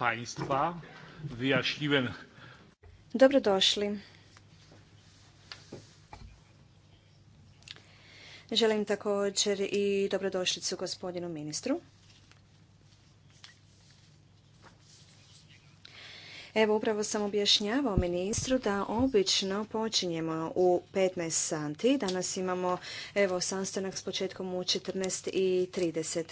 Państwa. Wyjaśniłem. Dobrodošli. Želim također i dobrodošlicu gospodinu ministru. Evo, upravo sam objašnjavao ministru da obično počinjemo u 15 Danas imamo, evo, sastanak s početkom u 14.30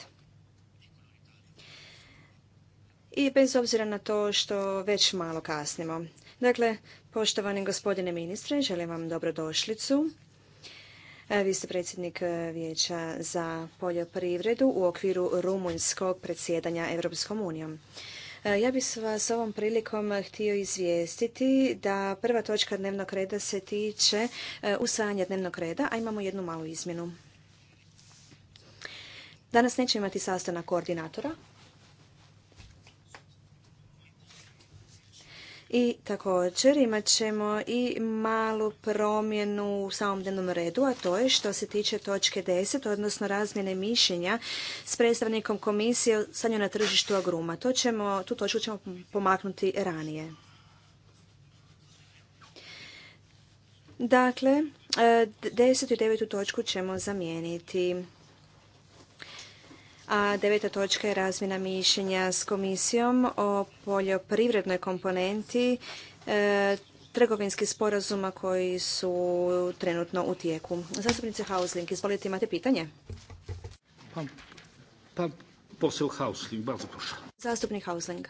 i bez obzira na to što već malo kasnimo. Dakle, poštovani gospodine ministre, želim vam dobrodošlicu. E, vi ste predsjednik e, Vijeća za poljoprivredu u okviru rumunjskog predsjedanja Europskom unijom. E, ja bih vas ovom prilikom htio izvijestiti da prva točka dnevnog reda se tiče usvajanja dnevnog reda, a imamo jednu malu izmjenu. Danas neće imati sastanak koordinatora, I također imat ćemo i malu promjenu u samom dnevnom redu, a to je što se tiče točke 10, odnosno razmjene mišljenja s predstavnikom komisije o stanju na tržištu agruma. To ćemo, tu točku ćemo pomaknuti ranije. Dakle, 10. E, i 9. točku ćemo zamijeniti a deveta točka je razmjena mišljenja s komisijom o poljoprivrednoj komponenti e, trgovinskih sporazuma koji su trenutno u tijeku. Zastupnice Hausling, izvolite, imate pitanje? Pa, Zastupnik Hausling.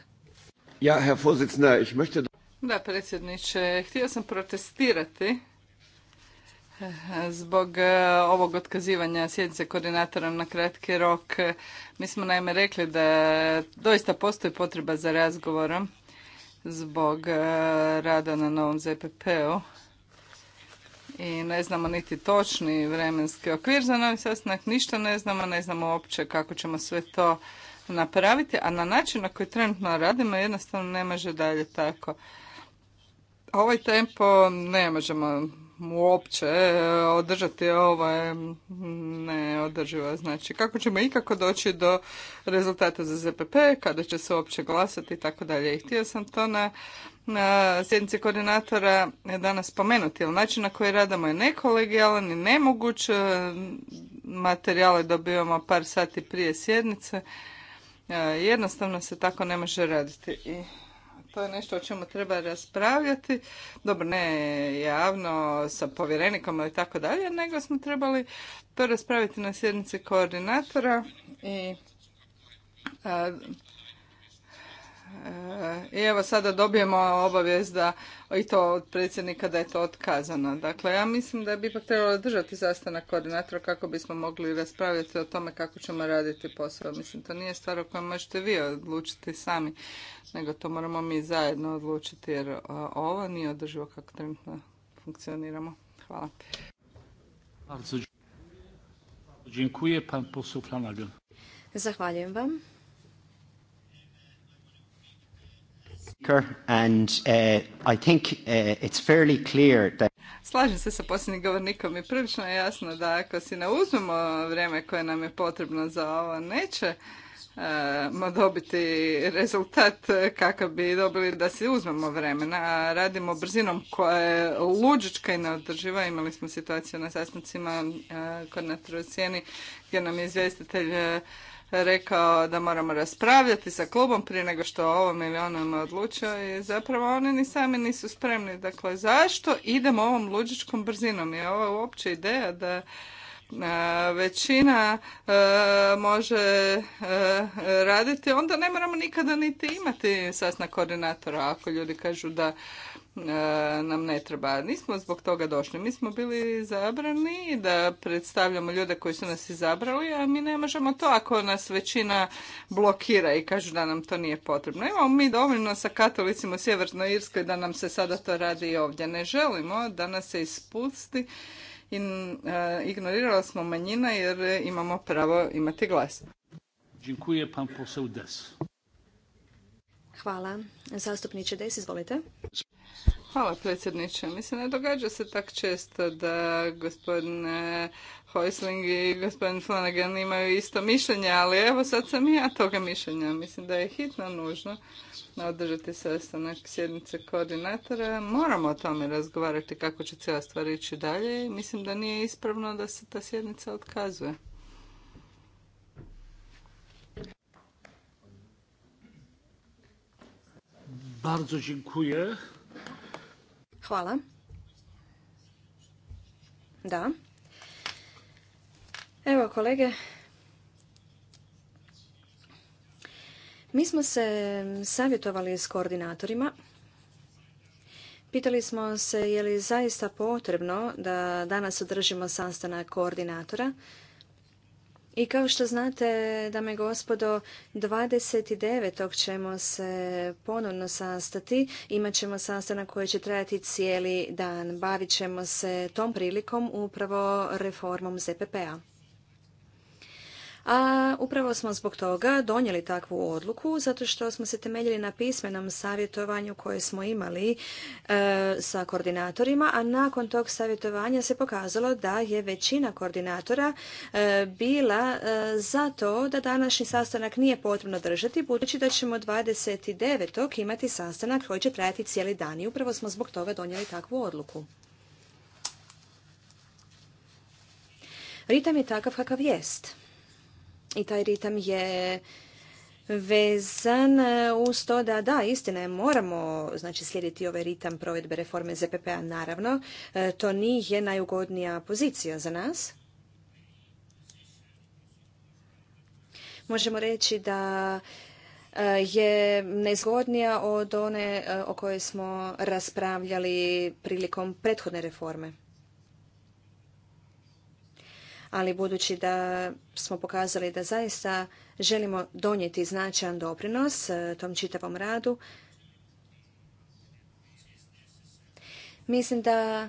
Ja, Vorsitzender, ich möchte... Da, predsjedniče, htio sam protestirati Zbog e, ovog otkazivanja sjednice koordinatora na kratki rok, e, mi smo naime rekli da doista postoji potreba za razgovorom zbog e, rada na novom ZPP-u i ne znamo niti točni vremenski okvir za novi sastanak, ništa ne znamo, ne znamo uopće kako ćemo sve to napraviti, a na način na koji trenutno radimo jednostavno ne može dalje tako. Ovaj tempo ne možemo uopće e, održati ovo neodrživo. Znači, kako ćemo ikako doći do rezultata za ZPP, kada će se uopće glasati i tako dalje. I htio sam to na, sjednici koordinatora danas spomenuti, jer način na koji radamo je nekolegijalan i nemoguć. E, materijale dobivamo par sati prije sjednice. E, jednostavno se tako ne može raditi i to je nešto o čemu treba raspravljati. Dobro, ne javno sa povjerenikom i tako dalje, nego smo trebali to raspraviti na sjednici koordinatora i E, I evo sada dobijemo obavijest da i to od predsjednika da je to otkazano. Dakle, ja mislim da bi ipak trebalo držati sastanak koordinatora kako bismo mogli raspravljati o tome kako ćemo raditi posao. Mislim, to nije stvar o kojoj možete vi odlučiti sami, nego to moramo mi zajedno odlučiti jer e, ovo nije održivo kako trenutno funkcioniramo. Hvala. Zahvaljujem vam. And, uh, I think, uh, it's fairly clear Slažem se sa posljednim govornikom i prilično je jasno da ako si ne uzmemo vrijeme koje nam je potrebno za ovo, neće uh, dobiti rezultat kakav bi dobili da si uzmemo vremena. Radimo brzinom koja je luđička i neodrživa. Imali smo situaciju na sastancima kod na cijeni gdje nam je izvjestitelj rekao da moramo raspravljati sa klubom prije nego što o ovom ili onom odlučio i zapravo oni ni sami nisu spremni. Dakle, zašto idemo ovom luđičkom brzinom? Je ova uopće ideja da e, većina e, može e, raditi, onda ne moramo nikada niti imati sasna koordinatora. Ako ljudi kažu da E, nam ne treba. Nismo zbog toga došli. Mi smo bili izabrani da predstavljamo ljude koji su nas izabrali, a mi ne možemo to ako nas većina blokira i kažu da nam to nije potrebno. Imamo mi dovoljno sa katolicima u Sjevernoj Irskoj da nam se sada to radi i ovdje. Ne želimo da nas se ispusti i e, ignorirali smo manjina jer imamo pravo imati glas. Dziękuję pan Hvala. Zastupniče Des, izvolite. Hvala predsjedniče. Mislim, ne događa se tak često da gospodin Hoisling i gospodin Flanagan imaju isto mišljenje, ali evo sad sam i ja toga mišljenja. Mislim da je hitno nužno održati sastanak sjednice koordinatora. Moramo o tome razgovarati kako će cijela stvar ići dalje i mislim da nije ispravno da se ta sjednica otkazuje. Bardzo dziękuję. Hvala. Da. Evo kolege, mi smo se savjetovali s koordinatorima. Pitali smo se je li zaista potrebno da danas održimo sastanak koordinatora i kao što znate, dame i gospodo, 29. ćemo se ponovno sastati. Imaćemo sastanak koji će trajati cijeli dan. Bavit ćemo se tom prilikom upravo reformom ZPP-a. A upravo smo zbog toga donijeli takvu odluku zato što smo se temeljili na pismenom savjetovanju koje smo imali e, sa koordinatorima, a nakon tog savjetovanja se pokazalo da je većina koordinatora e, bila e, za to da današnji sastanak nije potrebno držati budući da ćemo 29. imati sastanak koji će trajati cijeli dan i upravo smo zbog toga donijeli takvu odluku. Ritam je takav kakav jest i taj ritam je vezan e, uz to da, da, istina je, moramo znači, slijediti ovaj ritam provedbe reforme ZPP-a, naravno. E, to nije najugodnija pozicija za nas. Možemo reći da e, je nezgodnija od one o kojoj smo raspravljali prilikom prethodne reforme ali budući da smo pokazali da zaista želimo donijeti značajan doprinos e, tom čitavom radu, mislim da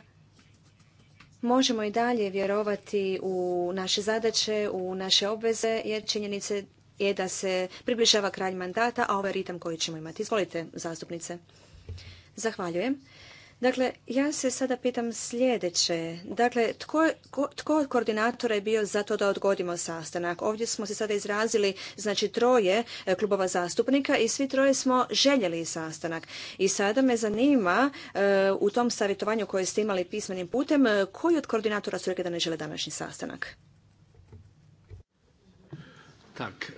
možemo i dalje vjerovati u naše zadaće, u naše obveze, jer činjenice je da se približava kralj mandata, a ovaj ritam koji ćemo imati. Izvolite, zastupnice. Zahvaljujem. Dakle, ja se sada pitam sljedeće. Dakle, tko, od koordinatora je bio za to da odgodimo sastanak? Ovdje smo se sada izrazili, znači, troje e, klubova zastupnika i svi troje smo željeli sastanak. I sada me zanima e, u tom savjetovanju koje ste imali pismenim putem, e, koji od koordinatora su rekli da ne žele današnji sastanak? Tak.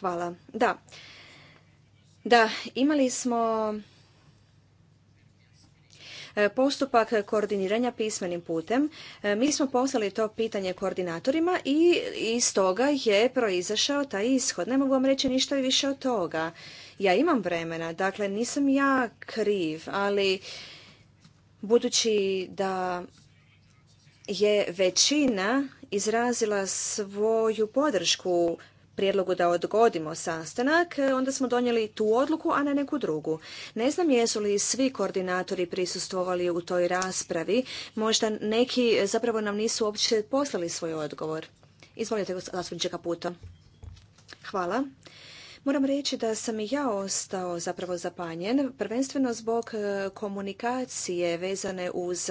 Hvala. Da, da, imali smo e, postupak koordiniranja pismenim putem. E, mi smo poslali to pitanje koordinatorima i iz toga je proizašao taj ishod. Ne mogu vam reći ništa više od toga. Ja imam vremena, dakle nisam ja kriv, ali budući da je većina izrazila svoju podršku prijedlogu da odgodimo sastanak, e, onda smo donijeli tu odluku, a ne neku drugu. Ne znam jesu li svi koordinatori prisustvovali u toj raspravi, možda neki e, zapravo nam nisu uopće poslali svoj odgovor. Izvolite, gospodin puta. Hvala. Moram reći da sam i ja ostao zapravo zapanjen, prvenstveno zbog e, komunikacije vezane uz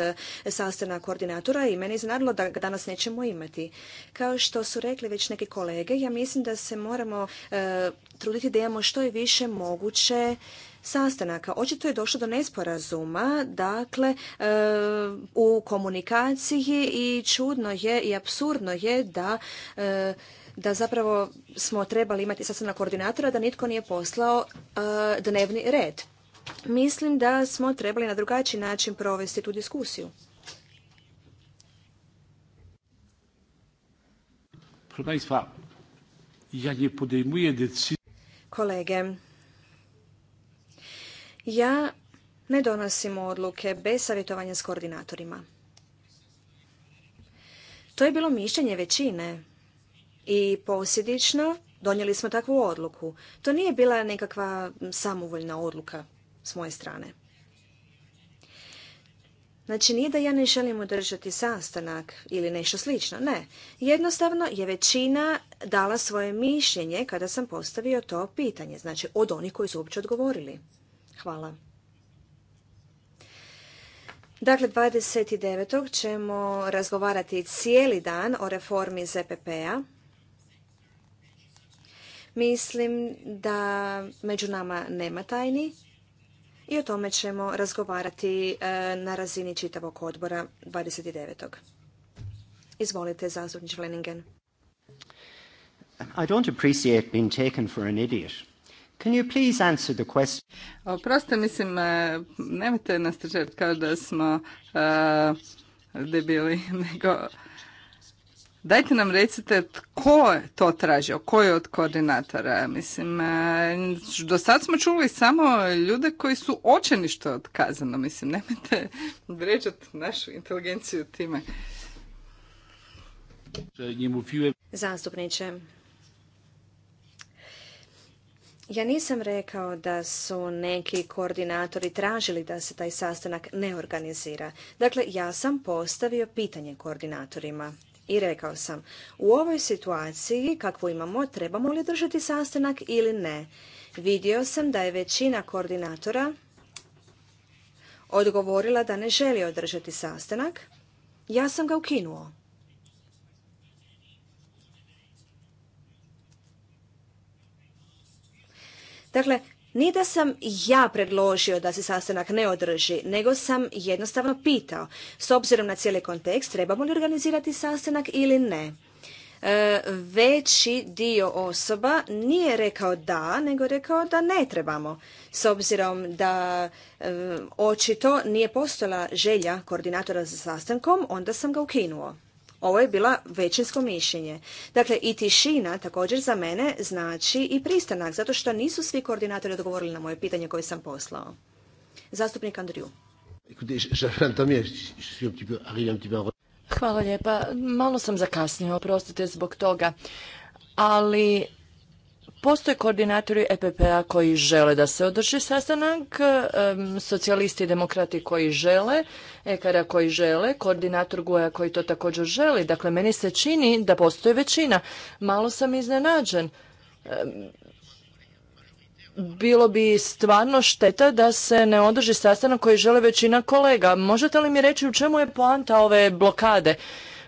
sastanak koordinatora i meni iznadilo da ga danas nećemo imati. Kao što su rekli već neki kolege, ja mislim da se moramo e, truditi da imamo što je više moguće sastanaka. Očito je došlo do nesporazuma, dakle, e, u komunikaciji i čudno je i absurdno je da da zapravo smo trebali imati sastanak koordinatora, da nitko nije poslao e, dnevni red. Mislim da smo trebali na drugačiji način provesti tu diskusiju. Kolege, ja ne donosim odluke bez savjetovanja s koordinatorima. To je bilo mišljenje većine. I posljedično donijeli smo takvu odluku. To nije bila nekakva samovoljna odluka s moje strane. Znači nije da ja ne želim održati sastanak ili nešto slično, ne. Jednostavno je većina dala svoje mišljenje kada sam postavio to pitanje, znači od onih koji su uopće odgovorili. Hvala. Dakle, 29. ćemo razgovarati cijeli dan o reformi ZPP-a Mislim da među nama nema tajni i o tome ćemo razgovarati e, na razini čitavog odbora 29. Izvolite, zastupnič Leningen. I don't appreciate being taken for an idiot. Can you please answer the question? Oprostite, mislim, e, nemojte nas kao da smo e, debili, nego Dajte nam recite tko je to tražio, koji je od koordinatora. Mislim, e, do sad smo čuli samo ljude koji su očeni što je otkazano. Mislim, nemojte vređati našu inteligenciju time. Zastupniče, ja nisam rekao da su neki koordinatori tražili da se taj sastanak ne organizira. Dakle, ja sam postavio pitanje koordinatorima i rekao sam, u ovoj situaciji kakvu imamo, trebamo li držati sastanak ili ne? Vidio sam da je većina koordinatora odgovorila da ne želi održati sastanak. Ja sam ga ukinuo. Dakle, ni da sam ja predložio da se sastanak ne održi, nego sam jednostavno pitao. S obzirom na cijeli kontekst, trebamo li organizirati sastanak ili ne? E, veći dio osoba nije rekao da, nego rekao da ne trebamo. S obzirom da e, očito nije postojala želja koordinatora za sastankom, onda sam ga ukinuo. Ovo je bila većinsko mišljenje. Dakle, i tišina također za mene znači i pristanak, zato što nisu svi koordinatori odgovorili na moje pitanje koje sam poslao. Zastupnik Andriju. Hvala lijepa. Malo sam zakasnio, oprostite zbog toga. Ali Postoje koordinatori EPP-a koji žele da se održi sastanak, socijalisti i demokrati koji žele, ekara koji žele, koordinator Goja koji to također želi. Dakle, meni se čini da postoji većina. Malo sam iznenađen. Bilo bi stvarno šteta da se ne održi sastanak koji žele većina kolega. Možete li mi reći u čemu je poanta ove blokade?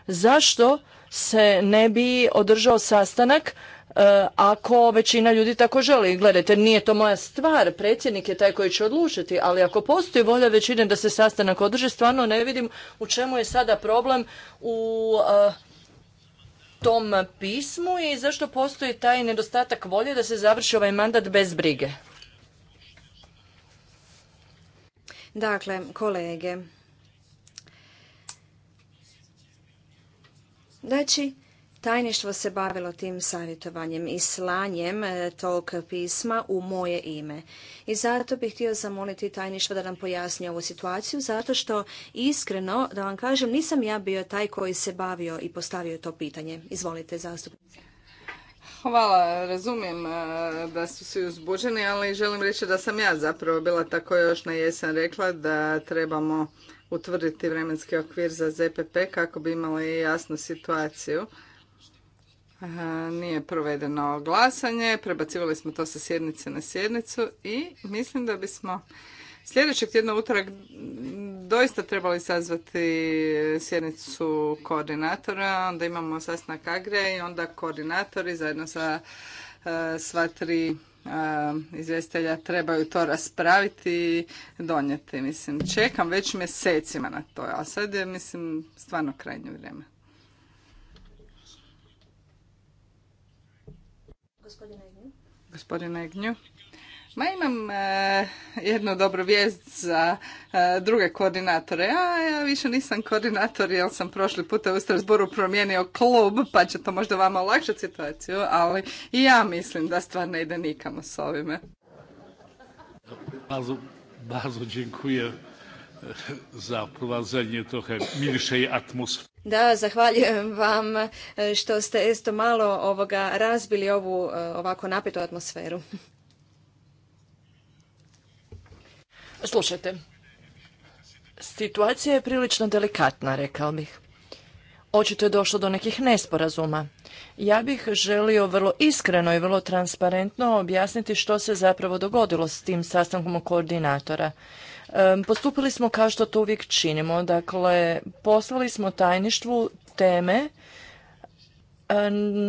Zašto se ne bi održao sastanak E, ako većina ljudi tako želi. Gledajte, nije to moja stvar, predsjednik je taj koji će odlučiti, ali ako postoji volja većine da se sastanak održi, stvarno ne vidim u čemu je sada problem u e, tom pismu i zašto postoji taj nedostatak volje da se završi ovaj mandat bez brige. Dakle, kolege, Znači, Tajništvo se bavilo tim savjetovanjem i slanjem e, tog pisma u moje ime. I zato bih htio zamoliti tajništvo da nam pojasni ovu situaciju, zato što iskreno, da vam kažem, nisam ja bio taj koji se bavio i postavio to pitanje. Izvolite, zastupnice. Hvala, razumijem e, da su svi uzbuđeni, ali želim reći da sam ja zapravo bila tako još na jesen rekla da trebamo utvrditi vremenski okvir za ZPP kako bi imali jasnu situaciju nije provedeno glasanje, prebacivali smo to sa sjednice na sjednicu i mislim da bismo sljedećeg tjedna utorak doista trebali sazvati sjednicu koordinatora, onda imamo sastanak Agre i onda koordinatori zajedno sa e, sva tri e, izvjestitelja trebaju to raspraviti i donijeti. Mislim, čekam već mjesecima na to, a sad je, mislim, stvarno krajnje vrijeme. Gospodine Egnju. Ma imam e, jednu dobru vijest za e, druge koordinatore. A ja više nisam koordinator jer sam prošli puta u Strasboru promijenio klub pa će to možda vama olakšati situaciju, ali i ja mislim da stvar ne ide nikamo s ovime za prowadzenie milšej atmosfere. Da, zahvaljujem vam e, što ste isto malo ovoga razbili ovu e, ovako napetu atmosferu. Slušajte, situacija je prilično delikatna, rekao bih. Očito je došlo do nekih nesporazuma. Ja bih želio vrlo iskreno i vrlo transparentno objasniti što se zapravo dogodilo s tim sastankom koordinatora. Postupili smo kao što to uvijek činimo. Dakle, poslali smo tajništvu teme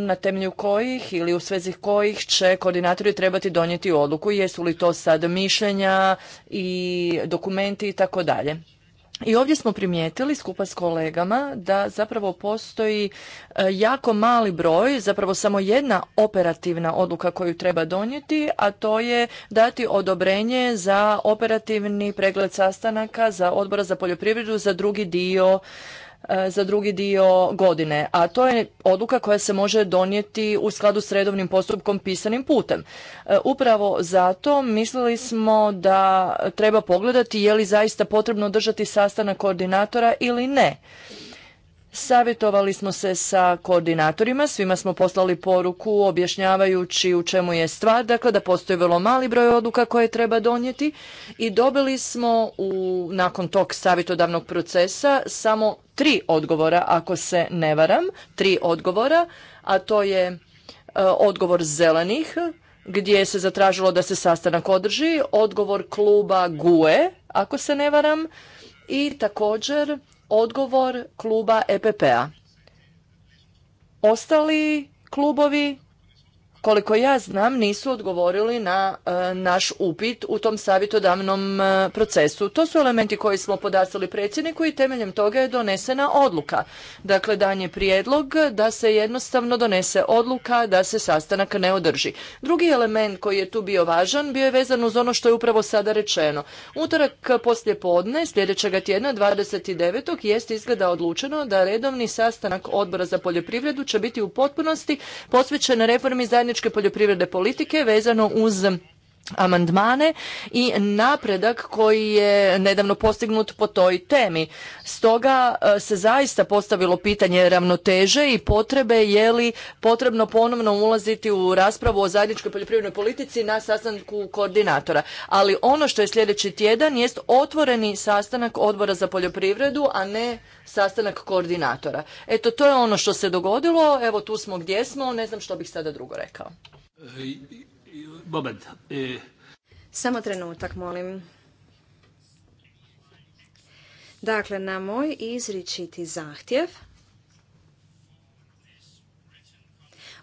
na temelju kojih ili u svezi kojih će koordinatori trebati donijeti odluku, jesu li to sad mišljenja i dokumenti i tako dalje. I ovdje smo primijetili skupa s kolegama da zapravo postoji e, jako mali broj, zapravo samo jedna operativna odluka koju treba donijeti, a to je dati odobrenje za operativni pregled sastanaka za odbora za poljoprivredu za drugi dio E, za drugi dio godine, a to je odluka koja se može donijeti u skladu s redovnim postupkom pisanim putem. E, upravo zato mislili smo da treba pogledati je li zaista potrebno držati sastanak koordinatora ili ne. Savjetovali smo se sa koordinatorima, svima smo poslali poruku objašnjavajući u čemu je stvar, dakle da postoji vrlo mali broj odluka koje treba donijeti i dobili smo u, nakon tog savjetodavnog procesa samo tri odgovora, ako se ne varam, tri odgovora, a to je e, odgovor zelenih, gdje se zatražilo da se sastanak održi, odgovor kluba GUE, ako se ne varam, i također odgovor kluba EPP-a. Ostali klubovi koliko ja znam, nisu odgovorili na e, naš upit u tom savjetodavnom e, procesu. To su elementi koji smo podastali predsjedniku i temeljem toga je donesena odluka. Dakle, dan je prijedlog da se jednostavno donese odluka da se sastanak ne održi. Drugi element koji je tu bio važan bio je vezan uz ono što je upravo sada rečeno. Utorak poslijepodne, podne sljedećega tjedna 29. jest izgleda odlučeno da redovni sastanak odbora za poljoprivredu će biti u potpunosti posvećen reformi zajedničkog zajedničke poljoprivredne politike vezano uz amandmane i napredak koji je nedavno postignut po toj temi. Stoga e, se zaista postavilo pitanje ravnoteže i potrebe je li potrebno ponovno ulaziti u raspravu o zajedničkoj poljoprivrednoj politici na sastanku koordinatora. Ali ono što je sljedeći tjedan jest otvoreni sastanak odbora za poljoprivredu, a ne sastanak koordinatora. Eto, to je ono što se dogodilo. Evo, tu smo gdje smo. Ne znam što bih sada drugo rekao. E, samo trenutak, molim. Dakle, na moj izričiti zahtjev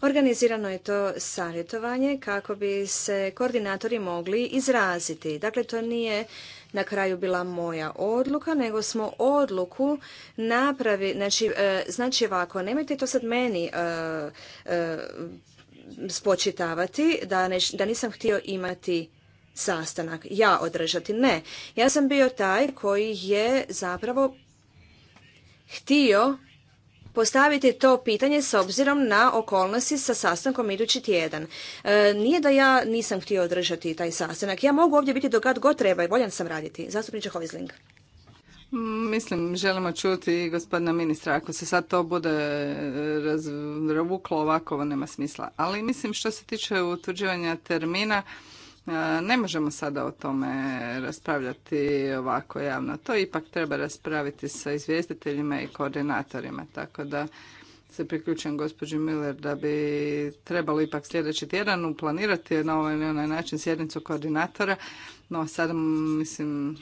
Organizirano je to savjetovanje kako bi se koordinatori mogli izraziti. Dakle, to nije na kraju bila moja odluka, nego smo odluku napravi, znači, e, znači ovako, nemojte to sad meni e, e, spočitavati da, ne, da nisam htio imati sastanak, ja održati. Ne, ja sam bio taj koji je zapravo htio postaviti to pitanje s obzirom na okolnosti sa sastankom idući tjedan. E, nije da ja nisam htio održati taj sastanak. Ja mogu ovdje biti do kad god treba i voljan sam raditi. Zastupniče Hoizling. Mm, mislim, želimo čuti gospodina ministra. Ako se sad to bude e, razvuklo ovako, ovo nema smisla. Ali mislim, što se tiče utvrđivanja termina, e, ne možemo sada o tome raspravljati ovako javno. To ipak treba raspraviti sa izvjestiteljima i koordinatorima. Tako da se priključujem gospođi Miller da bi trebalo ipak sljedeći tjedan uplanirati na ovaj ili onaj način sjednicu koordinatora. No sad mislim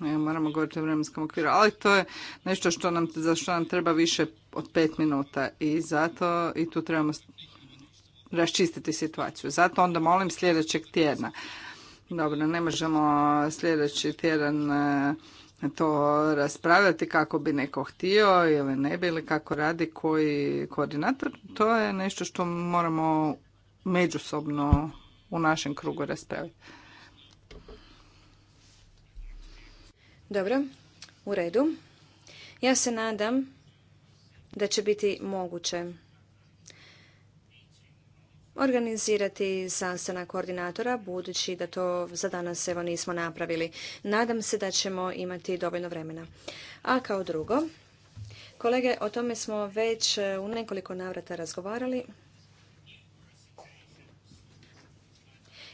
moramo govoriti o vremenskom okviru, ali to je nešto što nam, za što nam treba više od pet minuta i zato i tu trebamo raščistiti situaciju. Zato onda molim sljedećeg tjedna. Dobro, ne možemo sljedeći tjedan e, to raspravljati kako bi neko htio ili ne bi ili kako radi koji koordinator. To je nešto što moramo međusobno u našem krugu raspraviti. Dobro, u redu. Ja se nadam da će biti moguće organizirati sastanak koordinatora, budući da to za danas evo nismo napravili. Nadam se da ćemo imati dovoljno vremena. A kao drugo, kolege, o tome smo već u nekoliko navrata razgovarali.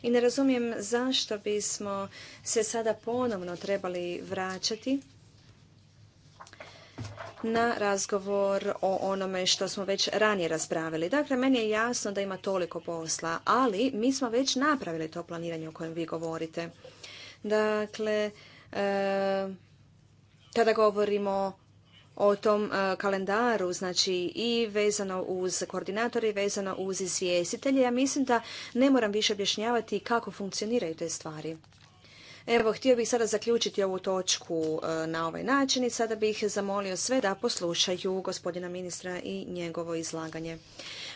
i ne razumijem zašto bismo se sada ponovno trebali vraćati na razgovor o onome što smo već ranije raspravili. Dakle, meni je jasno da ima toliko posla, ali mi smo već napravili to planiranje o kojem vi govorite. Dakle, eh, kada govorimo o tom e, kalendaru, znači i vezano uz koordinatore i vezano uz izvjestitelje. Ja mislim da ne moram više objašnjavati kako funkcioniraju te stvari. Evo, htio bih sada zaključiti ovu točku e, na ovaj način i sada bih zamolio sve da poslušaju gospodina ministra i njegovo izlaganje.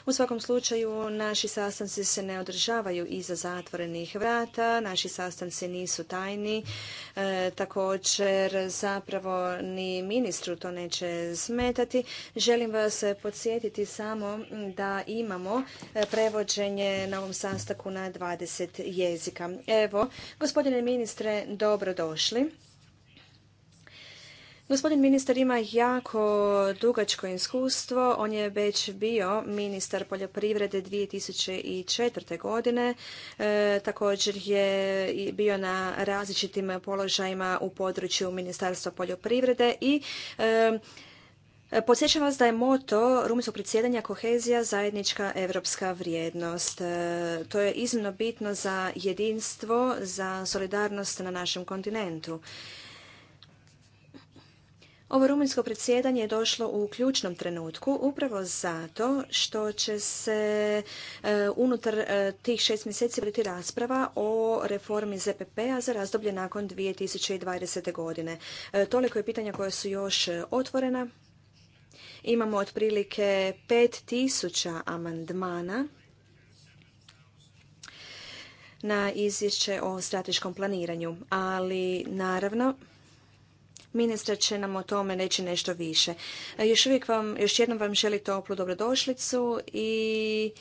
U svakom slučaju, naši sastanci se ne održavaju iza zatvorenih vrata, naši sastanci nisu tajni, e, također zapravo ni ministru to neće smetati. Želim vas podsjetiti samo da imamo e, prevođenje na ovom sastanku na 20 jezika. Evo, gospodine ministre, dobrodošli. Gospodin ministar ima jako dugačko iskustvo. On je već bio ministar poljoprivrede 2004. godine. E, također je bio na različitim položajima u području Ministarstva poljoprivrede i e, Podsjećam vas da je moto rumunjskog predsjedanja kohezija zajednička evropska vrijednost. E, to je iznimno bitno za jedinstvo, za solidarnost na našem kontinentu. Ovo rumunjsko predsjedanje je došlo u ključnom trenutku upravo zato što će se e, unutar e, tih šest mjeseci biti rasprava o reformi ZPP-a za razdoblje nakon 2020. godine. E, toliko je pitanja koja su još otvorena. Imamo otprilike 5000 amandmana na izvješće o strateškom planiranju, ali naravno Ministar će nam o tome reći nešto više. E, još uvijek vam, još jednom vam želim toplu dobrodošlicu i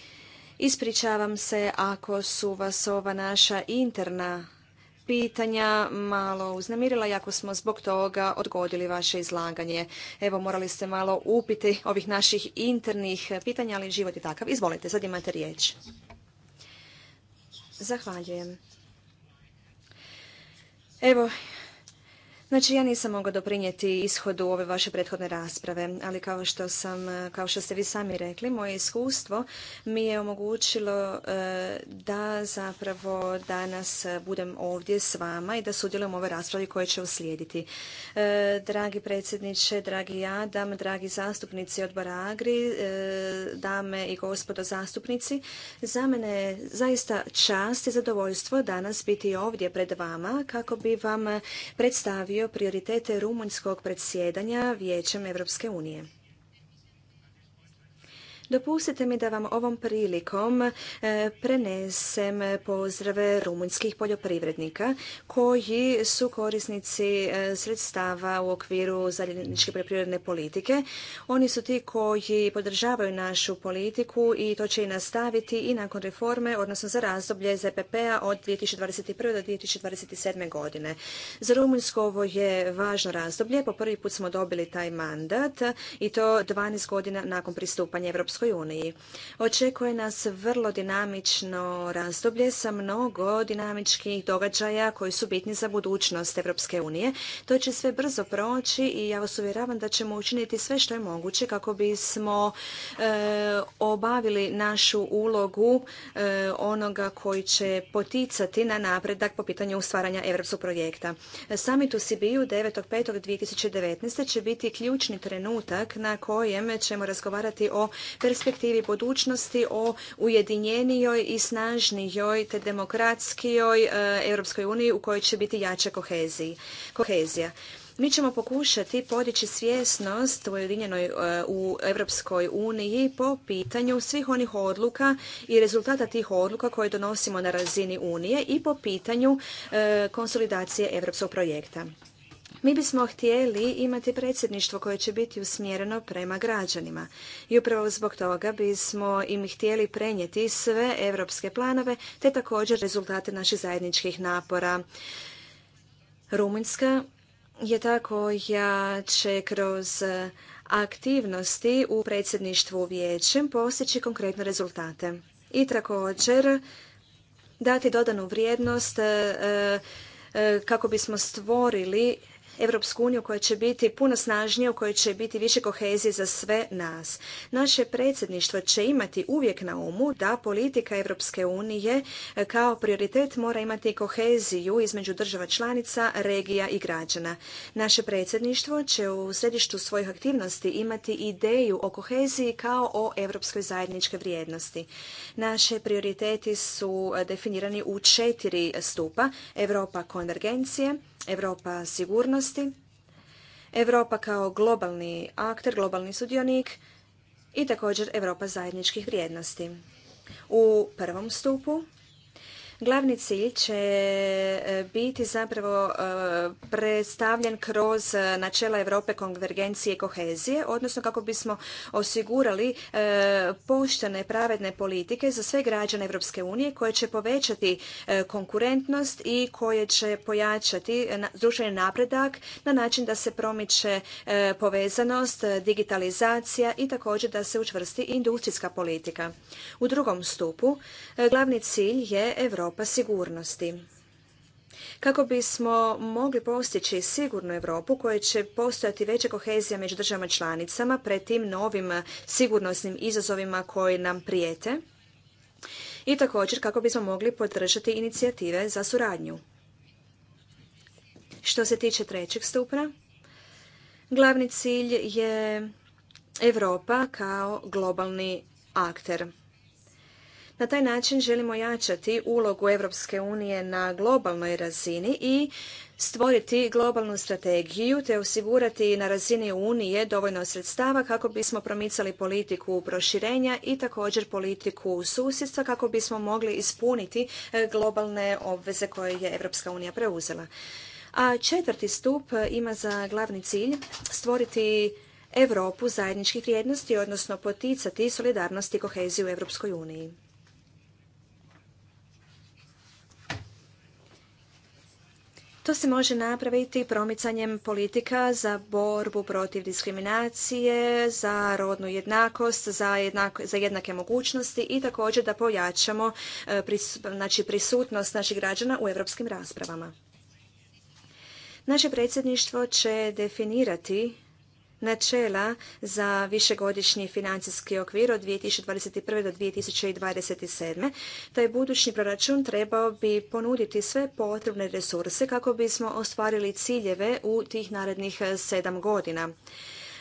ispričavam se ako su vas ova naša interna pitanja malo uznemirila i ako smo zbog toga odgodili vaše izlaganje. Evo, morali ste malo upiti ovih naših internih pitanja, ali život je takav. Izvolite, sad imate riječ. Zahvaljujem. Evo, Znači, ja nisam mogla doprinijeti ishodu ove vaše prethodne rasprave, ali kao što, sam, kao što ste vi sami rekli, moje iskustvo mi je omogućilo e, da zapravo danas budem ovdje s vama i da sudjelujem u ovoj raspravi koja će uslijediti. E, dragi predsjedniče, dragi Adam, dragi zastupnici odbora Agri, e, dame i gospodo zastupnici, za mene je zaista čast i zadovoljstvo danas biti ovdje pred vama kako bi vam predstavio bio prioritete rumunjskog predsjedanja Vijećem Europske unije. Dopustite mi da vam ovom prilikom e, prenesem pozdrave rumunjskih poljoprivrednika koji su korisnici e, sredstava u okviru zajedničke poljoprivredne politike. Oni su ti koji podržavaju našu politiku i to će i nastaviti i nakon reforme, odnosno za razdoblje ZPP-a od 2021. do 2027. godine. Za Rumunjsko ovo je važno razdoblje. Po prvi put smo dobili taj mandat i to 12 godina nakon pristupanja EU Europskoj Očekuje nas vrlo dinamično razdoblje sa mnogo dinamičkih događaja koji su bitni za budućnost Europske unije. To će sve brzo proći i ja vas uvjeravam da ćemo učiniti sve što je moguće kako bismo e, obavili našu ulogu e, onoga koji će poticati na napredak po pitanju stvaranja europskog projekta. Summit u Sibiju 9.5.2019. će biti ključni trenutak na kojem ćemo razgovarati o perspektivi budućnosti o ujedinjenijoj i snažnijoj te demokratskijoj e, Europskoj uniji u kojoj će biti jača kohezija. Mi ćemo pokušati podići svjesnost u Ujedinjenoj e, u Europskoj uniji po pitanju svih onih odluka i rezultata tih odluka koje donosimo na razini unije i po pitanju e, konsolidacije europskog projekta. Mi bismo htjeli imati predsjedništvo koje će biti usmjereno prema građanima i upravo zbog toga bismo im htjeli prenijeti sve europske planove te također rezultate naših zajedničkih napora. Rumunjska je ta koja će kroz aktivnosti u predsjedništvu vijećem postići konkretne rezultate i također dati dodanu vrijednost e, e, kako bismo stvorili Europsku uniju koja će biti puno snažnija, u kojoj će biti više kohezije za sve nas. Naše predsjedništvo će imati uvijek na umu da politika Europske unije e, kao prioritet mora imati koheziju između država članica, regija i građana. Naše predsjedništvo će u središtu svojih aktivnosti imati ideju o koheziji kao o europskoj zajedničkoj vrijednosti. Naše prioriteti su e, definirani u četiri stupa. Europa konvergencije, Europa sigurnosti, Europa kao globalni akter, globalni sudionik i također Europa zajedničkih vrijednosti. U prvom stupu Glavni cilj će e, biti zapravo e, predstavljen kroz e, načela Europe konvergencije i kohezije, odnosno kako bismo osigurali poštene, pravedne politike za sve građane Europske unije koje će povećati konkurentnost i koje će pojačati društveni napredak na način da se promiče povezanost, digitalizacija i također da se učvrsti industrijska politika. U drugom stupu glavni cilj je Europa Europa sigurnosti. Kako bismo mogli postići sigurnu Europu koja će postojati veća kohezija među državama članicama pred tim novim sigurnosnim izazovima koji nam prijete i također kako bismo mogli podržati inicijative za suradnju. Što se tiče trećeg stupna, glavni cilj je Europa kao globalni akter. Na taj način želimo jačati ulogu Europske unije na globalnoj razini i stvoriti globalnu strategiju te osigurati na razini Unije dovoljno sredstava kako bismo promicali politiku proširenja i također politiku susjedstva kako bismo mogli ispuniti e, globalne obveze koje je Europska unija preuzela. A četvrti stup e, ima za glavni cilj stvoriti Europu zajedničkih vrijednosti, odnosno poticati solidarnost i koheziju u Europskoj uniji. To se može napraviti promicanjem politika za borbu protiv diskriminacije, za rodnu jednakost, za, za jednake mogućnosti i također da pojačamo e, znači, prisutnost naših građana u europskim raspravama. Naše predsjedništvo će definirati načela za višegodišnji financijski okvir od 2021. do 2027. Taj budući proračun trebao bi ponuditi sve potrebne resurse kako bismo ostvarili ciljeve u tih narednih sedam godina.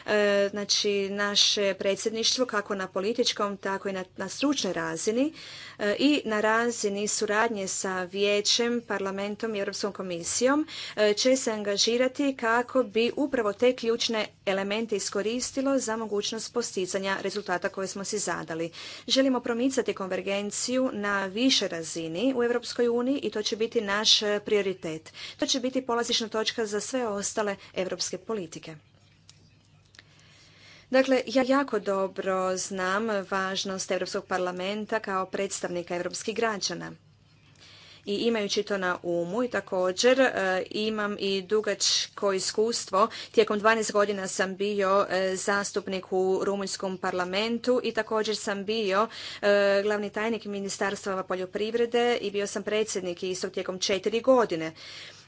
E, znači naše predsjedništvo kako na političkom tako i na, na stručnoj razini e, i na razini suradnje sa vijećem, parlamentom i Europskom komisijom e, će se angažirati kako bi upravo te ključne elemente iskoristilo za mogućnost posticanja rezultata koje smo si zadali. Želimo promicati konvergenciju na više razini u Europskoj uniji i to će biti naš prioritet. To će biti polazišna točka za sve ostale europske politike. Dakle, ja jako dobro znam važnost Europskog parlamenta kao predstavnika europskih građana. I imajući to na umu i također e, imam i dugačko iskustvo. Tijekom 12 godina sam bio e, zastupnik u Rumunjskom parlamentu i također sam bio e, glavni tajnik Ministarstva poljoprivrede i bio sam predsjednik isto tijekom četiri godine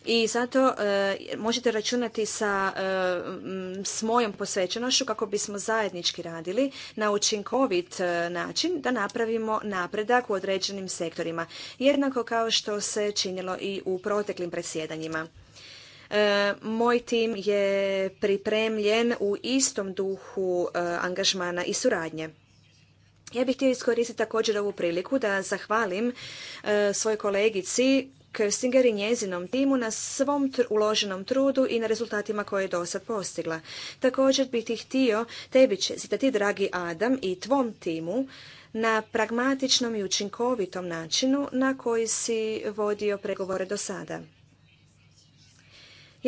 i zato e, možete računati sa e, s mojom posvećenošću kako bismo zajednički radili na učinkovit e, način da napravimo napredak u određenim sektorima jednako kao što se činilo i u proteklim presjedanjima moj tim je pripremljen u istom duhu angažmana i suradnje ja bih htio iskoristiti također ovu priliku da zahvalim e, svojoj kolegici Köstinger i njezinom timu na svom uloženom trudu i na rezultatima koje je do sad postigla. Također bih ti htio tebi čestitati, dragi Adam, i tvom timu na pragmatičnom i učinkovitom načinu na koji si vodio pregovore do sada.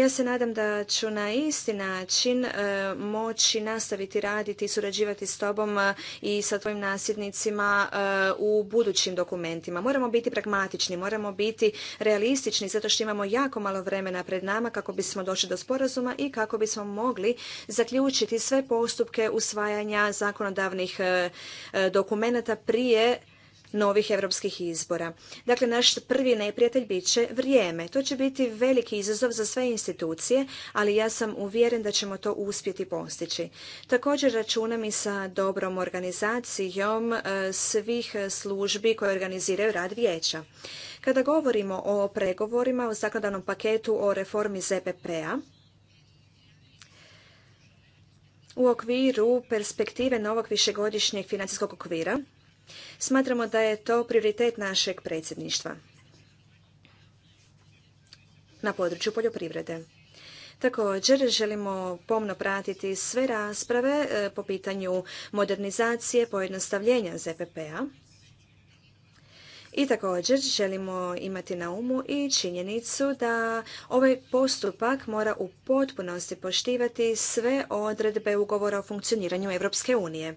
Ja se nadam da ću na isti način e, moći nastaviti raditi i surađivati s tobom e, i sa tvojim nasljednicima e, u budućim dokumentima. Moramo biti pragmatični, moramo biti realistični zato što imamo jako malo vremena pred nama kako bismo došli do sporazuma i kako bismo mogli zaključiti sve postupke usvajanja zakonodavnih dokumenata prije novih europskih izbora. Dakle, naš prvi neprijatelj bit će vrijeme. To će biti veliki izazov za sve institucije, ali ja sam uvjeren da ćemo to uspjeti postići. Također računam i sa dobrom organizacijom e, svih službi koje organiziraju rad vijeća. Kada govorimo o pregovorima o zakladanom paketu o reformi ZPP-a, u okviru perspektive novog višegodišnjeg financijskog okvira, Smatramo da je to prioritet našeg predsjedništva na području poljoprivrede. Također želimo pomno pratiti sve rasprave e, po pitanju modernizacije, pojednostavljenja ZPP-a i također želimo imati na umu i činjenicu da ovaj postupak mora u potpunosti poštivati sve odredbe ugovora o funkcioniranju Europske unije.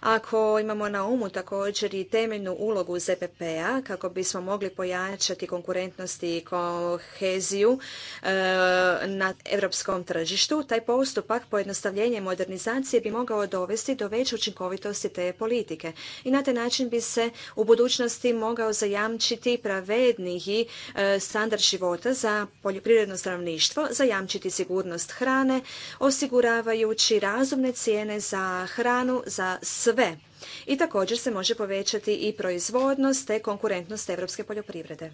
Ako imamo na umu također i temeljnu ulogu ZPP-a kako bismo mogli pojačati konkurentnost i koheziju e, na europskom tržištu, taj postupak pojednostavljenja i modernizacije bi mogao dovesti do veće učinkovitosti te politike. I na taj način bi se u budućnosti mogao zajamčiti pravedniji e, standard života za poljoprivredno stanovništvo, zajamčiti sigurnost hrane, osiguravajući razumne cijene za hranu za sve. I također se može povećati i proizvodnost te konkurentnost europske poljoprivrede.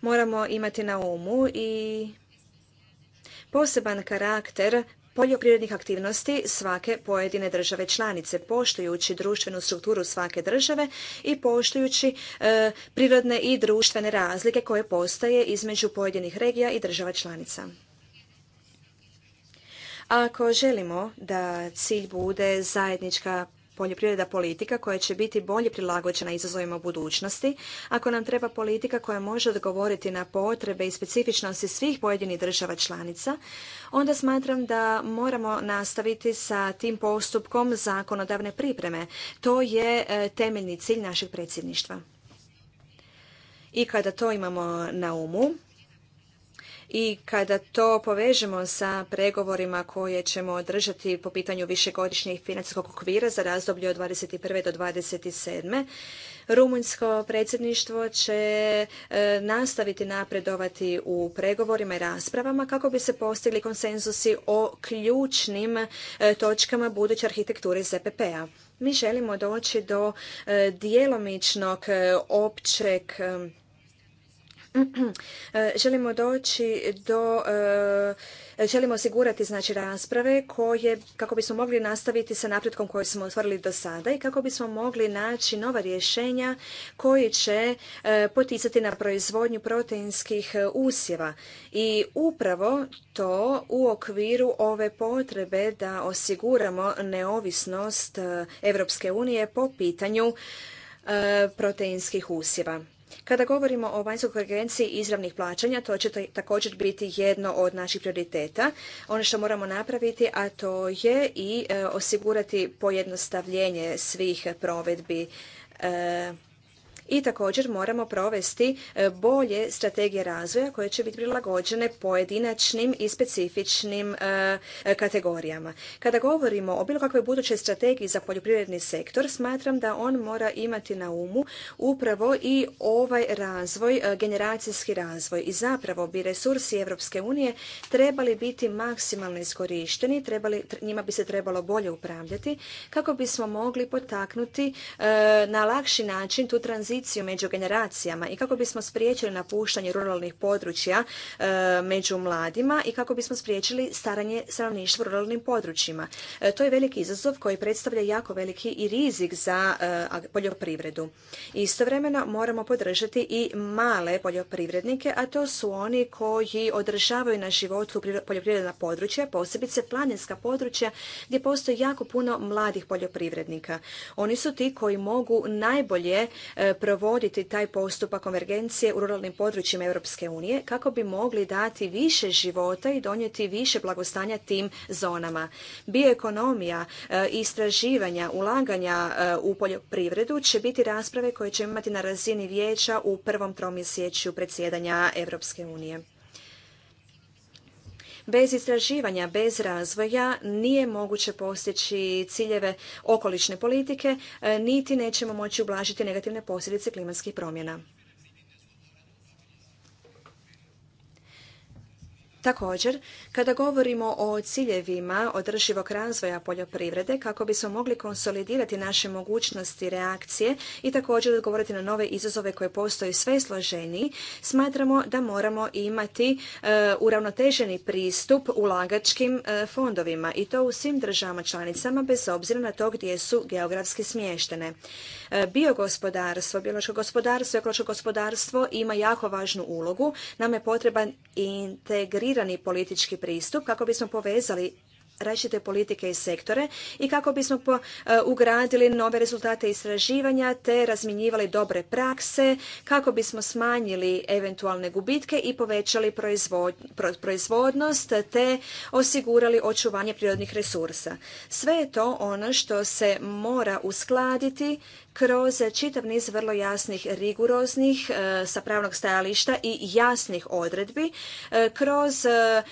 Moramo imati na umu i poseban karakter poljoprivrednih aktivnosti svake pojedine države članice, poštujući društvenu strukturu svake države i poštujući e, prirodne i društvene razlike koje postoje između pojedinih regija i država članica. Ako želimo da cilj bude zajednička poljoprivreda politika koja će biti bolje prilagođena izazovima u budućnosti, ako nam treba politika koja može odgovoriti na potrebe i specifičnosti svih pojedinih država članica, onda smatram da moramo nastaviti sa tim postupkom zakonodavne pripreme. To je e, temeljni cilj našeg predsjedništva. I kada to imamo na umu, i kada to povežemo sa pregovorima koje ćemo održati po pitanju višegodišnjeg financijskog okvira za razdoblje od 21. do 27. Rumunjsko predsjedništvo će e, nastaviti napredovati u pregovorima i raspravama kako bi se postigli konsenzusi o ključnim e, točkama buduće arhitekture ZPP-a. Mi želimo doći do e, djelomičnog općeg E, želimo doći do e, želimo osigurati znači rasprave koje kako bismo mogli nastaviti sa napretkom koji smo otvorili do sada i kako bismo mogli naći nova rješenja koji će e, poticati na proizvodnju proteinskih usjeva i upravo to u okviru ove potrebe da osiguramo neovisnost Europske unije po pitanju proteinskih usjeva. Kada govorimo o vanjskoj konvergenciji izravnih plaćanja, to će također biti jedno od naših prioriteta. Ono što moramo napraviti, a to je i e, osigurati pojednostavljenje svih provedbi e, i također moramo provesti e, bolje strategije razvoja koje će biti prilagođene pojedinačnim i specifičnim e, e, kategorijama. Kada govorimo o bilo kakvoj budućoj strategiji za poljoprivredni sektor, smatram da on mora imati na umu upravo i ovaj razvoj, generacijski razvoj. I zapravo bi resursi Europske unije trebali biti maksimalno iskorišteni, trebali, njima bi se trebalo bolje upravljati kako bismo mogli potaknuti na lakši način tu tranziciju tranziciju među generacijama i kako bismo spriječili napuštanje ruralnih područja e, među mladima i kako bismo spriječili staranje stanovništva u ruralnim područjima. E, to je veliki izazov koji predstavlja jako veliki i rizik za e, poljoprivredu. Istovremeno moramo podržati i male poljoprivrednike, a to su oni koji održavaju na životu poljoprivredna područja, posebice planinska područja gdje postoji jako puno mladih poljoprivrednika. Oni su ti koji mogu najbolje provoditi taj postupak konvergencije u ruralnim područjima Europske unije kako bi mogli dati više života i donijeti više blagostanja tim zonama. Bioekonomija, e, istraživanja, ulaganja e, u poljoprivredu će biti rasprave koje će imati na razini vijeća u prvom tromjesečju predsjedanja Europske unije. Bez istraživanja, bez razvoja nije moguće postići ciljeve okolične politike, e, niti nećemo moći ublažiti negativne posljedice klimatskih promjena. Također, kada govorimo o ciljevima održivog razvoja poljoprivrede, kako bismo mogli konsolidirati naše mogućnosti reakcije i također odgovoriti na nove izazove koje postoji sve složeniji, smatramo da moramo imati e, uravnoteženi pristup ulagačkim e, fondovima i to u svim državama članicama bez obzira na to gdje su geografski smještene. E, biogospodarstvo, biološko gospodarstvo, ekološko gospodarstvo ima jako važnu ulogu. Nam je potreban integrirani politički pristup kako bismo povezali različite politike i sektore i kako bismo e, ugradili nove rezultate istraživanja te razminjivali dobre prakse kako bismo smanjili eventualne gubitke i povećali proizvodnost te osigurali očuvanje prirodnih resursa. Sve je to ono što se mora uskladiti kroz čitav niz vrlo jasnih, riguroznih e, sa pravnog stajališta i jasnih odredbi e, kroz e,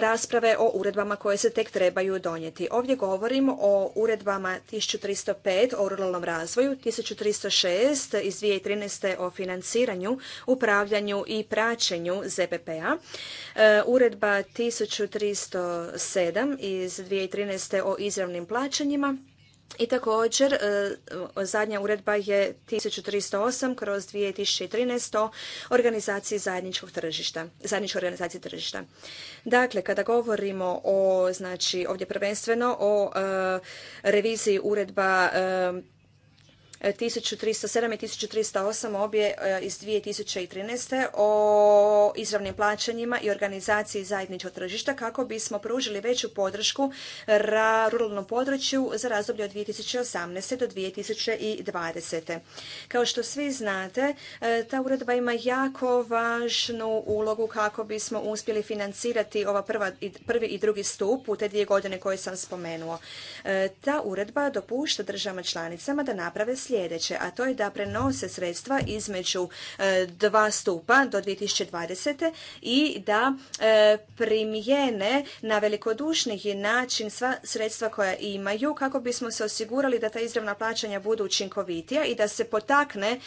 rasprave o uredbama koje se tek trebaju donijeti. Ovdje govorimo o uredbama 1305 o ruralnom razvoju, 1306 iz 2013. o financiranju, upravljanju i praćenju ZPP-a, uredba 1307 iz 2013. o izravnim plaćanjima, i također, e, zadnja uredba je 1308 kroz 2013 o organizaciji zajedničkog tržišta, zajedničkoj organizaciji tržišta. Dakle, kada govorimo o, znači, ovdje prvenstveno o e, reviziji uredba e, 1307 i 1308 obje e, iz 2013. o izravnim plaćanjima i organizaciji zajedničkog tržišta kako bismo pružili veću podršku ruralnom području za razdoblje od 2018. do 2020. Kao što svi znate, e, ta uredba ima jako važnu ulogu kako bismo uspjeli financirati ova prva, prvi i drugi stup u te dvije godine koje sam spomenuo. E, ta uredba dopušta državama članicama da naprave sljedeće sljedeće, a to je da prenose sredstva između e, dva stupa do 2020. i da e, primijene na velikodušniji način sva sredstva koja imaju kako bismo se osigurali da ta izravna plaćanja budu učinkovitija i da se potakne e,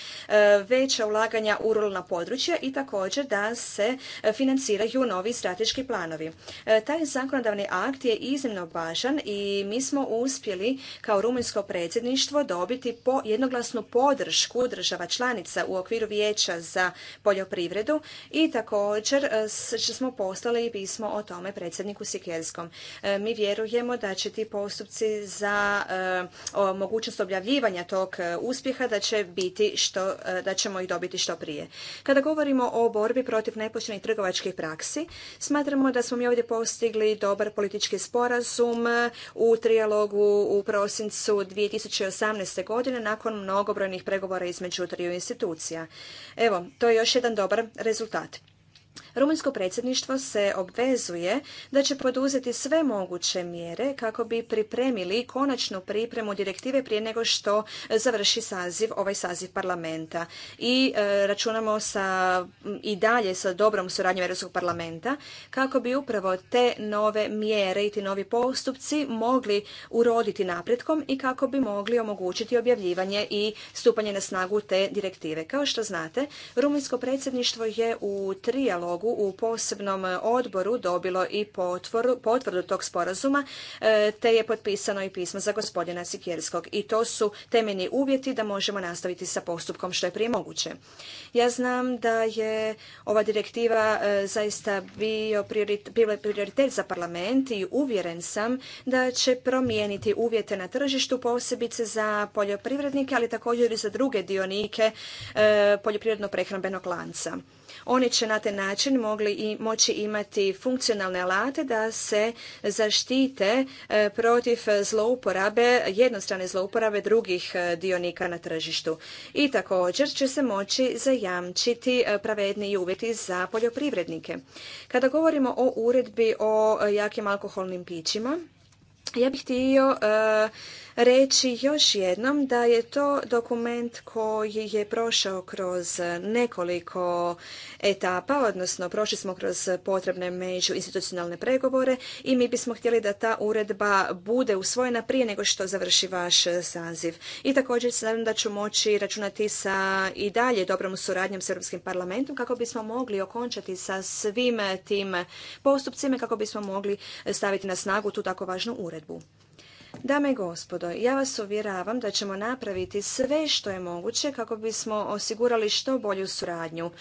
veća ulaganja u ruralna područja i također da se financiraju novi strateški planovi. Taj zakonodavni akt je iznimno važan i mi smo uspjeli kao rumunjsko predsjedništvo dobiti po jednoglasnu podršku država članica u okviru Vijeća za poljoprivredu i također e, smo poslali pismo o tome predsjedniku Sikerskom. E, mi vjerujemo da će ti postupci za e, mogućnost objavljivanja tog uspjeha da će biti što, da ćemo ih dobiti što prije. Kada govorimo o borbi protiv nepoštenih trgovačkih praksi, smatramo da smo mi ovdje postigli dobar politički sporazum u trijalogu u prosincu 2018. godine nakon nakon mnogobrojnih pregovora između triju institucija. Evo, to je još jedan dobar rezultat. Rumunjsko predsjedništvo se obvezuje da će poduzeti sve moguće mjere kako bi pripremili konačnu pripremu direktive prije nego što završi saziv, ovaj saziv parlamenta. I e, računamo sa, i dalje sa dobrom suradnjom Europskog parlamenta kako bi upravo te nove mjere i ti novi postupci mogli uroditi napretkom i kako bi mogli omogućiti objavljivanje i stupanje na snagu te direktive. Kao što znate, Rumunjsko predsjedništvo je u trijalu u posebnom e, odboru dobilo i potvrdu tog sporazuma, e, te je potpisano i pismo za gospodina Sikjerskog. I to su temeljni uvjeti da možemo nastaviti sa postupkom što je prije moguće. Ja znam da je ova direktiva e, zaista bio prioritet za parlament i uvjeren sam da će promijeniti uvjete na tržištu, posebice za poljoprivrednike, ali također i za druge dionike poljoprivredno-prehrambenog lanca. Oni će na taj način mogli i moći imati funkcionalne alate da se zaštite e, protiv zlouporabe, jednostrane zlouporabe drugih e, dionika na tržištu. I također će se moći zajamčiti e, pravedniji uvjeti za poljoprivrednike. Kada govorimo o uredbi o jakim alkoholnim pićima, ja bih htio reći još jednom da je to dokument koji je prošao kroz nekoliko etapa, odnosno prošli smo kroz potrebne međuinstitucionalne pregovore i mi bismo htjeli da ta uredba bude usvojena prije nego što završi vaš saziv. I također se nadam da ću moći računati sa i dalje dobrom suradnjom s Europskim parlamentom kako bismo mogli okončati sa svim tim postupcima kako bismo mogli staviti na snagu tu tako važnu uredbu. Dame i gospodo, ja vas uvjeravam da ćemo napraviti sve što je moguće kako bismo osigurali što bolju suradnju.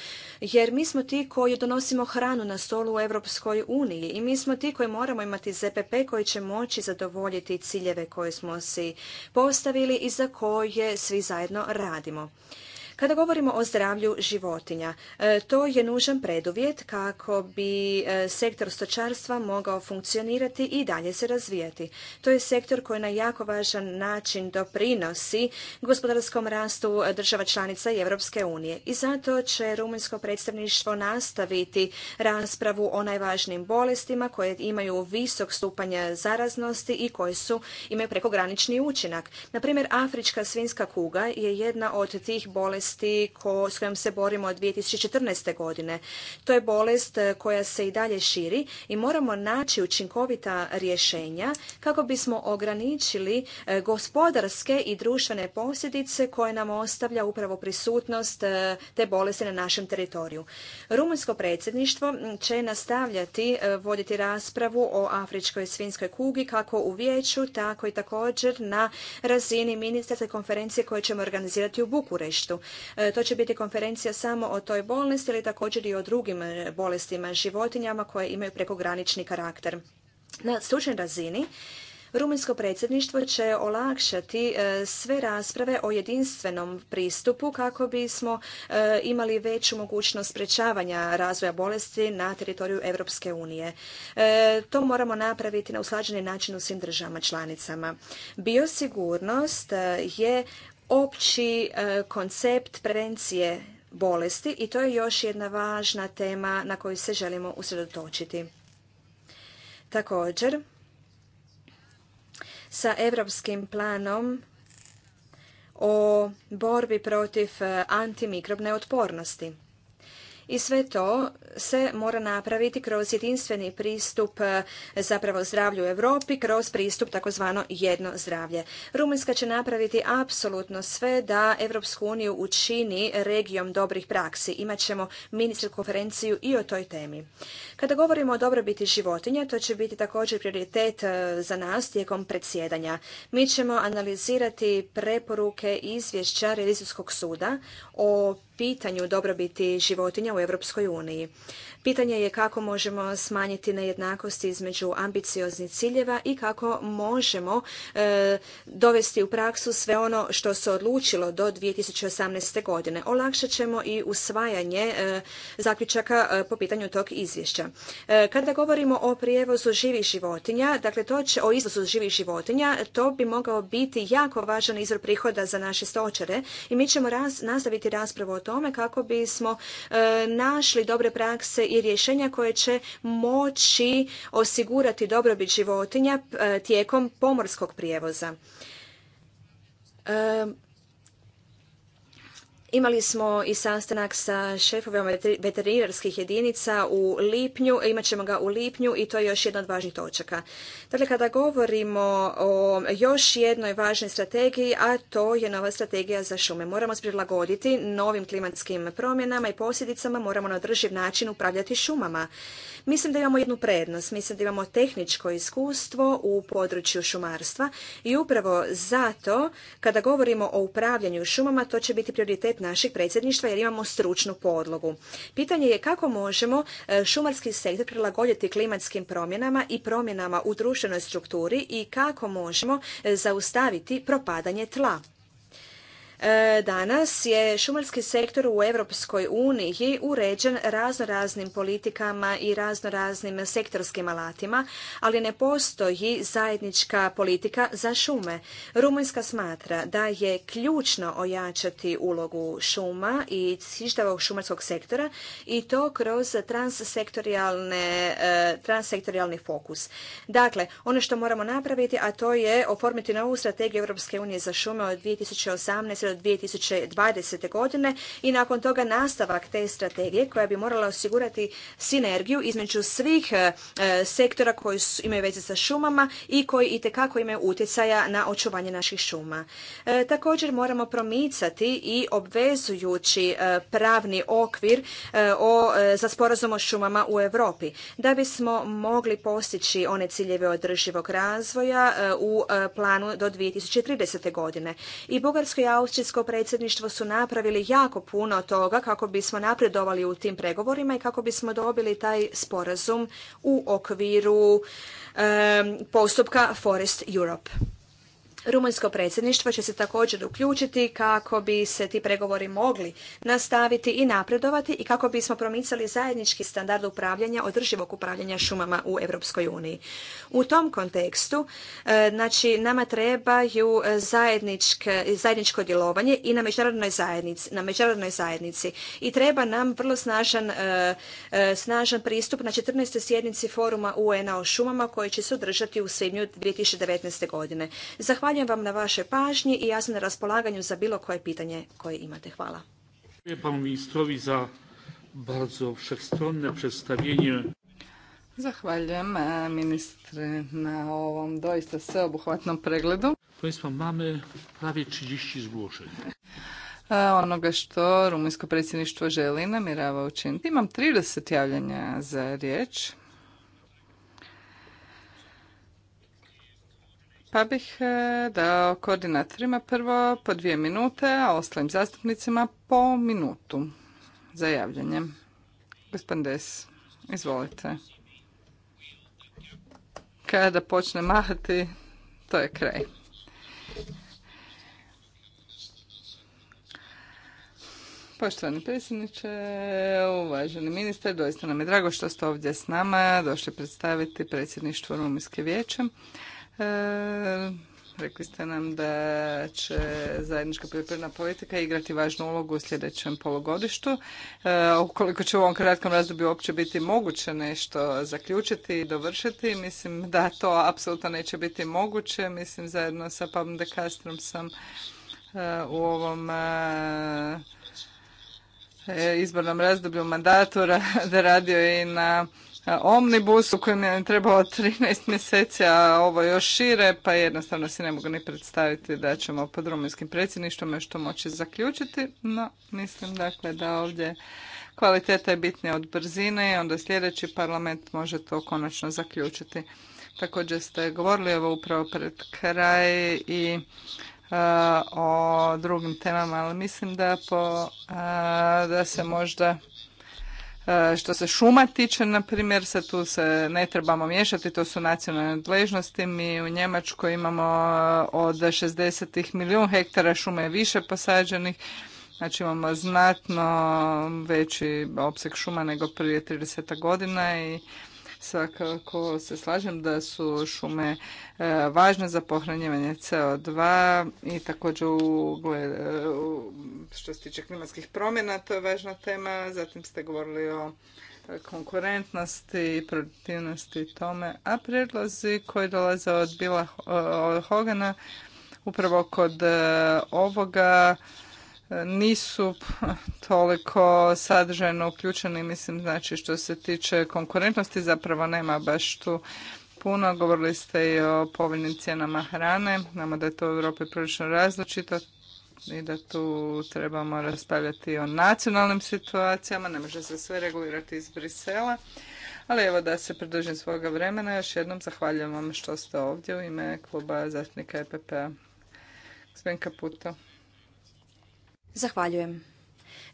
Jer mi smo ti koji donosimo hranu na stolu u Europskoj uniji i mi smo ti koji moramo imati ZPP koji će moći zadovoljiti ciljeve koje smo si postavili i za koje svi zajedno radimo. Kada govorimo o zdravlju životinja, e, to je nužan preduvjet kako bi e, sektor stočarstva mogao funkcionirati i dalje se razvijati. To je sektor koji na jako važan način doprinosi gospodarskom rastu država članica i Europske unije. I zato će rumunjsko predstavništvo nastaviti raspravu o najvažnijim bolestima koje imaju visok stupanj zaraznosti i koje su imaju prekogranični učinak. Na primjer, afrička svinska kuga je jedna od tih bolesti bolesti s kojom se borimo od 2014. godine. To je bolest e, koja se i dalje širi i moramo naći učinkovita rješenja kako bismo ograničili e, gospodarske i društvene posljedice koje nam ostavlja upravo prisutnost e, te bolesti na našem teritoriju. Rumunjsko predsjedništvo će nastavljati voditi raspravu o afričkoj svinskoj kugi kako u vijeću, tako i također na razini ministarske konferencije koje ćemo organizirati u Bukureštu. E, to će biti konferencija samo o toj bolesti, ili također i o drugim e, bolestima životinjama koje imaju prekogranični karakter. Na stručnoj razini Rumunjsko predsjedništvo će olakšati e, sve rasprave o jedinstvenom pristupu kako bismo imali veću mogućnost sprečavanja razvoja bolesti na teritoriju Europske unije. To moramo napraviti na usklađeni način u svim državama članicama. Biosigurnost je opći e, koncept prevencije bolesti i to je još jedna važna tema na koju se želimo usredotočiti. Također, sa europskim planom o borbi protiv e, antimikrobne otpornosti i sve to se mora napraviti kroz jedinstveni pristup e, zapravo zdravlju u Europi, kroz pristup takozvano jedno zdravlje. Rumunjska će napraviti apsolutno sve da Europsku uniju učini regijom dobrih praksi. Imaćemo ministru konferenciju i o toj temi. Kada govorimo o dobrobiti životinja, to će biti također prioritet e, za nas tijekom predsjedanja. Mi ćemo analizirati preporuke izvješća Revizijskog suda o pitanju dobrobiti životinja u Europskoj uniji. Pitanje je kako možemo smanjiti nejednakosti između ambicioznih ciljeva i kako možemo e, dovesti u praksu sve ono što se odlučilo do 2018. godine. Olakšat ćemo i usvajanje e, zaključaka e, po pitanju tog izvješća. Kada govorimo o prijevozu živih životinja, dakle to će o izvozu živih životinja, to bi mogao biti jako važan izvor prihoda za naše stočare i mi ćemo nastaviti raspravu o tome kako bismo e, našli dobre prakse i rješenja koje će moći osigurati dobrobit životinja e, tijekom pomorskog prijevoza. E, Imali smo i sastanak sa šefovima veterinarskih jedinica u lipnju, e, imat ćemo ga u lipnju i to je još jedna od važnih točaka. Dakle, kada govorimo o još jednoj važnoj strategiji, a to je nova strategija za šume. Moramo se prilagoditi novim klimatskim promjenama i posljedicama, moramo na održiv način upravljati šumama. Mislim da imamo jednu prednost, mislim da imamo tehničko iskustvo u području šumarstva i upravo zato kada govorimo o upravljanju šumama to će biti prioritet našeg predsjedništva jer imamo stručnu podlogu. Pitanje je kako možemo e, šumarski sektor prilagoditi klimatskim promjenama i promjenama u društvenoj strukturi i kako možemo e, zaustaviti propadanje tla. E, danas je šumarski sektor u Europskoj uniji uređen raznoraznim politikama i raznoraznim sektorskim alatima, ali ne postoji zajednička politika za šume. Rumunjska smatra da je ključno ojačati ulogu šuma i čitavog šumarskog sektora i to kroz e, transsektorijalni fokus. Dakle, ono što moramo napraviti, a to je oformiti novu strategiju Europske unije za šume od 2018. do 2020. godine i nakon toga nastavak te strategije koja bi morala osigurati sinergiju između svih e, sektora koji imaju veze sa šumama i koji itekako imaju utjecaja na očuvanje naših šuma. E, također moramo promicati i obvezujući e, pravni okvir za sporazum o šumama u Europi da bismo mogli postići one ciljeve održivog razvoja u planu do 2030. godine. I Bugarskoj i Turčijsko predsjedništvo su napravili jako puno toga kako bismo napredovali u tim pregovorima i kako bismo dobili taj sporazum u okviru postupka Forest Europe. Rumunjsko predsjedništvo će se također uključiti kako bi se ti pregovori mogli nastaviti i napredovati i kako bismo promicali zajednički standard upravljanja, održivog upravljanja šumama u Europskoj uniji. U tom kontekstu, e, znači, nama trebaju zajedničko djelovanje i na međunarodnoj zajednici, na međunarodnoj zajednici i treba nam vrlo snažan, e, e, snažan pristup na 14. sjednici foruma UNA o šumama koji će se održati u svibnju 2019. godine. Zahvaljujem Zahvaljujem vam na vaše pažnje i ja sam na raspolaganju za bilo koje pitanje koje imate. Hvala. za bardzo všestronne predstavljanje. Zahvaljujem e, ministre na ovom doista sveobuhvatnom pregledu. Państwa, mame prave 30 Onoga što rumunjsko predsjedništvo želi namjerava učiniti. Imam 30 javljanja za riječ. Pa bih e, dao koordinatorima prvo po dvije minute, a ostalim zastupnicima po minutu za javljanje. Gospodin Des, izvolite. Kada počne mahati, to je kraj. Poštovani predsjedniče, uvaženi ministre, doista nam je drago što ste ovdje s nama, došli predstaviti predsjedništvo Rumunjske vijeće. E, rekli ste nam da će zajednička poljoprivredna politika igrati važnu ulogu u sljedećem polugodištu. E, ukoliko će u ovom kratkom razdoblju uopće biti moguće nešto zaključiti i dovršiti, mislim da to apsolutno neće biti moguće. Mislim zajedno sa Pavom de Castrom sam e, u ovom izbornom razdoblju mandatora da radio i na omnibus u kojem je trebalo 13 mjeseci, a ovo još šire, pa jednostavno si ne mogu ni predstaviti da ćemo pod rumunjskim predsjedništvom još to moći zaključiti, no mislim dakle da ovdje kvaliteta je bitnija od brzine i onda sljedeći parlament može to konačno zaključiti. Također ste govorili ovo upravo pred kraj i e, o drugim temama, ali mislim da, po, e, da se možda E, što se šuma tiče, na primjer, se tu se ne trebamo miješati, to su nacionalne nadležnosti. Mi u Njemačkoj imamo e, od 60 milijun hektara šume više posađenih, znači imamo znatno veći opseg šuma nego prije 30 godina i Svakako se slažem da su šume e, važne za pohranjivanje CO2 i također e, u, što se tiče klimatskih promjena, to je važna tema. Zatim ste govorili o konkurentnosti i produktivnosti tome. A prijedlozi koji dolaze od Bila e, Hogana upravo kod ovoga nisu toliko sadržajno uključeni, mislim, znači što se tiče konkurentnosti zapravo nema baš tu puno. Govorili ste i o povoljnim cijenama hrane, znamo da je to u Europi prilično različito i da tu trebamo raspravljati o nacionalnim situacijama, ne može se sve regulirati iz Brisela. Ali evo da se pridržim svoga vremena, još jednom zahvaljujem vam što ste ovdje u ime kluba zastupnika EPP-a. Gospodin Zahvaljujem.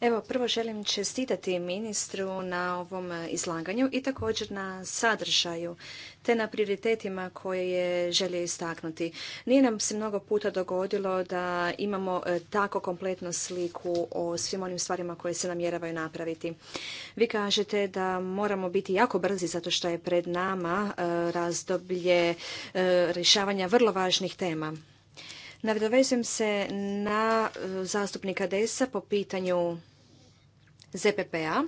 Evo, prvo želim čestitati ministru na ovom izlaganju i također na sadržaju te na prioritetima koje je želio istaknuti. Nije nam se mnogo puta dogodilo da imamo e, tako kompletnu sliku o svim onim stvarima koje se namjeravaju napraviti. Vi kažete da moramo biti jako brzi zato što je pred nama e, razdoblje e, rješavanja vrlo važnih tema. Nadovezujem se na e, zastupnika Desa po pitanju ZPP-a.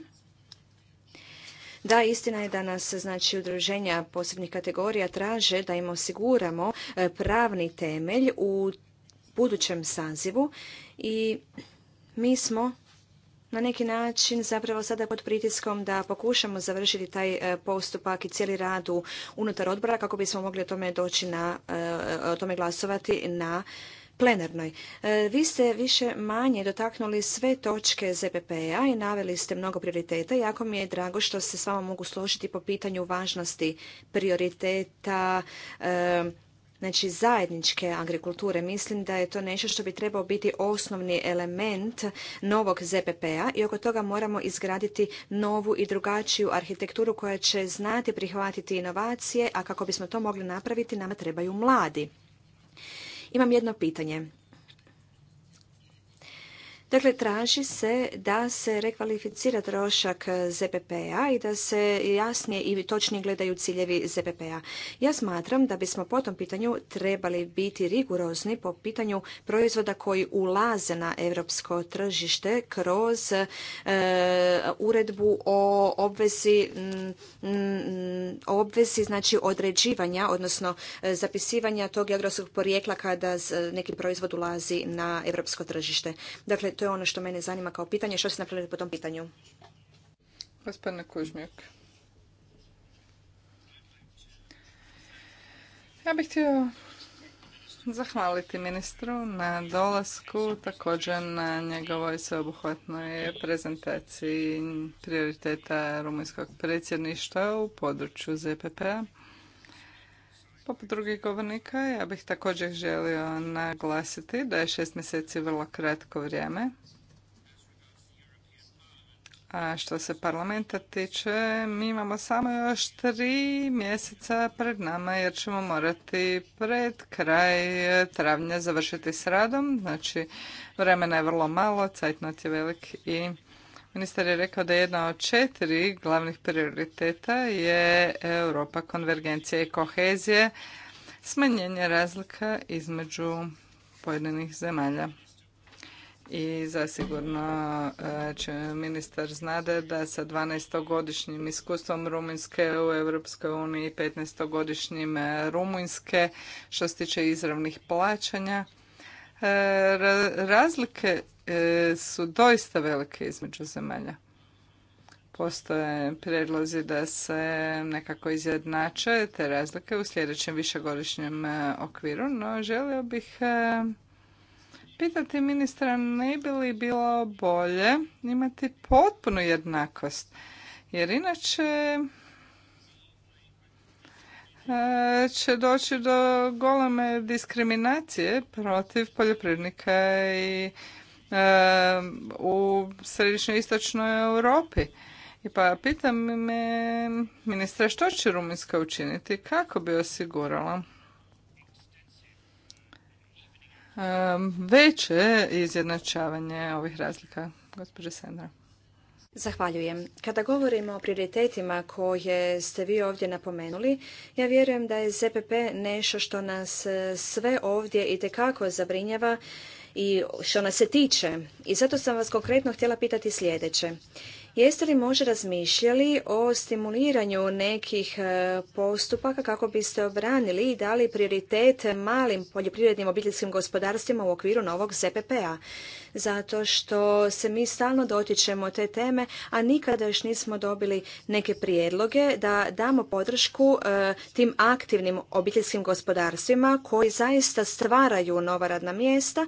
Da, istina je da nas znači udruženja posebnih kategorija traže da im osiguramo e, pravni temelj u budućem sazivu i mi smo na neki način zapravo sada pod pritiskom da pokušamo završiti taj e, postupak i cijeli rad unutar odbora kako bismo mogli o tome doći na, e, o tome glasovati na plenarnoj. E, vi ste više manje dotaknuli sve točke ZPP-a i naveli ste mnogo prioriteta. Jako mi je drago što se s vama mogu složiti po pitanju važnosti prioriteta znači zajedničke agrikulture. Mislim da je to nešto što bi trebao biti osnovni element novog ZPP-a i oko toga moramo izgraditi novu i drugačiju arhitekturu koja će znati prihvatiti inovacije, a kako bismo to mogli napraviti nama trebaju mladi. Imam jedno pitanje. Dakle, traži se da se rekvalificira trošak ZPP-a i da se jasnije i točnije gledaju ciljevi ZPP-a. Ja smatram da bismo po tom pitanju trebali biti rigurozni po pitanju proizvoda koji ulaze na europsko tržište kroz e, uredbu o obvezi, mm, mm, obvezi znači određivanja, odnosno e, zapisivanja tog geografskog porijekla kada neki proizvod ulazi na europsko tržište. Dakle, to je ono što mene zanima kao pitanje. Što ste napravili po tom pitanju? Gospodine Kužmjuk. Ja bih htio zahvaliti ministru na dolasku, također na njegovoj sveobuhvatnoj prezentaciji prioriteta rumunjskog predsjedništva u području ZPP-a. Poput drugih govornika, ja bih također želio naglasiti da je šest mjeseci vrlo kratko vrijeme. A što se parlamenta tiče, mi imamo samo još tri mjeseca pred nama jer ćemo morati pred kraj travnja završiti s radom. Znači, vremena je vrlo malo, cajtnot je velik i Ministar je rekao da jedna od četiri glavnih prioriteta je Europa konvergencije i kohezije, smanjenje razlika između pojedinih zemalja. I zasigurno e, će ministar znade da sa 12-godišnjim iskustvom Rumunjske u Europskoj uniji i 15-godišnjim Rumunjske što se tiče izravnih plaćanja E, razlike e, su doista velike između zemalja. Postoje predlozi da se nekako izjednače te razlike u sljedećem višegodišnjem e, okviru, no želio bih pitati ministra ne bi li bilo bolje imati potpunu jednakost. Jer inače E, će doći do goleme diskriminacije protiv poljoprivrednika i e, u središnjoj istočnoj Europi. I pa pitam me, ministra, što će Rumunjska učiniti? Kako bi osigurala e, veće izjednačavanje ovih razlika, gospođe Sendra? Zahvaljujem. Kada govorimo o prioritetima koje ste vi ovdje napomenuli, ja vjerujem da je ZPP nešto što nas e, sve ovdje i tekako zabrinjava i što nas se tiče. I zato sam vas konkretno htjela pitati sljedeće. Jeste li možda razmišljali o stimuliranju nekih e, postupaka kako biste obranili i dali prioritet malim poljoprivrednim obiteljskim gospodarstvima u okviru novog ZPP-a? Zato što se mi stalno dotičemo te teme, a nikada još nismo dobili neke prijedloge da damo podršku e, tim aktivnim obiteljskim gospodarstvima koji zaista stvaraju nova radna mjesta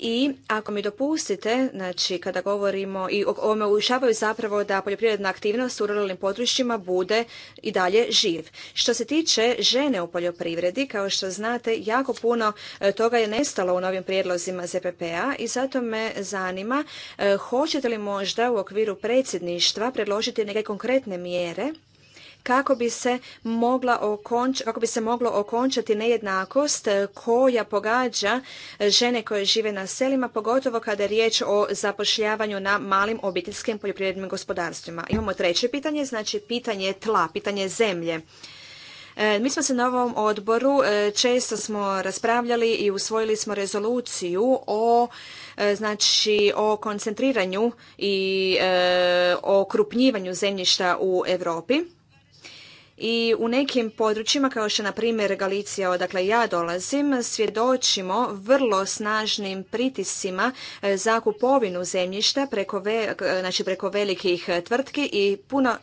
i ako mi dopustite, znači kada govorimo i ovome ušavaju zapravo da poljoprivredna aktivnost u ruralnim područjima bude i dalje živ. Što se tiče žene u poljoprivredi, kao što znate, jako puno e, toga je nestalo u novim prijedlozima ZPP-a i zato me zanima e, hoćete li možda u okviru predsjedništva predložiti neke konkretne mjere kako bi se, mogla okonč, kako bi se moglo okončati nejednakost e, koja pogađa e, žene koje žive na selima, pogotovo kada je riječ o zapošljavanju na malim obiteljskim poljoprivrednim gospodarstvima. Imamo treće pitanje, znači pitanje tla, pitanje zemlje. E, mi smo se na ovom odboru često smo raspravljali i usvojili smo rezoluciju o znači o koncentriranju i okrupnjivanju zemljišta u Europi i u nekim područjima kao što je na primjer Galicija odakle ja dolazim svjedočimo vrlo snažnim pritisima e, za kupovinu zemljišta preko, e, znači preko velikih e, tvrtki i puno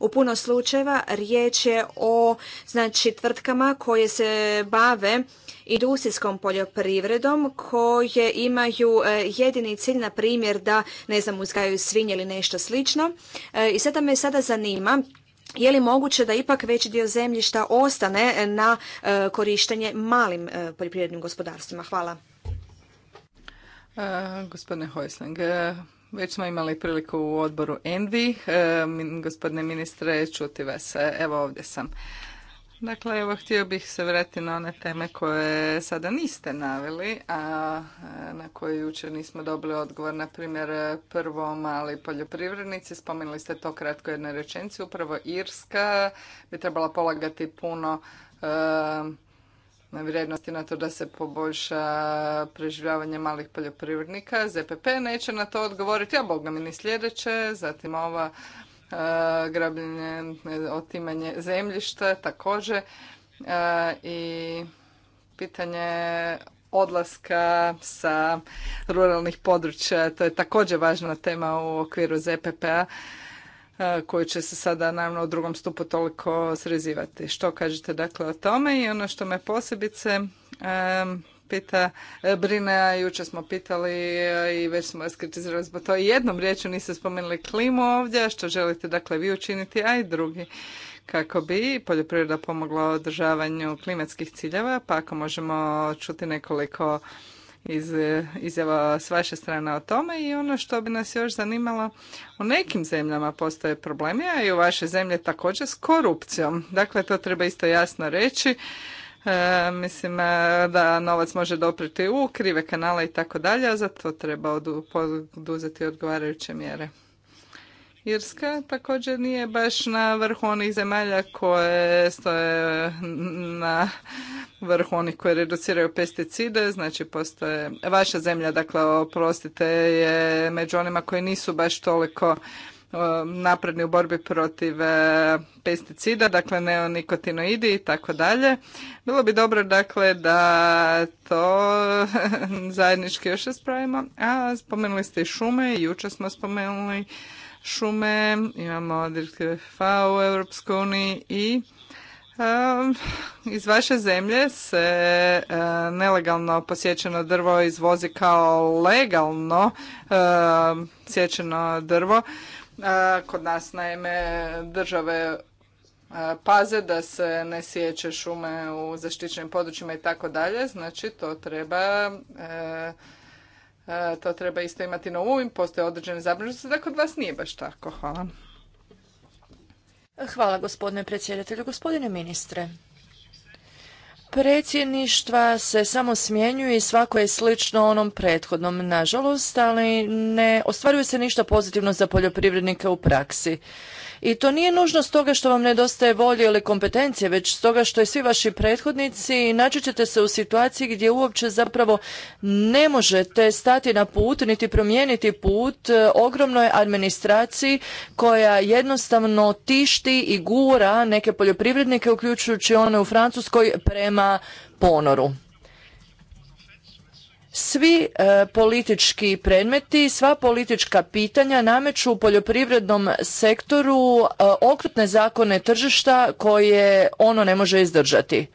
u puno slučajeva riječ je o znači tvrtkama koje se bave industrijskom poljoprivredom koje imaju jedini cilj na primjer da ne znam uzgajaju svinje ili nešto slično i sada me sada zanima je li moguće da ipak veći dio zemljišta ostane na e, korištenje malim e, poljoprivrednim gospodarstvima? Hvala. E, gospodine Hojsling, već smo imali priliku u odboru Envi. gospodine ministre, čuti vas. Evo ovdje sam. Dakle, evo, htio bih se vratiti na one teme koje sada niste naveli, a na koje jučer nismo dobili odgovor. Na primjer, prvo mali poljoprivrednici, spomenuli ste to kratko jednoj rečenci, upravo Irska bi trebala polagati puno e, vrijednosti na to da se poboljša preživljavanje malih poljoprivrednika. ZPP neće na to odgovoriti, a boga mi ni sljedeće. Zatim ova E, grabljenje, otimanje zemljišta također e, i pitanje odlaska sa ruralnih područja. To je također važna tema u okviru ZPP-a e, koji će se sada naravno u drugom stupu toliko srezivati. Što kažete dakle o tome i ono što me posebice pita, e, brine, a jučer smo pitali e, i već smo vas kritizirali zbog to. Jednom riječu niste spomenuli klimu ovdje, što želite dakle vi učiniti, a i drugi kako bi poljoprivreda pomogla održavanju klimatskih ciljeva, pa ako možemo čuti nekoliko iz, e, izjava s vaše strane o tome i ono što bi nas još zanimalo, u nekim zemljama postoje problemi, a i u vašoj zemlji također s korupcijom. Dakle, to treba isto jasno reći. E, mislim e, da novac može dopriti u krive kanale i tako dalje, a za to treba poduzeti odgovarajuće mjere. Irska također nije baš na vrhu onih zemalja koje stoje na vrhu onih koji reduciraju pesticide, znači postoje, vaša zemlja, dakle, oprostite, je među onima koji nisu baš toliko Um, napredni u borbi protiv uh, pesticida, dakle neonikotinoidi i tako dalje. Bilo bi dobro dakle da to zajednički još spravimo A spomenuli ste i šume, i jučer smo spomenuli šume, imamo direktive FA u EU i um, iz vaše zemlje se uh, nelegalno posjećeno drvo izvozi kao legalno uh, drvo Kod nas naime države paze da se ne sjeće šume u zaštićenim područjima i tako dalje, znači to treba e, e, to treba isto imati na umu postoje određene zabrinutosti, da kod vas nije baš tako. Hvala. Hvala gospodine predsjedatelju. Gospodine ministre, predsjedništva se samo smjenjuje i svako je slično onom prethodnom, nažalost, ali ne ostvaruje se ništa pozitivno za poljoprivrednike u praksi. I to nije nužno stoga što vam nedostaje volje ili kompetencije, već stoga što i svi vaši prethodnici naći ćete se u situaciji gdje uopće zapravo ne možete stati na put niti promijeniti put e, ogromnoj administraciji koja jednostavno tišti i gura neke poljoprivrednike, uključujući one u Francuskoj, prema ponoru. Svi e, politički predmeti, sva politička pitanja nameću u poljoprivrednom sektoru e, okrutne zakone tržišta koje ono ne može izdržati.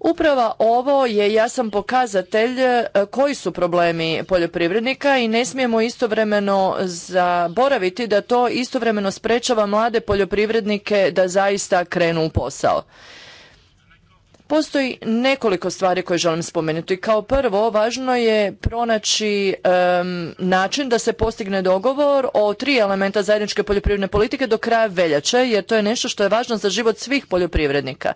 Uprava ovo je jasan pokazatelj e, koji su problemi poljoprivrednika i ne smijemo istovremeno zaboraviti da to istovremeno sprečava mlade poljoprivrednike da zaista krenu u posao. Postoji nekoliko stvari koje želim spomenuti. Kao prvo, važno je pronaći način da se postigne dogovor o tri elementa zajedničke poljoprivredne politike do kraja veljače, jer to je nešto što je važno za život svih poljoprivrednika.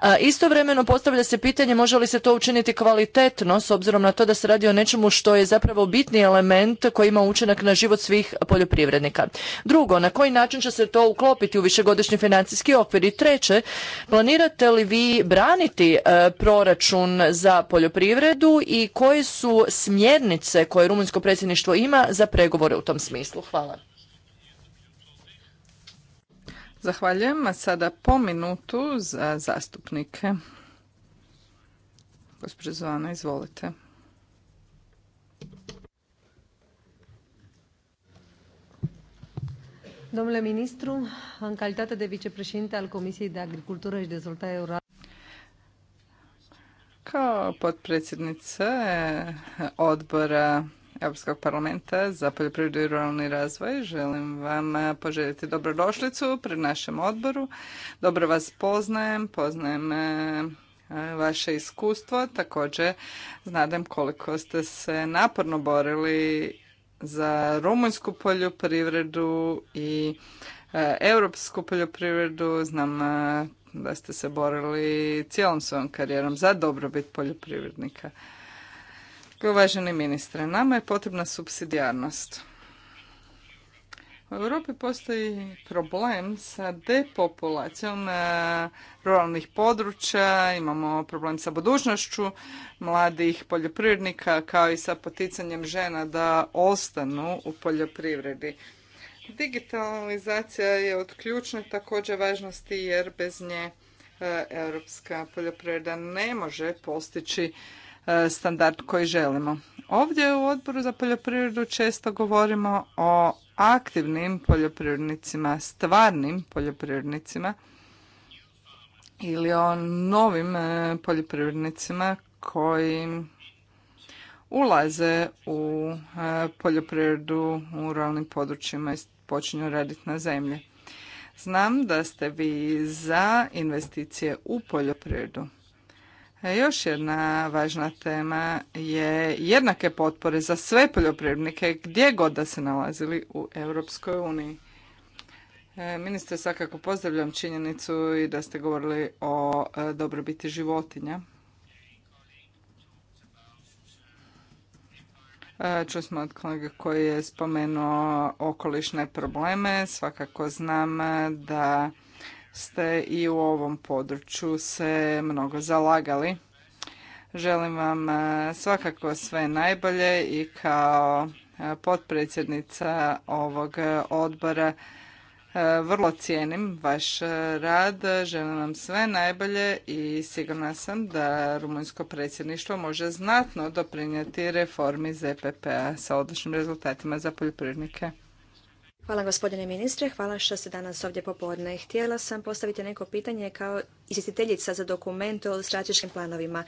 A istovremeno postavlja se pitanje može li se to učiniti kvalitetno s obzirom na to da se radi o nečemu što je zapravo bitni element koji ima učinak na život svih poljoprivrednika. Drugo, na koji način će se to uklopiti u višegodišnji financijski okvir? I treće, planirate li vi braniti biti e, proračun za poljoprivredu i koje su smjernice koje rumunjsko predsjedništvo ima za pregovore u tom smislu? Hvala. Zahvaljujem, a sada po minutu za zastupnike. Gospođa Zvana, izvolite. Domnule ministru, în calitate de vicepreședinte al Comisiei de Agricultură și Dezvoltare Rurală. Kao potpredsjednica odbora Europskog parlamenta za poljoprivredu i ruralni razvoj. Želim vam poželjeti dobrodošlicu pred našem odboru. Dobro vas poznajem, poznajem e, vaše iskustvo. Također znadem koliko ste se naporno borili za rumunjsku poljoprivredu i e, europsku poljoprivredu. Znam e, da ste se borili cijelom svojom karijerom za dobrobit poljoprivrednika. Uvaženi ministre, nama je potrebna subsidijarnost. U Europi postoji problem sa depopulacijom e, ruralnih područja, imamo problem sa budućnošću mladih poljoprivrednika kao i sa poticanjem žena da ostanu u poljoprivredi. Digitalizacija je od ključne također važnosti jer bez nje e, europska poljoprivreda ne može postići e, standard koji želimo. Ovdje u odboru za poljoprivredu često govorimo o aktivnim poljoprivrednicima, stvarnim poljoprivrednicima ili o novim e, poljoprivrednicima koji ulaze u poljoprivredu u ruralnim područjima počinju raditi na zemlji. Znam da ste vi za investicije u poljoprivredu. E, još jedna važna tema je jednake potpore za sve poljoprivrednike gdje god da se nalazili u Europskoj uniji. E, ministre, svakako pozdravljam činjenicu i da ste govorili o e, dobrobiti životinja. E, Ču smo od kolega koji je spomenuo okolišne probleme. Svakako znam da ste i u ovom području se mnogo zalagali. Želim vam e, svakako sve najbolje i kao e, potpredsjednica ovog odbora E, vrlo cijenim vaš rad, želim vam sve najbolje i sigurna sam da rumunjsko predsjedništvo može znatno doprinijeti reformi ZPP-a sa odličnim rezultatima za poljoprivrednike. Hvala gospodine ministre, hvala što ste danas ovdje popodne. Htjela sam postaviti neko pitanje kao izvjestiteljica za dokumente o strateškim planovima.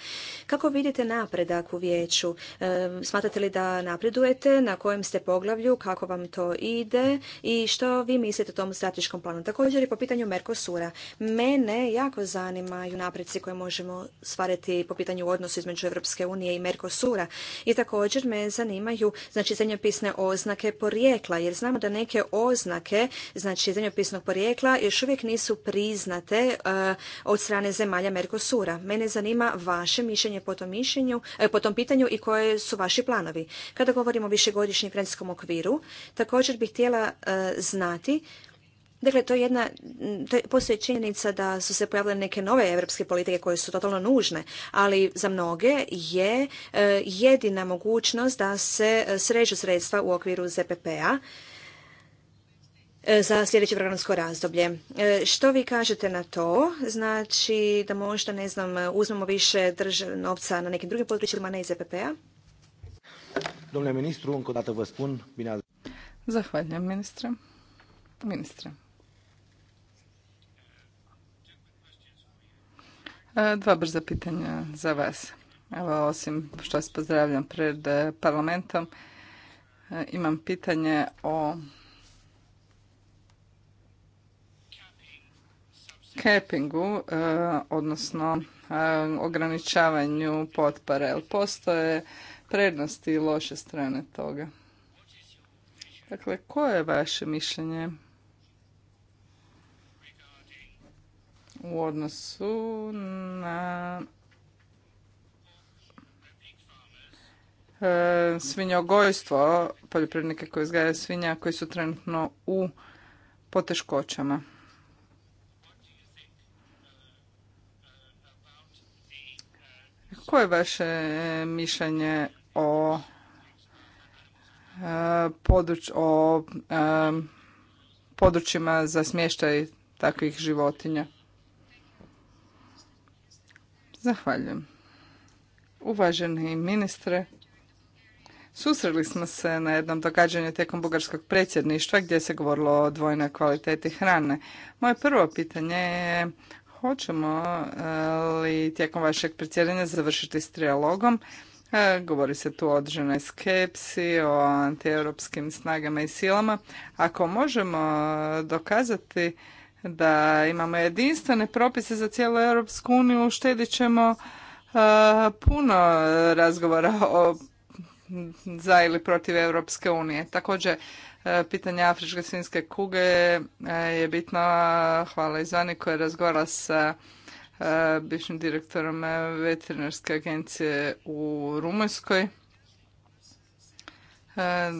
Kako vidite napredak u vijeću? E, smatrate li da napredujete? Na kojem ste poglavlju? Kako vam to ide? I što vi mislite o tom strateškom planu? Također i po pitanju Merkosura. Mene jako zanimaju napreci koje možemo stvariti po pitanju odnosu između Europske unije i Merkosura. I također me zanimaju znači zemljopisne oznake porijekla, jer znamo da neke oznake znači zemljopisnog porijekla još uvijek nisu priznate e, od strane zemalja Mercosura. Mene zanima vaše mišljenje po tom, mišljenju, e, po tom pitanju i koje su vaši planovi. Kada govorimo o višegodišnjem financijskom okviru, također bih htjela e, znati Dakle, to je jedna, to je, postoji činjenica da su se pojavile neke nove europske politike koje su totalno nužne, ali za mnoge je e, jedina mogućnost da se srežu sredstva u okviru ZPP-a E, za sljedeće programsko razdoblje. E, što vi kažete na to? Znači da možda, ne znam, uzmemo više novca na nekim drugim područjima, ne iz EPP-a? Domnule ministru, Zahvaljujem, ministre. Ministre. E, dva brza pitanja za vas. Evo, osim što vas pozdravljam pred parlamentom, imam pitanje o capingu, e, odnosno e, ograničavanju potpore, postoje prednosti i loše strane toga. Dakle, koje je vaše mišljenje u odnosu na e, svinjogojstvo poljoprivrednike koji uzgajaju svinja koji su trenutno u poteškoćama? Koje je vaše e, mišljenje o e, o e, područjima za smještaj takvih životinja? Zahvaljujem. Uvaženi ministre, susreli smo se na jednom događanju tijekom bugarskog predsjedništva gdje se govorilo o dvojnoj kvaliteti hrane. Moje prvo pitanje je Hoćemo eh, li tijekom vašeg predsjedanja završiti s trijalogom? Eh, govori se tu o određenoj skepsi, o antieuropskim snagama i silama. Ako možemo eh, dokazati da imamo jedinstvene propise za cijelu Europsku uniju, štedit ćemo puno razgovora o za ili protiv Europske unije. Također, E, pitanje afričke svinske kuge e, je bitno. Hvala Izvani koja je razgovarala sa e, bivšim direktorom veterinarske agencije u Rumunjskoj.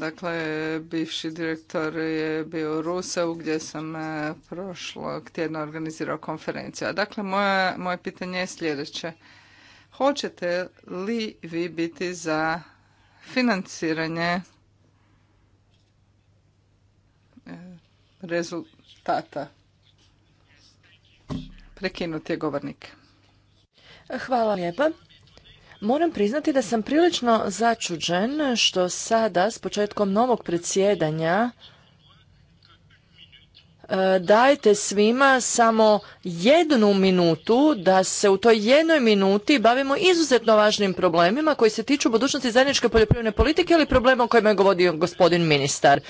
Dakle, bivši direktor je bio rusavu gdje sam prošlog tjedna organizirao konferenciju. dakle, moje pitanje je sljedeće. Hoćete li vi biti za financiranje rezultata. Prekinut je govornik. Hvala lijepa. Moram priznati da sam prilično začuđen što sada s početkom novog predsjedanja e, dajte svima samo jednu minutu da se u toj jednoj minuti bavimo izuzetno važnim problemima koji se tiču budućnosti zajedničke poljoprivredne politike ili problema o kojima je govorio gospodin ministar.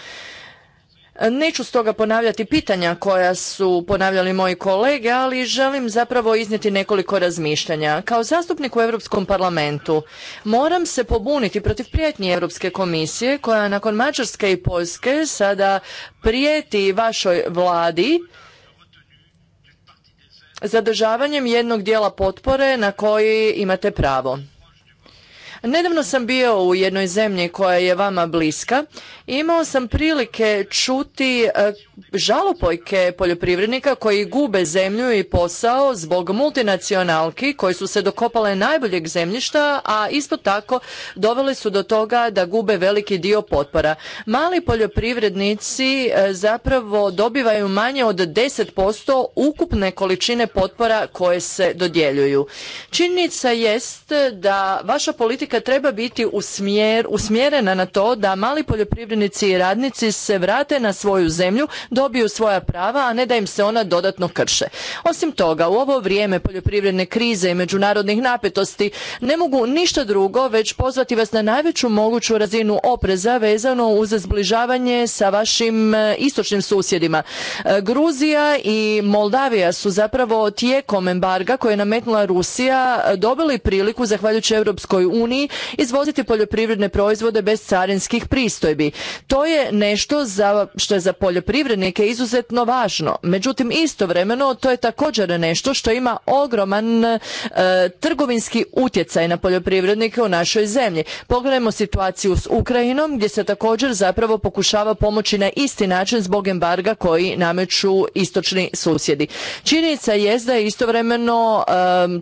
Neću stoga ponavljati pitanja koja su ponavljali moji kolege, ali želim zapravo iznijeti nekoliko razmišljanja. Kao zastupnik u Europskom parlamentu moram se pobuniti protiv prijetnje Europske komisije koja nakon Mađarske i Poljske sada prijeti vašoj vladi zadržavanjem jednog dijela potpore na koji imate pravo. Nedavno sam bio u jednoj zemlji koja je vama bliska i imao sam prilike čuti e, žalopojke poljoprivrednika koji gube zemlju i posao zbog multinacionalki koji su se dokopale najboljeg zemljišta, a isto tako doveli su do toga da gube veliki dio potpora. Mali poljoprivrednici e, zapravo dobivaju manje od 10% ukupne količine potpora koje se dodjeljuju. Činjenica jest da vaša politika treba biti usmjerena na to da mali poljoprivrednici i radnici se vrate na svoju zemlju, dobiju svoja prava, a ne da im se ona dodatno krše. Osim toga, u ovo vrijeme poljoprivredne krize i međunarodnih napetosti ne mogu ništa drugo već pozvati vas na najveću moguću razinu opreza vezano uz zbližavanje sa vašim e, istočnim susjedima. E, Gruzija i Moldavija su zapravo tijekom embarga koje je nametnula Rusija e, dobili priliku, zahvaljujući Europskoj uniji, izvoziti poljoprivredne proizvode bez carinskih pristojbi. To je nešto što je za poljoprivrednike izuzetno važno. Međutim, istovremeno to je također nešto što ima ogroman e, trgovinski utjecaj na poljoprivrednike u našoj zemlji. Pogledajmo situaciju s Ukrajinom gdje se također zapravo pokušava pomoći na isti način zbog embarga koji nameću istočni susjedi. Činjenica je da je istovremeno e,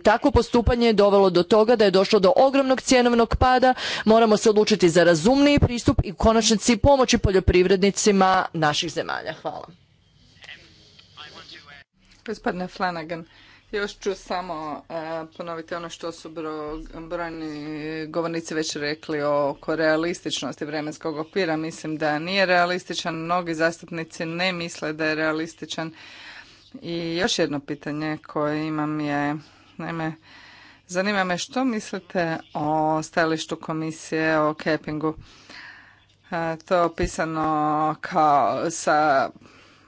takvo postupanje dovelo do toga da je došlo do ogromnog cijena cjenovnog pada, moramo se odlučiti za razumniji pristup i u konačnici pomoći poljoprivrednicima naših zemalja. Hvala. Gospodine Flanagan, još ću samo e, ponoviti ono što su brojni govornici već rekli oko realističnosti vremenskog okvira. Mislim da nije realističan, mnogi zastupnici ne misle da je realističan. I još jedno pitanje koje imam je, naime, Zanima me što mislite o stajalištu komisije o kepingu. E, to je opisano kao sa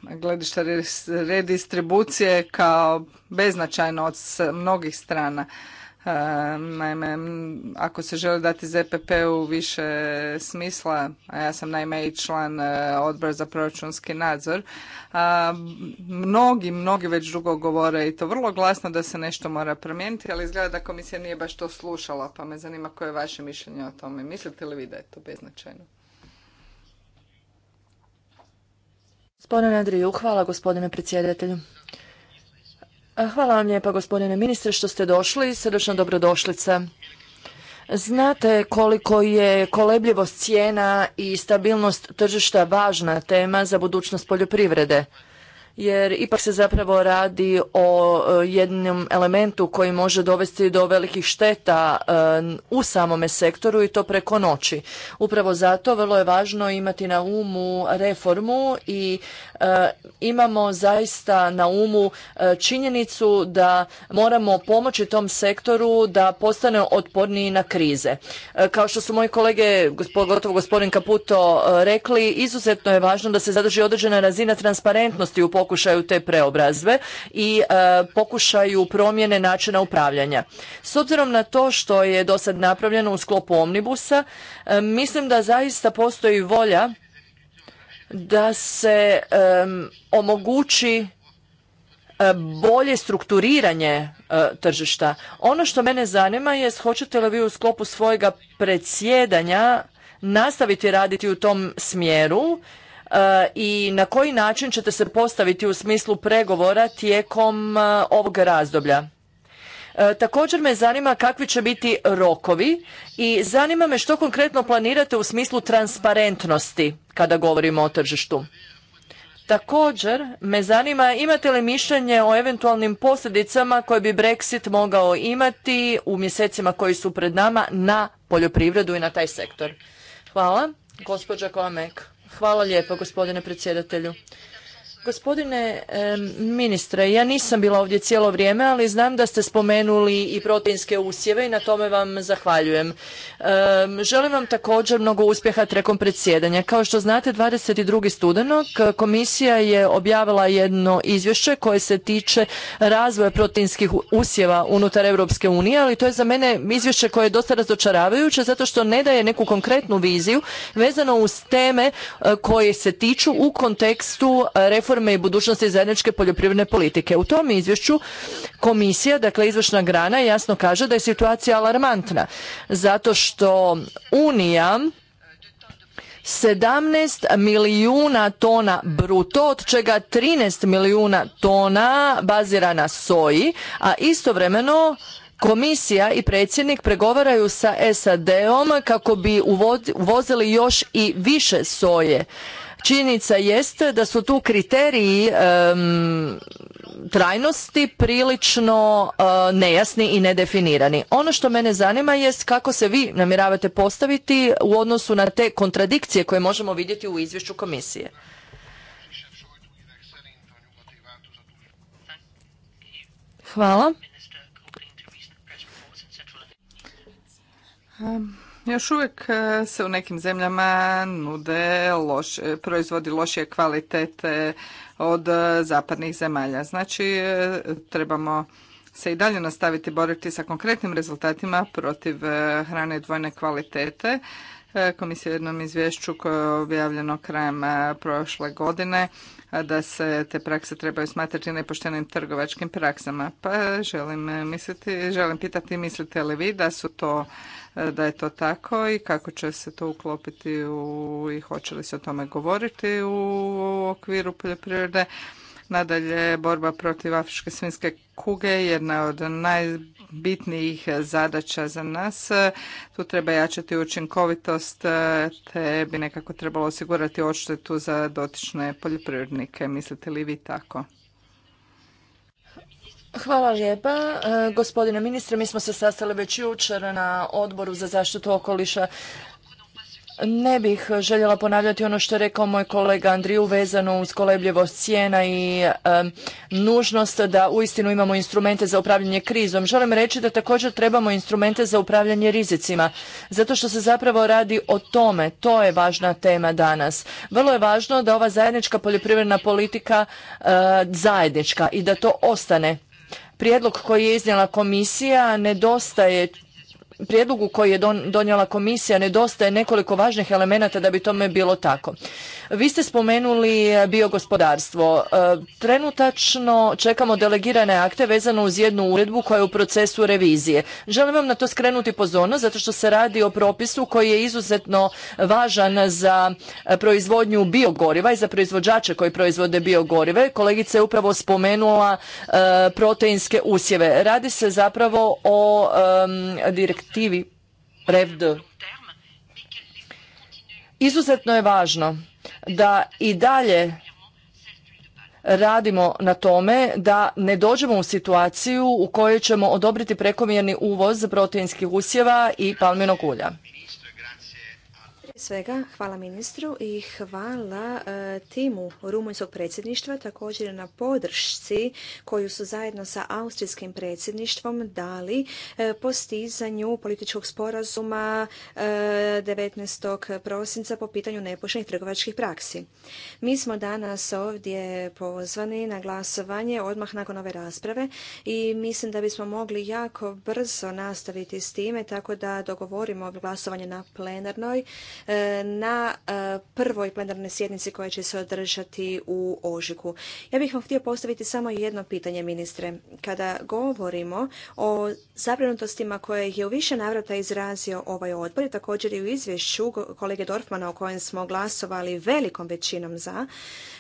gledišta redistribucije kao beznačajno od mnogih strana. Naime, ako se želi dati ZPP-u više smisla, a ja sam naime i član e, odbora za proračunski nadzor, mnogi, mnogi već dugo govore i to vrlo glasno da se nešto mora promijeniti, ali izgleda da komisija nije baš to slušala, pa me zanima koje je vaše mišljenje o tome. Mislite li vi da je to beznačajno? Gospodine Andriju, hvala gospodine predsjedatelju. Eh, hvala vam lijepa gospodine ministre što ste došli. Srdečna dobrodošlica. Znate koliko je kolebljivost cijena i stabilnost tržišta važna tema za budućnost poljoprivrede jer ipak se zapravo radi o e, jednom elementu koji može dovesti do velikih šteta e, u samome sektoru i to preko noći. Upravo zato vrlo je važno imati na umu reformu i e, imamo zaista na umu činjenicu da moramo pomoći tom sektoru da postane otporniji na krize. Kao što su moji kolege, gotovo gospodin Kaputo, rekli, izuzetno je važno da se zadrži određena razina transparentnosti u pokušaju te preobrazbe i e, pokušaju promjene načina upravljanja. S obzirom na to što je do sad napravljeno u sklopu Omnibusa, e, mislim da zaista postoji volja da se omogući e, bolje strukturiranje tržišta. Ono što mene zanima je hoćete li vi u sklopu svojega predsjedanja nastaviti raditi u tom smjeru E, i na koji način ćete se postaviti u smislu pregovora tijekom e, ovog razdoblja? E, također me zanima kakvi će biti rokovi i zanima me što konkretno planirate u smislu transparentnosti kada govorimo o tržištu. Također me zanima imate li mišljenje o eventualnim posljedicama koje bi Brexit mogao imati u mjesecima koji su pred nama na poljoprivredu i na taj sektor. Hvala. Gospođa Kovamek. Hvala lijepo gospodine predsjedatelju. Gospodine ministre, ja nisam bila ovdje cijelo vrijeme, ali znam da ste spomenuli i proteinske usjeve i na tome vam zahvaljujem. Želim vam također mnogo uspjeha trekom predsjedanja. Kao što znate, 22. studenog komisija je objavila jedno izvješće koje se tiče razvoja proteinskih usjeva unutar Europske unije, ali to je za mene izvješće koje je dosta razočaravajuće zato što ne daje neku konkretnu viziju vezano uz teme eh, koje se tiču u kontekstu eh, reforme reforme i budućnosti zajedničke poljoprivredne politike. U tom izvješću komisija, dakle izvršna grana, jasno kaže da je situacija alarmantna zato što Unija 17 milijuna tona bruto, od čega 13 milijuna tona bazira na soji, a istovremeno Komisija i predsjednik pregovaraju sa SAD-om kako bi uvozili još i više soje. Činjenica jeste da su tu kriteriji trajnosti prilično e, nejasni i nedefinirani. Ono što mene zanima jest kako se vi namjeravate postaviti u odnosu na te kontradikcije koje možemo vidjeti u izvješću komisije. Hvala. Još uvijek e, se u nekim zemljama nude loš, proizvodi lošije kvalitete od e, zapadnih zemalja. Znači, e, trebamo se i dalje nastaviti boriti sa konkretnim rezultatima protiv hrane dvojne kvalitete. Komisija u jednom izvješću koje je objavljeno krajem prošle godine da se te prakse trebaju smatrati nepoštenim trgovačkim praksama. Pa želim, misliti, želim pitati mislite li vi da su to da je to tako i kako će se to uklopiti u, i hoće li se o tome govoriti u okviru poljoprivrede. Nadalje, borba protiv afričke svinske kuge je jedna od najbitnijih zadaća za nas. Tu treba jačati učinkovitost, te bi nekako trebalo osigurati odštetu za dotične poljoprivrednike. Mislite li vi tako? Hvala lijepa. E, gospodine ministre, mi smo se sastali već jučer na odboru za zaštitu okoliša. Ne bih željela ponavljati ono što je rekao moj kolega Andriju vezano uz kolebljivost cijena i nužnost da uistinu imamo instrumente za upravljanje krizom. Želim reći da također trebamo instrumente za upravljanje rizicima, zato što se zapravo radi o tome. To je važna tema danas. Vrlo je važno da ova zajednička poljoprivredna politika e, zajednička i da to ostane prijedlog koji je iznijela komisija nedostaje prijedlogu koji je donijela komisija nedostaje nekoliko važnih elemenata da bi tome bilo tako. Vi ste spomenuli e, biogospodarstvo. E, trenutačno čekamo delegirane akte vezano uz jednu uredbu koja je u procesu revizije. Želim vam na to skrenuti pozornost zato što se radi o propisu koji je izuzetno važan za e, proizvodnju biogoriva i za proizvođače koji proizvode biogorive. Kolegica je upravo spomenula proteinske usjeve. Radi se zapravo o direktivi REVD. Izuzetno je važno da i dalje radimo na tome da ne dođemo u situaciju u kojoj ćemo odobriti prekomjerni uvoz proteinskih usjeva i palminog ulja svega, hvala ministru i hvala e, timu rumunjskog predsjedništva također na podršci koju su zajedno sa austrijskim predsjedništvom dali e, postizanju političkog sporazuma 19. E, prosinca po pitanju nepoštenih trgovačkih praksi. Mi smo danas ovdje pozvani na glasovanje odmah nakon ove rasprave i mislim da bismo mogli jako brzo nastaviti s time tako da dogovorimo glasovanje na plenarnoj E, na e, prvoj plenarnoj sjednici koja će se održati u Ožiku. Ja bih vam htio postaviti samo jedno pitanje, ministre. Kada govorimo o zabrinutostima koje je u više navrata izrazio ovaj odbor i također i u izvješću kolege Dorfmana o kojem smo glasovali velikom većinom za,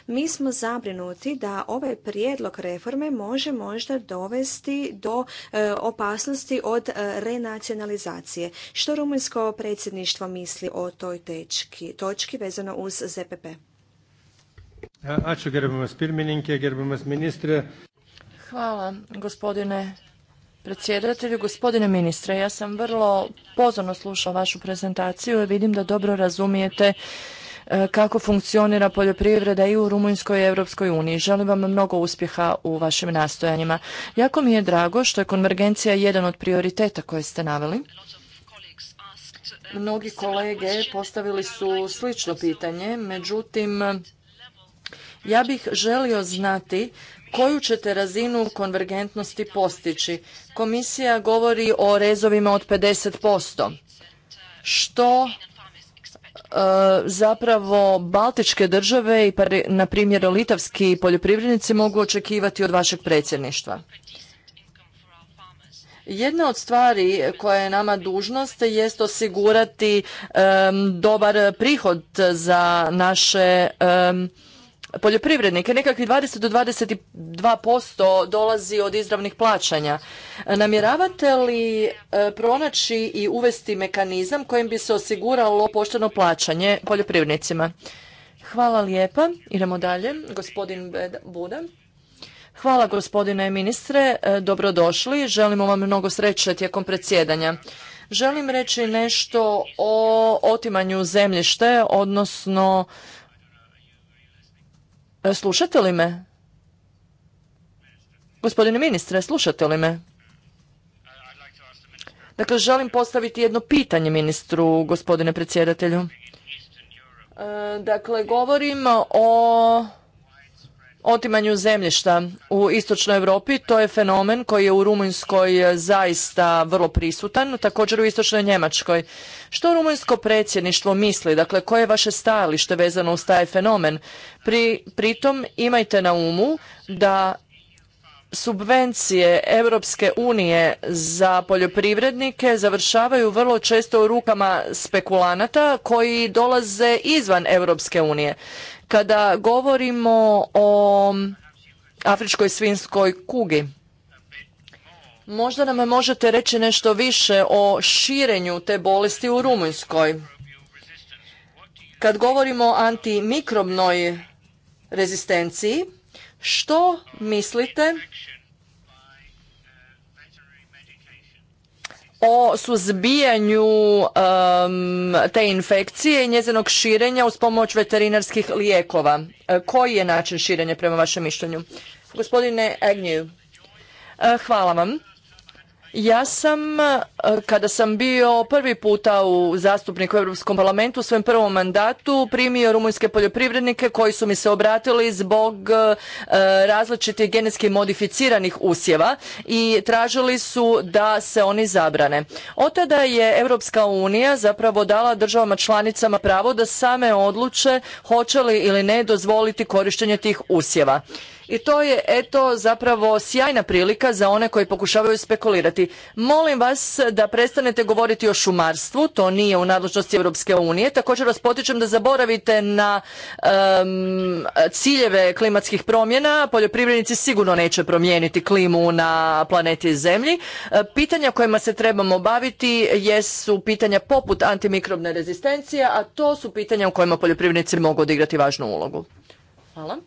mi smo zabrinuti da ovaj prijedlog reforme može možda dovesti do e, opasnosti od renacionalizacije. Što rumunjsko predsjedništvo misli o toj točki vezano uz ZPP. Hvala gospodine predsjedatelju, gospodine ministre. Ja sam vrlo pozorno slušao vašu prezentaciju i vidim da dobro razumijete e, kako funkcionira poljoprivreda i u Rumunjskoj i Europskoj uniji. Želim vam mnogo uspjeha u vašim nastojanjima. Jako mi je drago što je konvergencija jedan od prioriteta koje ste naveli. Mnogi kolege postavili su slično pitanje, međutim, ja bih želio znati koju ćete razinu konvergentnosti postići. Komisija govori o rezovima od 50%. Što e, zapravo baltičke države i na primjer litavski poljoprivrednici mogu očekivati od vašeg predsjedništva? Jedna od stvari koja je nama dužnost jest osigurati dobar prihod za naše poljoprivrednike. Nekakvi 20 do 22% dolazi od izravnih plaćanja. Namjeravate li e, pronaći i uvesti mekanizam kojim bi se osiguralo pošteno plaćanje poljoprivrednicima? Hvala lijepa. Idemo dalje. Gospodin Buda. Hvala gospodine ministre, e, dobrodošli. Želimo vam mnogo sreće tijekom predsjedanja. Želim reći nešto o otimanju zemljište, odnosno... E, slušate li me? Gospodine ministre, slušate li me? Dakle, želim postaviti jedno pitanje ministru, gospodine predsjedatelju. E, dakle, govorim o otimanju zemljišta u istočnoj Europi. To je fenomen koji je u Rumunjskoj e, zaista vrlo prisutan, također u istočnoj Njemačkoj. Što rumunjsko predsjedništvo misli, dakle koje je vaše stajalište vezano uz taj fenomen? Pri, pritom imajte na umu da subvencije Europske unije za poljoprivrednike završavaju vrlo često u rukama spekulanata koji dolaze izvan Europske unije. Kada govorimo o afričkoj svinskoj kugi, možda nam možete reći nešto više o širenju te bolesti u Rumunjskoj. Kad govorimo o antimikrobnoj rezistenciji, što mislite o suzbijanju te infekcije i njezinog širenja uz pomoć veterinarskih lijekova. E, koji je način širenja prema vašem mišljenju? Gospodine Agnew, e, hvala vam. Ja sam, e, kada sam bio prvi puta u zastupniku u Europskom parlamentu, u svojem prvom mandatu primio rumunjske poljoprivrednike koji su mi se obratili zbog e, različitih genetski modificiranih usjeva i tražili su da se oni zabrane. Od tada je Europska unija zapravo dala državama članicama pravo da same odluče hoće li ili ne dozvoliti korištenje tih usjeva. I to je eto zapravo sjajna prilika za one koji pokušavaju spekulirati. Molim vas da prestanete govoriti o šumarstvu, to nije u nadležnosti Europske unije. Također vas potičem da zaboravite na ciljeve klimatskih promjena. Poljoprivrednici sigurno neće promijeniti klimu na planeti Zemlji. E, pitanja kojima se trebamo baviti jesu pitanja poput antimikrobne rezistencije, a to su pitanja u kojima poljoprivrednici mogu odigrati važnu ulogu. Hvala.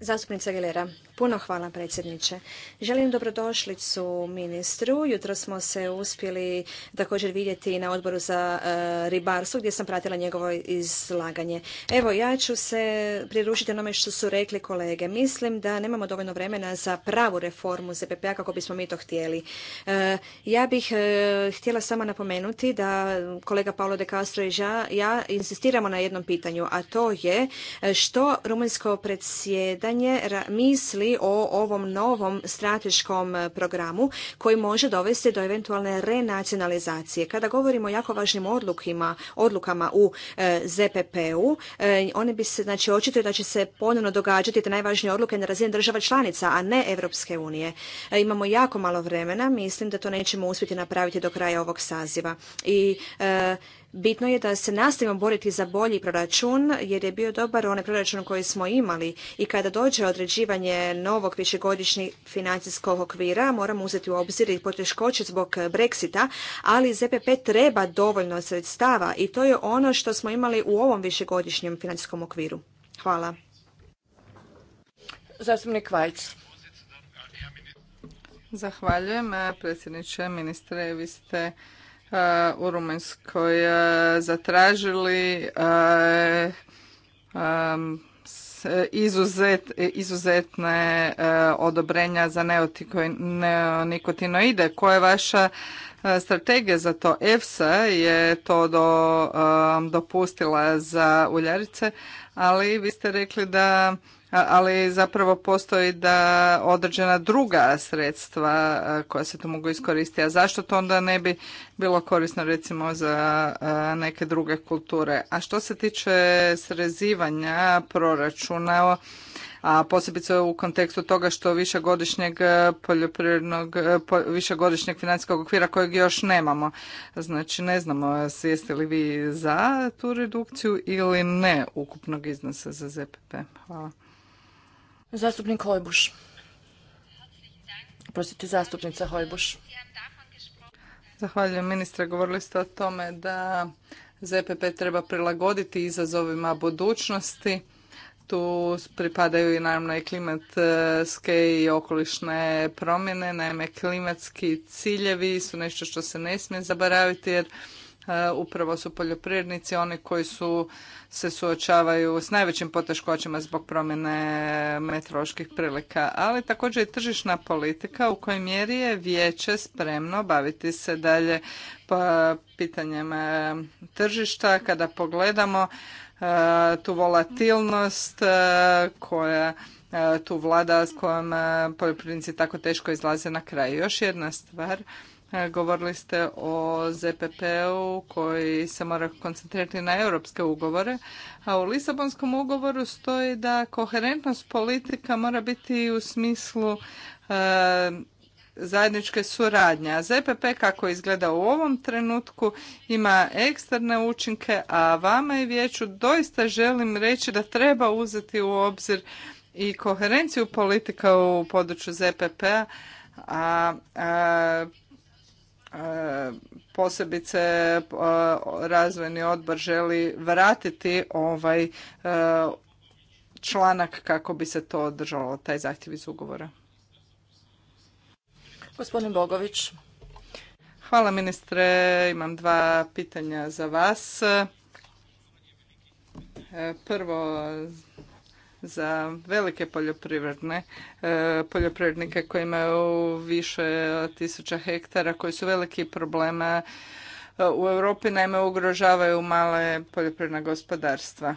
Zastupnica Gilera, puno hvala predsjedniče. Želim dobrodošlicu ministru. Jutro smo se uspjeli također vidjeti na odboru za e, ribarstvo gdje sam pratila njegovo izlaganje. Evo, ja ću se prirušiti onome što su rekli kolege. Mislim da nemamo dovoljno vremena za pravu reformu ZPP-a kako bismo mi to htjeli. E, ja bih e, htjela samo napomenuti da kolega Paolo de Castro i ja insistiramo na jednom pitanju, a to je što rumunjsko predsjedanje pitanje misli o ovom novom strateškom e, programu koji može dovesti do eventualne renacionalizacije. Kada govorimo o jako važnim odlukima, odlukama u e, ZPP-u, e, oni bi se, znači, očito da će se ponovno događati te najvažnije odluke na razini država članica, a ne Europske unije. Imamo jako malo vremena, mislim da to nećemo uspjeti napraviti do kraja ovog saziva. I Bitno je da se nastavimo boriti za bolji proračun jer je bio dobar onaj proračun koji smo imali i kada dođe određivanje novog višegodišnjeg financijskog okvira moramo uzeti u obzir i poteškoće zbog Brexita, ali ZPP treba dovoljno sredstava i to je ono što smo imali u ovom višegodišnjem financijskom okviru. Hvala. Zastupnik Vajc. Zahvaljujem predsjedniče ministre, vi ste u Rumunjskoj e, zatražili e, e, izuzet, izuzetne odobrenja za neonikotinoide. Koja je vaša strategija za to? EFSA je to do, dopustila za uljarice, ali vi ste rekli da ali zapravo postoji da određena druga sredstva koja se tu mogu iskoristiti. A zašto to onda ne bi bilo korisno recimo za neke druge kulture? A što se tiče srezivanja proračuna, a posebice u kontekstu toga što višegodišnjeg poljoprivrednog, višegodišnjeg financijskog okvira kojeg još nemamo. Znači ne znamo jeste li vi za tu redukciju ili ne ukupnog iznosa za ZPP. Hvala. Zastupnik Hojbuš. Prostite, zastupnica Hojbuš. Zahvaljujem ministre, govorili ste o tome da ZPP treba prilagoditi izazovima budućnosti. Tu pripadaju i naravno i klimatske i okolišne promjene. Naime, klimatski ciljevi su nešto što se ne smije zaboraviti jer E, upravo su poljoprivrednici oni koji su se suočavaju s najvećim poteškoćama zbog promjene meteoroloških prilika, ali također i tržišna politika u kojoj mjeri je vijeće spremno baviti se dalje pa, pitanjem e, tržišta kada pogledamo e, tu volatilnost koja tu vlada s kojom poljoprivrednici tako teško izlaze na kraj. Još jedna stvar, E, govorili ste o ZPP-u koji se mora koncentrirati na europske ugovore, a u Lisabonskom ugovoru stoji da koherentnost politika mora biti u smislu e, zajedničke suradnje. A ZPP kako izgleda u ovom trenutku ima eksterne učinke, a vama i vijeću doista želim reći da treba uzeti u obzir i koherenciju politika u području ZPP-a, a, a posebice eh, razvojni odbor želi vratiti ovaj eh, članak kako bi se to održalo, taj zahtjev iz ugovora. Gospodin Bogović. Hvala ministre, imam dva pitanja za vas. Eh, prvo, za velike poljoprivredne e, poljoprivrednike koji imaju više tisuća hektara koji su veliki problema e, u Europi naime ugrožavaju male poljoprivredna gospodarstva.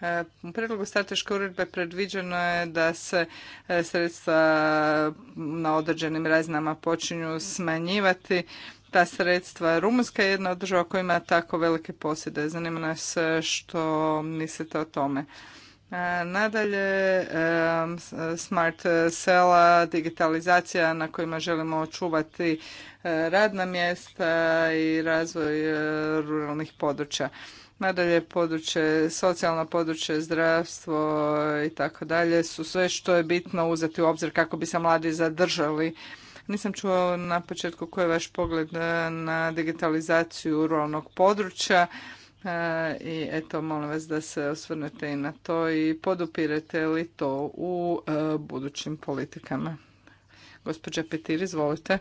E, u predlogu strateške uredbe predviđeno je da se sredstva na određenim razinama počinju smanjivati. Ta sredstva Rumunjska je jedna od država koja ima tako velike posjede. Zanima nas što mislite o tome. E, nadalje, e, smart sela, digitalizacija na kojima želimo očuvati e, radna mjesta i razvoj ruralnih područja. Nadalje, područje, socijalno područje, zdravstvo i tako dalje su sve što je bitno uzeti u obzir kako bi se mladi zadržali. Nisam čuo na početku koji je vaš pogled na digitalizaciju ruralnog područja. E, I eto, molim vas da se osvrnete i na to i podupirete li to u e, budućim politikama. Gospođa Petir, izvolite.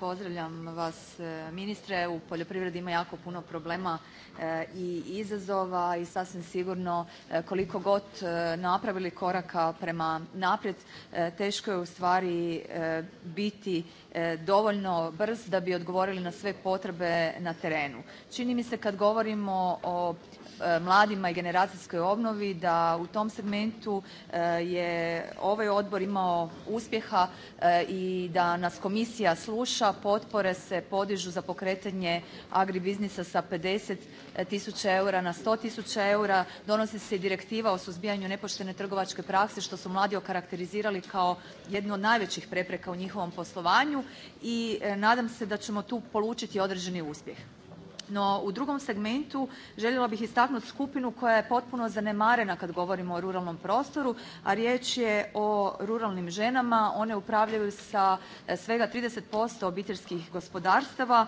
Pozdravljam vas e, ministre. U poljoprivredi ima jako puno problema e, i izazova i sasvim sigurno e, koliko god napravili koraka prema naprijed teško je ustvari biti dovoljno brz da bi odgovorili na sve potrebe na terenu. Čini mi se kad govorimo o E, mladima i generacijskoj obnovi da u tom segmentu e, je ovaj odbor imao uspjeha e, i da nas komisija sluša. Potpore se podižu za pokretanje agribiznisa sa 50 tisuća eura na 100 tisuća eura. Donosi se i direktiva o suzbijanju nepoštene trgovačke prakse što su mladi okarakterizirali kao jednu od najvećih prepreka u njihovom poslovanju i nadam se da ćemo tu polučiti određeni uspjeh. No u drugom segmentu željela bih istaknuti skupinu koja je potpuno zanemarena kad govorimo o ruralnom prostoru, a riječ je o ruralnim ženama. One upravljaju sa e, svega 30% obiteljskih gospodarstava.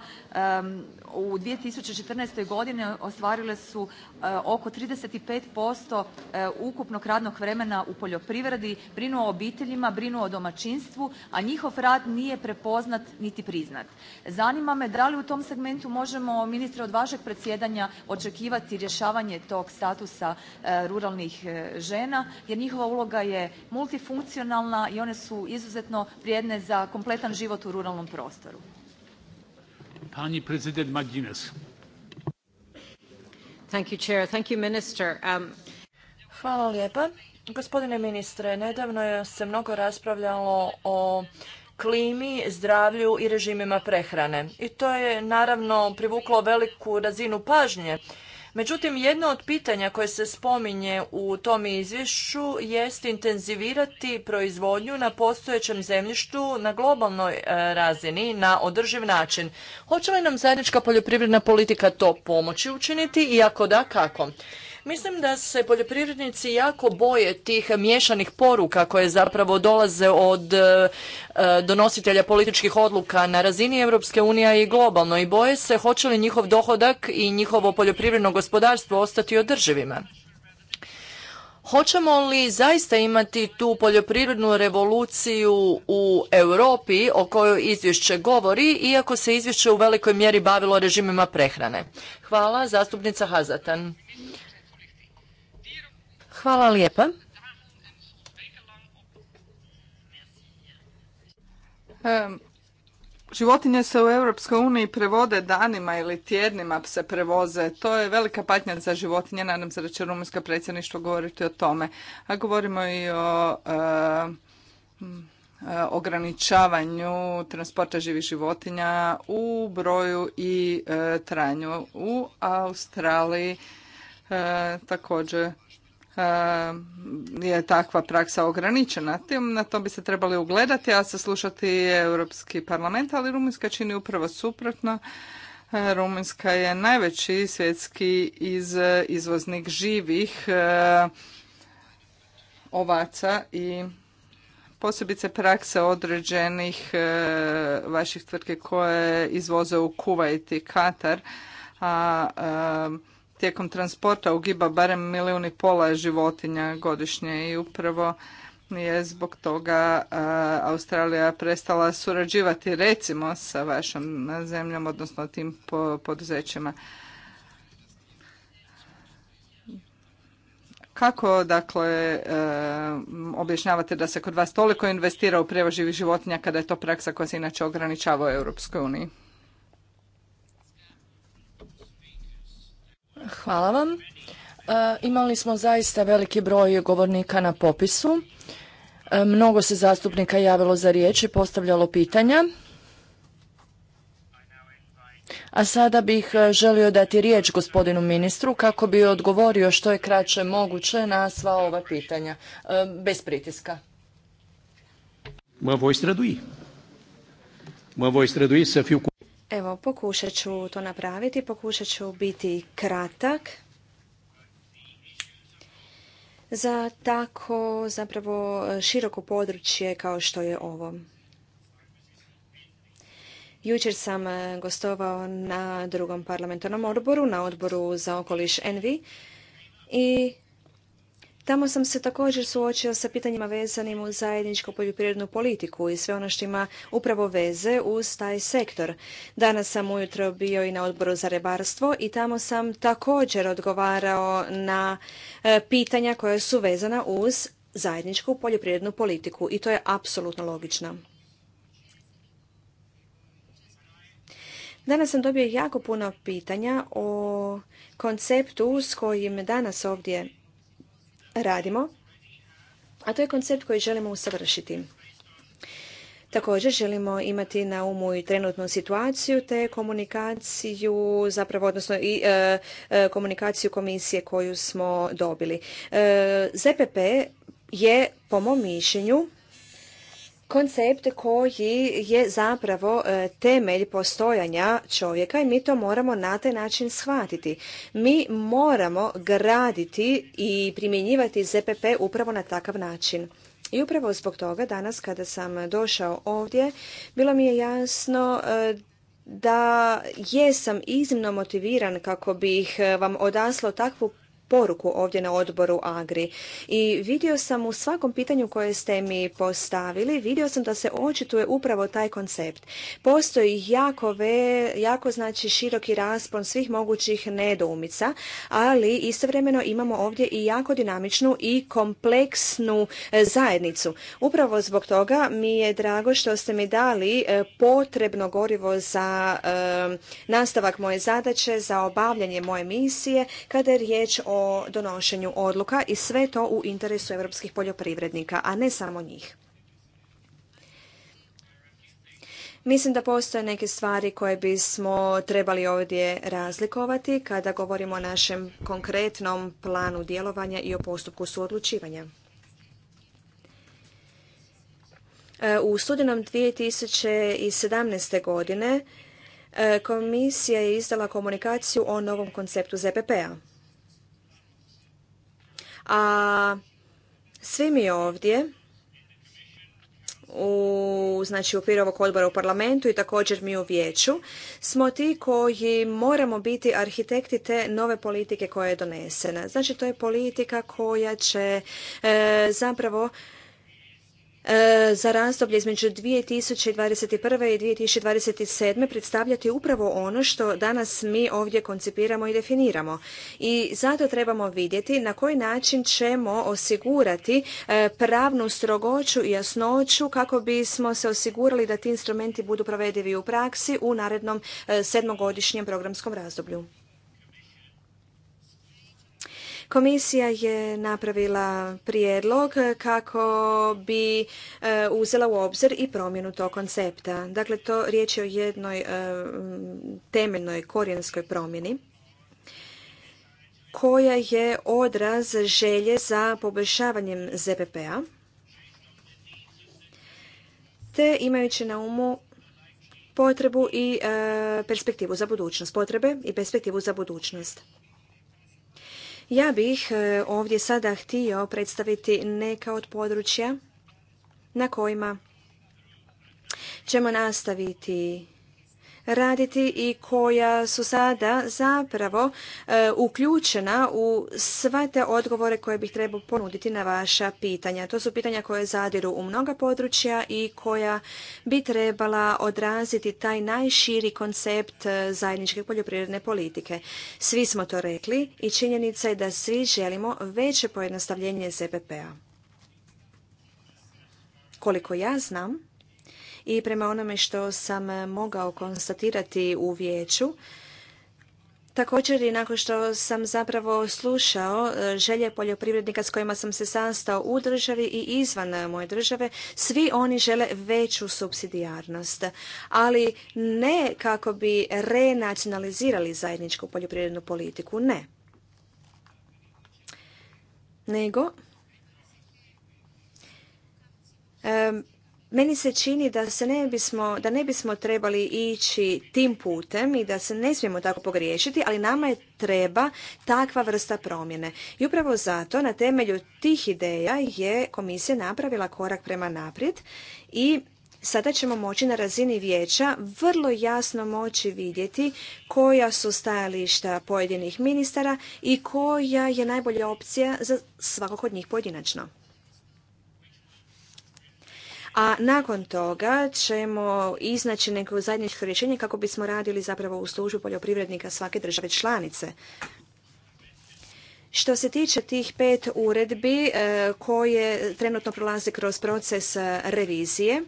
U 2014. godini ostvarile su e, oko 35% e, ukupnog radnog vremena u poljoprivredi, brinu o obiteljima, brinu o domaćinstvu, a njihov rad nije prepoznat niti priznat. Zanima me da li u tom segmentu možemo od vašeg predsjedanja očekivati rješavanje tog statusa e, ruralnih e, žena jer njihova uloga je multifunkcionalna i one su izuzetno vrijedne za kompletan život u ruralnom prostoru. Um, Hvala lijepa. Gospodine ministre, nedavno se mnogo raspravljalo o klimi, zdravlju i režimima prehrane. I to je naravno privuklo veliku razinu pažnje. Međutim, jedno od pitanja koje se spominje u tom izvješću jest intenzivirati proizvodnju na postojećem zemljištu na globalnoj e, razini na održiv način. Hoće li nam zajednička poljoprivredna politika to pomoći učiniti i ako da, kako? Mislim da se poljoprivrednici jako boje tih miješanih poruka koje zapravo dolaze od e, e, donositelja političkih odluka na razini Europske unije i globalno i boje se hoće li njihov dohodak i njihovo poljoprivredno gospodarstvo ostati održivima. Hoćemo li zaista imati tu poljoprivrednu revoluciju u Europi o kojoj izvješće govori, iako se izvješće u velikoj mjeri bavilo režimima prehrane? Hvala, zastupnica Hazatan. Hvala lijepa. Životinje se u Europskoj uniji prevode danima ili tjednima se prevoze. To je velika patnja za životinje. Nadam se da će rumunjsko predsjedništvo govoriti o tome. A govorimo i o ograničavanju transporta živih životinja u broju i e, trajanju. U Australiji e, također Eh, je takva praksa ograničena. Na to bi se trebali ugledati, a saslušati Europski parlament, ali Rumunjska čini upravo suprotno. Eh, Rumunjska je najveći svjetski iz, eh, izvoznik živih ovaca i posebice prakse određenih vaših tvrtki koje izvoze u Kuwait i Katar, a tijekom transporta ugiba barem milijun i pola životinja godišnje i upravo je zbog toga Australija prestala surađivati recimo sa vašom zemljom, odnosno tim poduzećima. Kako, dakle, e, objašnjavate da se kod vas toliko investira u prijevoz živih životinja kada je to praksa koja se inače ograničava u Europskoj uniji? Hvala vam. E, imali smo zaista veliki broj govornika na popisu. E, mnogo se zastupnika javilo za riječ i postavljalo pitanja. A sada bih e, želio dati riječ gospodinu ministru kako bi odgovorio što je kraće moguće na sva ova pitanja. bez pritiska. Evo, pokušat ću to napraviti, pokušat ću biti kratak. Za tako zapravo široko područje kao što je ovo. Jučer sam gostovao na drugom parlamentarnom odboru, na odboru za okoliš Envi i Tamo sam se također suočio sa pitanjima vezanim uz zajedničku poljoprivrednu politiku i sve ono što ima upravo veze uz taj sektor. Danas sam ujutro bio i na odboru za rebarstvo i tamo sam također odgovarao na e, pitanja koja su vezana uz zajedničku poljoprivrednu politiku i to je apsolutno logično. Danas sam dobio jako puno pitanja o konceptu s kojim danas ovdje radimo, a to je koncept koji želimo usavršiti. Također želimo imati na umu i trenutnu situaciju te komunikaciju, zapravo odnosno i e, e, komunikaciju komisije koju smo dobili. E, ZPP je po mom mišljenju koncept koji je zapravo e, temelj postojanja čovjeka i mi to moramo na taj način shvatiti. Mi moramo graditi i primjenjivati ZPP upravo na takav način. I upravo zbog toga danas kada sam došao ovdje, bilo mi je jasno e, da jesam iznimno motiviran kako bih e, vam odaslao takvu poruku ovdje na odboru Agri. I vidio sam u svakom pitanju koje ste mi postavili, vidio sam da se očituje upravo taj koncept. Postoji jako, ve, jako znači široki raspon svih mogućih nedoumica, ali istovremeno imamo ovdje i jako dinamičnu i kompleksnu e, zajednicu. Upravo zbog toga mi je drago što ste mi dali e, potrebno gorivo za e, nastavak moje zadaće, za obavljanje moje misije, kada je riječ o o donošenju odluka i sve to u interesu europskih poljoprivrednika, a ne samo njih. Mislim da postoje neke stvari koje bismo trebali ovdje razlikovati kada govorimo o našem konkretnom planu djelovanja i o postupku suodlučivanja. E, u studenom 2017. godine e, komisija je izdala komunikaciju o novom konceptu ZPP-a. A svi mi ovdje u znači u okviru ovog odbora u parlamentu i također mi u vijeću smo ti koji moramo biti arhitekti te nove politike koja je donesena. Znači to je politika koja će e, zapravo E, za razdoblje između 2021. i 2027. predstavljati upravo ono što danas mi ovdje koncipiramo i definiramo. I zato trebamo vidjeti na koji način ćemo osigurati e, pravnu strogoću i jasnoću kako bismo se osigurali da ti instrumenti budu provedivi u praksi u narednom e, sedmogodišnjem programskom razdoblju. Komisija je napravila prijedlog kako bi e, uzela u obzir i promjenu tog koncepta. Dakle, to riječ je o jednoj e, temeljnoj korijenskoj promjeni koja je odraz želje za poboljšavanjem ZPP-a te imajući na umu potrebu i e, perspektivu za budućnost, potrebe i perspektivu za budućnost. Ja bih e, ovdje sada htio predstaviti neka od područja na kojima ćemo nastaviti raditi i koja su sada zapravo e, uključena u sve te odgovore koje bih trebao ponuditi na vaša pitanja. To su pitanja koje zadiru u mnoga područja i koja bi trebala odraziti taj najširi koncept e, zajedničke poljoprivredne politike. Svi smo to rekli i činjenica je da svi želimo veće pojednostavljenje ZPP-a. Koliko ja znam, i prema onome što sam mogao konstatirati u vijeću, Također i nakon što sam zapravo slušao e, želje poljoprivrednika s kojima sam se sastao u državi i izvan moje države, svi oni žele veću subsidijarnost, ali ne kako bi renacionalizirali zajedničku poljoprivrednu politiku, ne. Nego meni se čini da, se ne bismo, da ne bismo trebali ići tim putem i da se ne smijemo tako pogriješiti, ali nama je treba takva vrsta promjene. I upravo zato na temelju tih ideja je komisija napravila korak prema naprijed i sada ćemo moći na razini vijeća vrlo jasno moći vidjeti koja su stajališta pojedinih ministara i koja je najbolja opcija za svakog od njih pojedinačno a nakon toga ćemo iznaći neko zajedničko rješenje kako bismo radili zapravo u službu poljoprivrednika svake države članice. Što se tiče tih pet uredbi e, koje trenutno prolaze kroz proces revizije,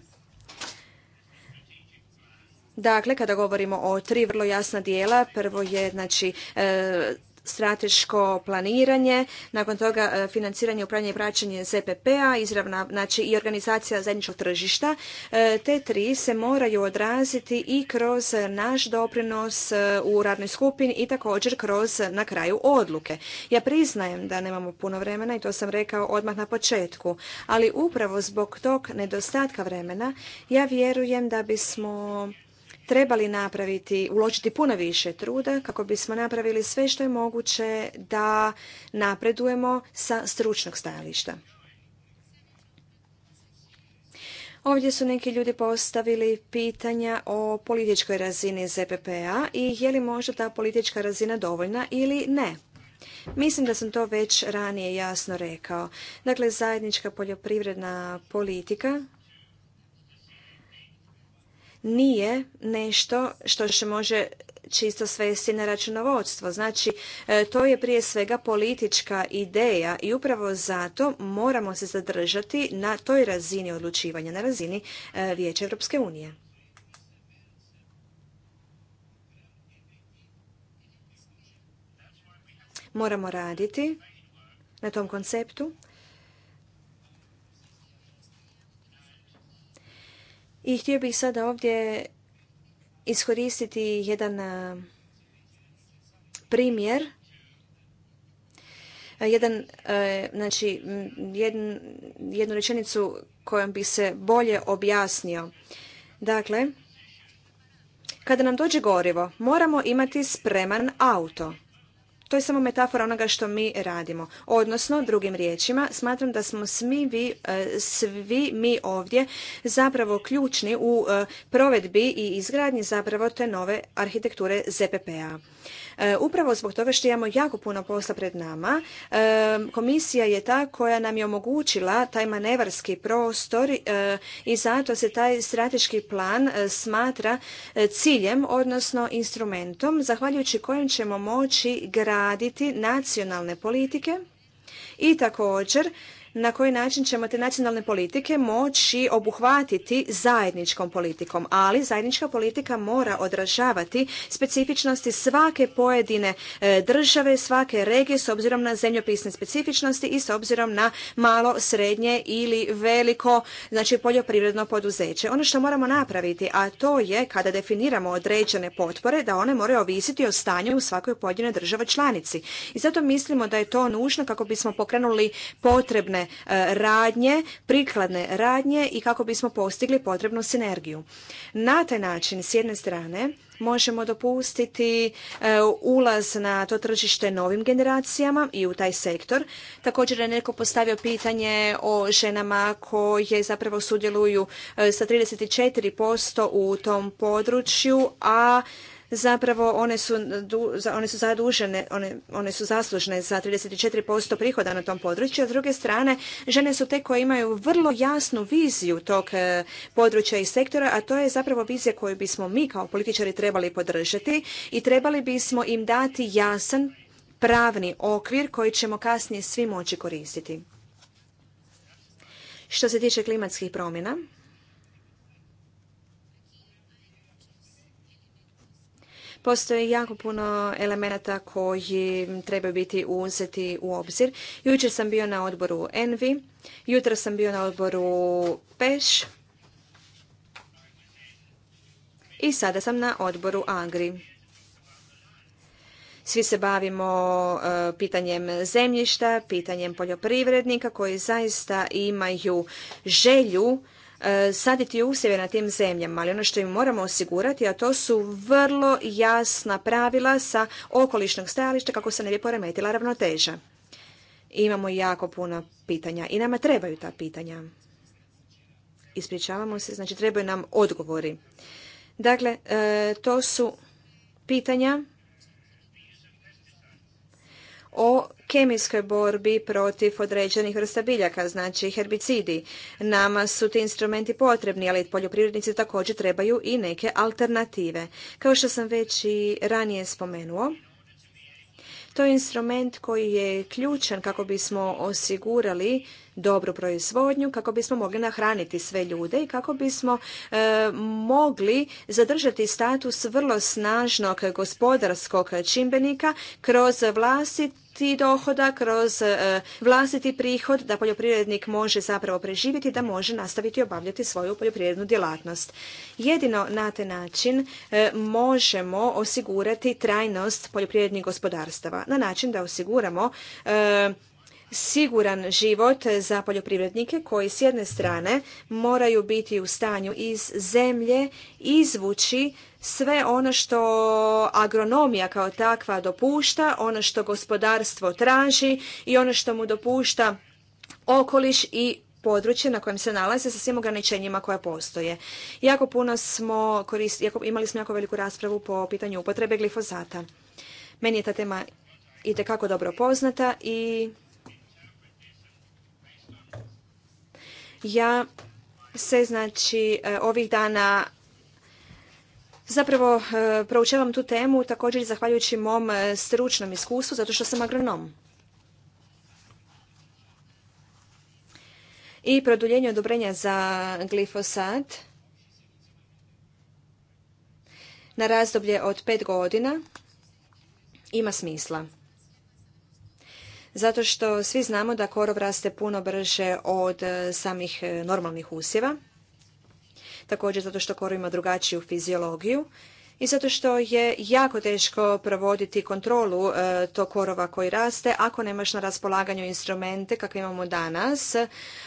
Dakle, kada govorimo o tri vrlo jasna dijela, prvo je znači e, strateško planiranje, nakon toga e, financiranje, upravljanje i praćenje ZPP-a, izravna, znači i organizacija zajedničkog tržišta. E, te tri se moraju odraziti i kroz naš doprinos e, u radnoj skupini i također kroz na kraju odluke. Ja priznajem da nemamo puno vremena i to sam rekao odmah na početku, ali upravo zbog tog nedostatka vremena ja vjerujem da bismo trebali napraviti, uložiti puno više truda kako bismo napravili sve što je moguće da napredujemo sa stručnog stajališta. Ovdje su neki ljudi postavili pitanja o političkoj razini ZPPA i je li možda ta politička razina dovoljna ili ne. Mislim da sam to već ranije jasno rekao. Dakle, zajednička poljoprivredna politika nije nešto što se može čisto svesti na računovodstvo. Znači, e, to je prije svega politička ideja i upravo zato moramo se zadržati na toj razini odlučivanja, na razini e, Vijeća Europske unije. Moramo raditi na tom konceptu I htio bih sada ovdje iskoristiti jedan primjer jedan, znači, jednu rečenicu kojom bi se bolje objasnio. Dakle, kada nam dođe gorivo, moramo imati spreman auto to je samo metafora onoga što mi radimo. Odnosno, drugim riječima, smatram da smo svi, vi, e, svi mi ovdje zapravo ključni u e, provedbi i izgradnji zapravo te nove arhitekture ZPP-a. E, upravo zbog toga što imamo jako puno posla pred nama, e, komisija je ta koja nam je omogućila taj manevarski prostor e, i zato se taj strateški plan smatra ciljem, odnosno instrumentom, zahvaljujući kojem ćemo moći graditi nacionalne politike i također na koji način ćemo te nacionalne politike moći obuhvatiti zajedničkom politikom, ali zajednička politika mora odražavati specifičnosti svake pojedine e, države, svake regije s obzirom na zemljopisne specifičnosti i s obzirom na malo, srednje ili veliko znači poljoprivredno poduzeće. Ono što moramo napraviti, a to je kada definiramo određene potpore, da one moraju ovisiti o stanju u svakoj pojedinoj državi članici. I zato mislimo da je to nužno kako bismo pokrenuli potrebne E, radnje, prikladne radnje i kako bismo postigli potrebnu sinergiju. Na taj način, s jedne strane, možemo dopustiti e, ulaz na to tržište novim generacijama i u taj sektor. Također je neko postavio pitanje o ženama koje zapravo sudjeluju e, sa 34% u tom području, a Zapravo one su, one su zadužene, one, one su zaslužne za 34% prihoda na tom području. A s druge strane, žene su te koje imaju vrlo jasnu viziju tog e, područja i sektora, a to je zapravo vizija koju bismo mi kao političari trebali podržati i trebali bismo im dati jasan pravni okvir koji ćemo kasnije svi moći koristiti. Što se tiče klimatskih promjena, Postoji jako puno elemenata koji trebaju biti uzeti u obzir. Jučer sam bio na odboru Envi, jutro sam bio na odboru Peš i sada sam na odboru Agri. Svi se bavimo e, pitanjem zemljišta, pitanjem poljoprivrednika koji zaista imaju želju E, saditi usjeve na tim zemljama, ali ono što im moramo osigurati, a to su vrlo jasna pravila sa okolišnog stajališta kako se ne bi poremetila ravnoteža. Imamo jako puno pitanja i nama trebaju ta pitanja. Ispričavamo se, znači trebaju nam odgovori. Dakle, e, to su pitanja o kemijskoj borbi protiv određenih vrsta biljaka, znači herbicidi. Nama su ti instrumenti potrebni, ali poljoprivrednici također trebaju i neke alternative. Kao što sam već i ranije spomenuo, to je instrument koji je ključan kako bismo osigurali dobru proizvodnju, kako bismo mogli nahraniti sve ljude i kako bismo e, mogli zadržati status vrlo snažnog gospodarskog čimbenika kroz vlastit vlastiti dohodak, kroz e, vlastiti prihod, da poljoprivrednik može zapravo preživjeti, da može nastaviti obavljati svoju poljoprivrednu djelatnost. Jedino na taj način e, možemo osigurati trajnost poljoprivrednih gospodarstava na način da osiguramo e, siguran život za poljoprivrednike koji s jedne strane moraju biti u stanju iz zemlje izvući sve ono što agronomija kao takva dopušta, ono što gospodarstvo traži i ono što mu dopušta okoliš i područje na kojem se nalaze sa svim ograničenjima koja postoje. Jako puno smo koristili, imali smo jako veliku raspravu po pitanju upotrebe glifosata. Meni je ta tema itekako dobro poznata i ja se znači e, ovih dana Zapravo, e, proučavam tu temu također zahvaljujući mom e, stručnom iskustvu, zato što sam agronom. I produljenje odobrenja za glifosat na razdoblje od pet godina ima smisla. Zato što svi znamo da korov raste puno brže od e, samih normalnih usjeva također zato što koro ima drugačiju fiziologiju i zato što je jako teško provoditi kontrolu to e, tog korova koji raste ako nemaš na raspolaganju instrumente kakve imamo danas,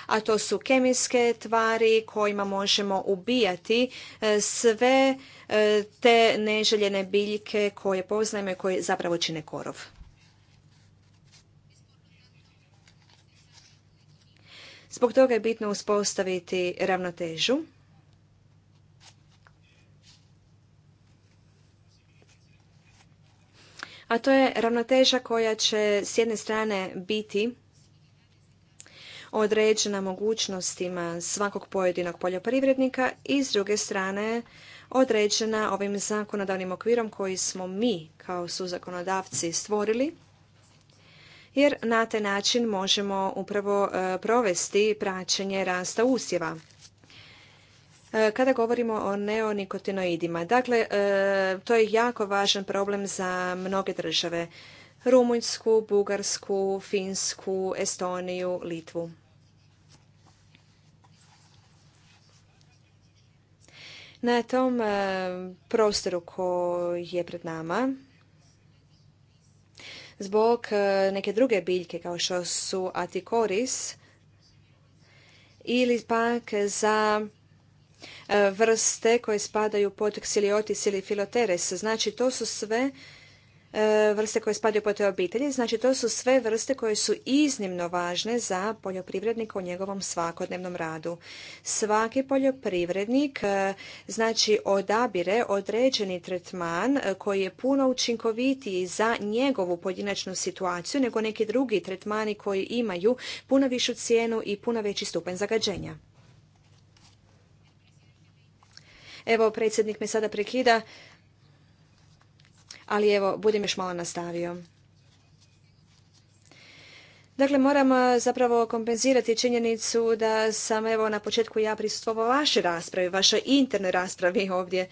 a to su kemijske tvari kojima možemo ubijati e, sve e, te neželjene biljke koje poznajemo i koje zapravo čine korov. Zbog toga je bitno uspostaviti ravnotežu a to je ravnoteža koja će s jedne strane biti određena mogućnostima svakog pojedinog poljoprivrednika i s druge strane određena ovim zakonodavnim okvirom koji smo mi kao zakonodavci stvorili jer na taj način možemo upravo e, provesti praćenje rasta usjeva. E, kada govorimo o neonikotinoidima. Dakle, e, to je jako važan problem za mnoge države. Rumunjsku, Bugarsku, Finsku, Estoniju, Litvu. Na tom e, prostoru koji je pred nama, zbog neke druge biljke kao što su atikoris ili pak za E, vrste koje spadaju pod ksiliotis ili filoteres. Znači to su sve e, vrste koje spadaju pod te obitelji. Znači to su sve vrste koje su iznimno važne za poljoprivrednika u njegovom svakodnevnom radu. Svaki poljoprivrednik e, znači odabire određeni tretman koji je puno učinkovitiji za njegovu pojedinačnu situaciju nego neki drugi tretmani koji imaju puno višu cijenu i puno veći stupanj zagađenja. Evo, predsjednik me sada prekida, ali evo, budem još malo nastavio. Dakle, moram zapravo kompenzirati činjenicu da sam evo na početku ja prisustvovala vašoj raspravi, vašoj internoj raspravi ovdje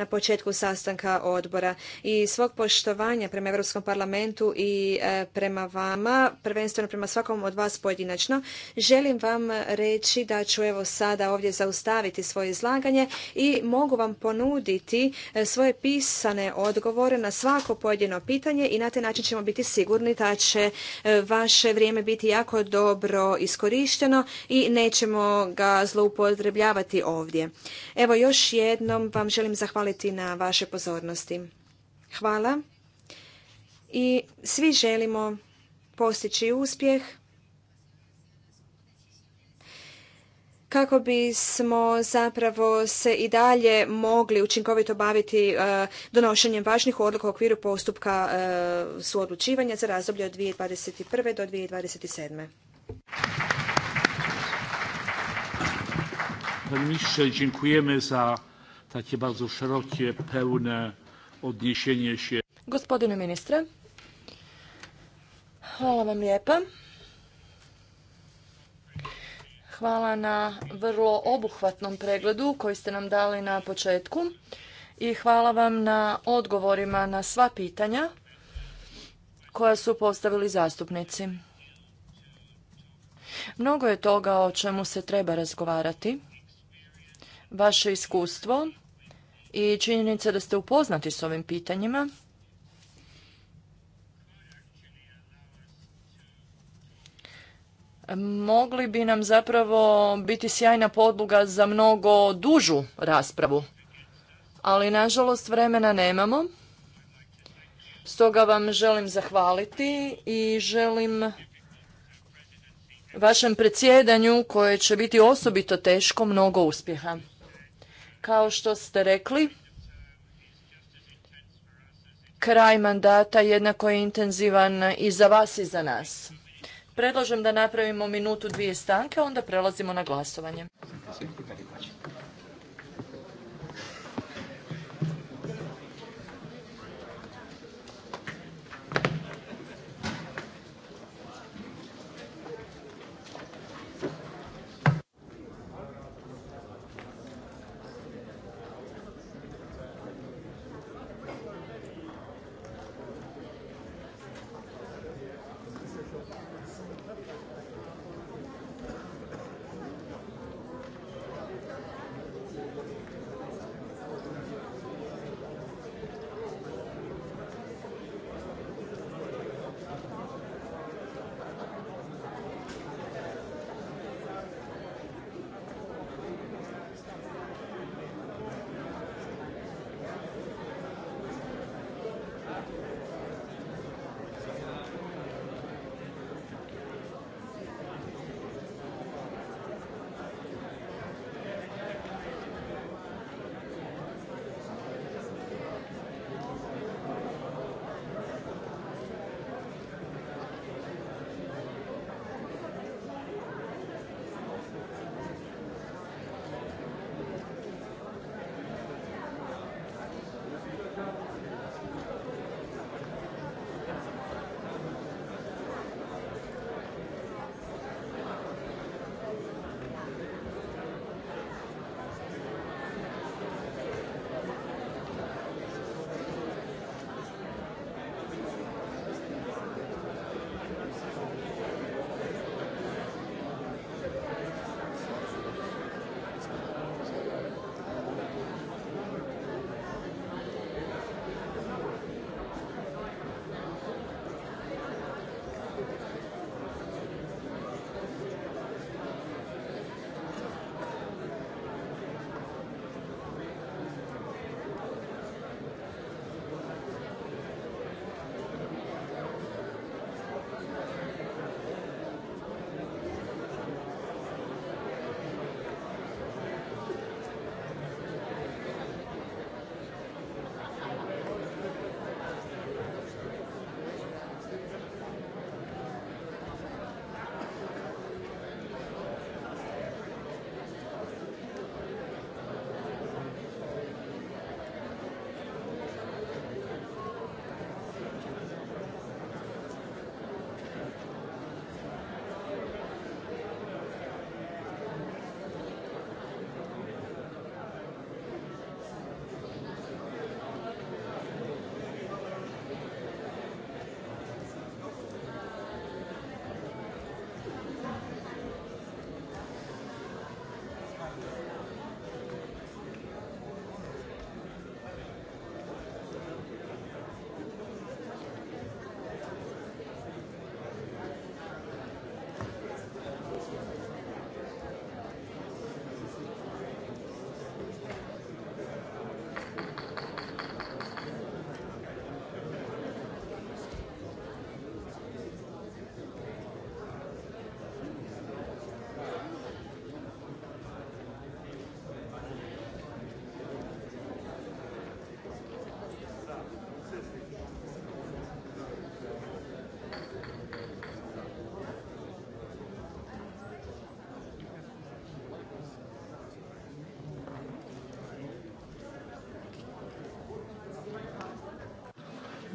na početku sastanka odbora. I svog poštovanja prema Europskom parlamentu i e, prema vama, prvenstveno prema svakom od vas pojedinačno, želim vam reći da ću evo sada ovdje zaustaviti svoje izlaganje i mogu vam ponuditi e, svoje pisane odgovore na svako pojedino pitanje i na taj način ćemo biti sigurni da će e, vaše vrijeme biti jako dobro iskorišteno i nećemo ga zloupotrebljavati ovdje. Evo još jednom vam želim zahvaliti zahvaliti na vaše pozornosti. Hvala i svi želimo postići uspjeh kako bismo zapravo se i dalje mogli učinkovito baviti e, donošenjem važnih odluka u okviru postupka e, suodlučivanja za razdoblje od 2021. do 2027. Panie dziękujemy za takie bardzo szerokie, pełne odniesienie się. Gospodine ministre, hvala vam lijepa. Hvala na vrlo obuhvatnom pregledu koji ste nam dali na početku i hvala vam na odgovorima na sva pitanja koja su postavili zastupnici. Mnogo je toga o čemu se treba razgovarati vaše iskustvo i činjenica da ste upoznati s ovim pitanjima. mogli bi nam zapravo biti sjajna podloga za mnogo dužu raspravu. Ali nažalost vremena nemamo. Stoga vam želim zahvaliti i želim vašem predsjedanju koje će biti osobito teško mnogo uspjeha. Kao što ste rekli, kraj mandata jednako je intenzivan i za vas i za nas. Predlažem da napravimo minutu dvije stanke, onda prelazimo na glasovanje.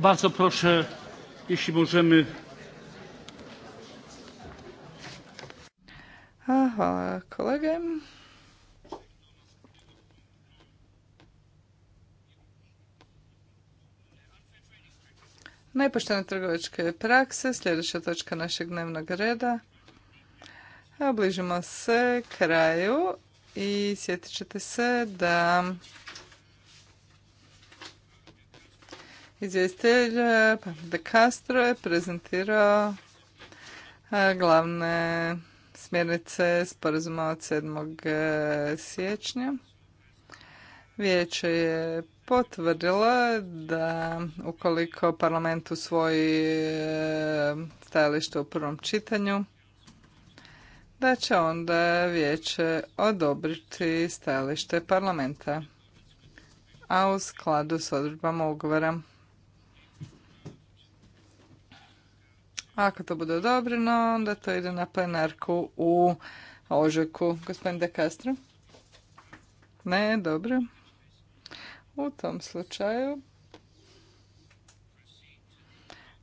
Bardzo proszę, jeśli możemy. Hvala kolege. Nepoštene trgovačke prakse, sljedeća točka našeg dnevnog reda. Obližimo se kraju i sjetit ćete se da Izvjestitelj eh, de Castro je prezentirao eh, glavne smjernice sporazuma od 7. Eh, siječnja. Vijeće je potvrdila da ukoliko parlament usvoji stajalište u prvom čitanju, da će onda vijeće odobriti stajalište parlamenta, a u skladu s odredbama ugovora. Ako to bude odobreno, onda to ide na plenarku u ožeku. Gospodin De Castro? Ne, dobro. U tom slučaju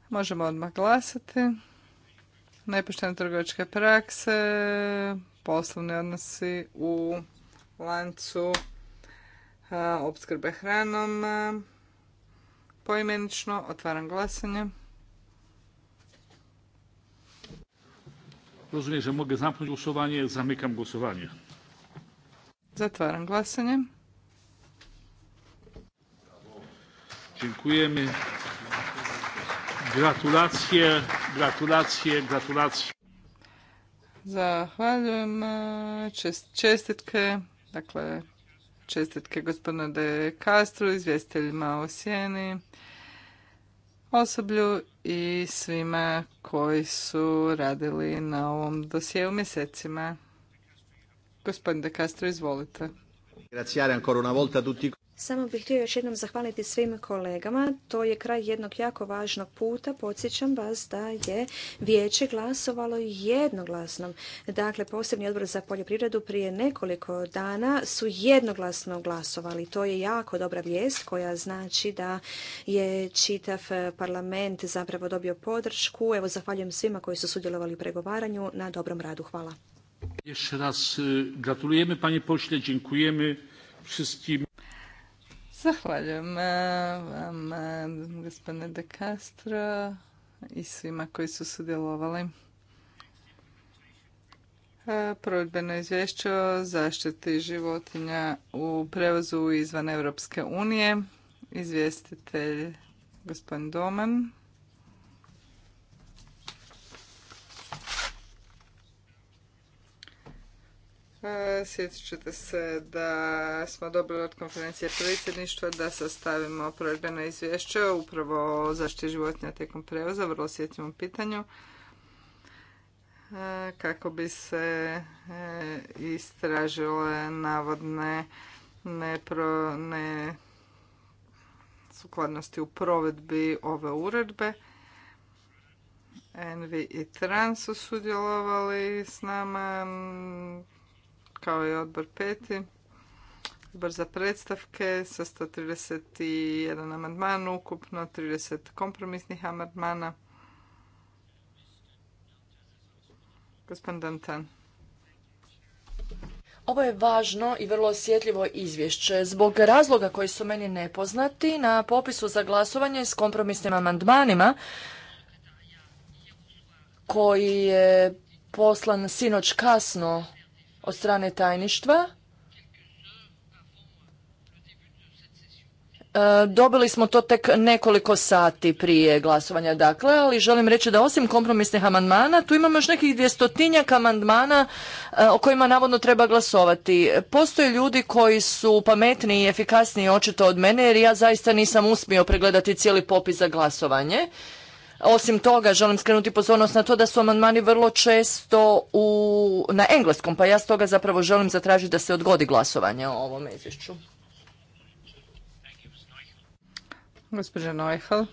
možemo odmah glasati. Nepoštene trgovačke prakse, poslovni odnosi u lancu opskrbe hranom. Poimenično otvaram glasanje. Rozumiem, że mogę zamknąć głosowanie. Zamykam głosowanie. Zatvaram glasanje. Dziękujemy. Gratulacje, gratulacje, gratulacje. Zahvaljujem. čestitke, dakle, čestitke gospodine De Castro, izvjestiteljima o Sjeni osoblju i svima koji su radili na ovom dosjeu mjesecima. Gospodin De Castro, izvolite. Samo bih htio još jednom zahvaliti svim kolegama. To je kraj jednog jako važnog puta. Podsjećam vas da je vijeće glasovalo jednoglasno. Dakle, posebni odbor za poljoprivredu prije nekoliko dana su jednoglasno glasovali. To je jako dobra vijest koja znači da je čitav parlament zapravo dobio podršku. Evo, zahvaljujem svima koji su sudjelovali u pregovaranju na dobrom radu. Hvala. Još raz e, gratulujeme, panje dziękujemy wszystkim. Zahvaljujem eh, vam, eh, gospodine De Castro i svima koji su sudjelovali. Eh, provedbeno izvješće o zaštiti životinja u prevozu izvan Europske unije. Izvjestitelj gospodin Doman. E, sjetit ćete se da smo dobili od konferencije predsjedništva da sastavimo provedbeno izvješće upravo o zaštiti životinja tijekom prevoza, vrlo osjetljivom pitanju, e, kako bi se e, istražile navodne nepro, ne sukladnosti u provedbi ove uredbe. Envi i Tran su sudjelovali s nama kao i odbor peti. Odbor za predstavke sa 131 amandman, ukupno 30 kompromisnih amandmana. Gospodin Ovo je važno i vrlo osjetljivo izvješće. Zbog razloga koji su meni nepoznati, na popisu za glasovanje s kompromisnim amandmanima koji je poslan sinoć kasno od strane tajništva. E, dobili smo to tek nekoliko sati prije glasovanja, dakle, ali želim reći da osim kompromisnih amandmana, tu imamo još nekih dvjestotinjak amandmana e, o kojima navodno treba glasovati. Postoje ljudi koji su pametniji i efikasniji očito od mene, jer ja zaista nisam uspio pregledati cijeli popis za glasovanje. Osim toga, želim skrenuti pozornost na to da su amandmani vrlo često u, na engleskom, pa ja stoga zapravo želim zatražiti da se odgodi glasovanje o ovom izvješću. Gospođa Neuhel,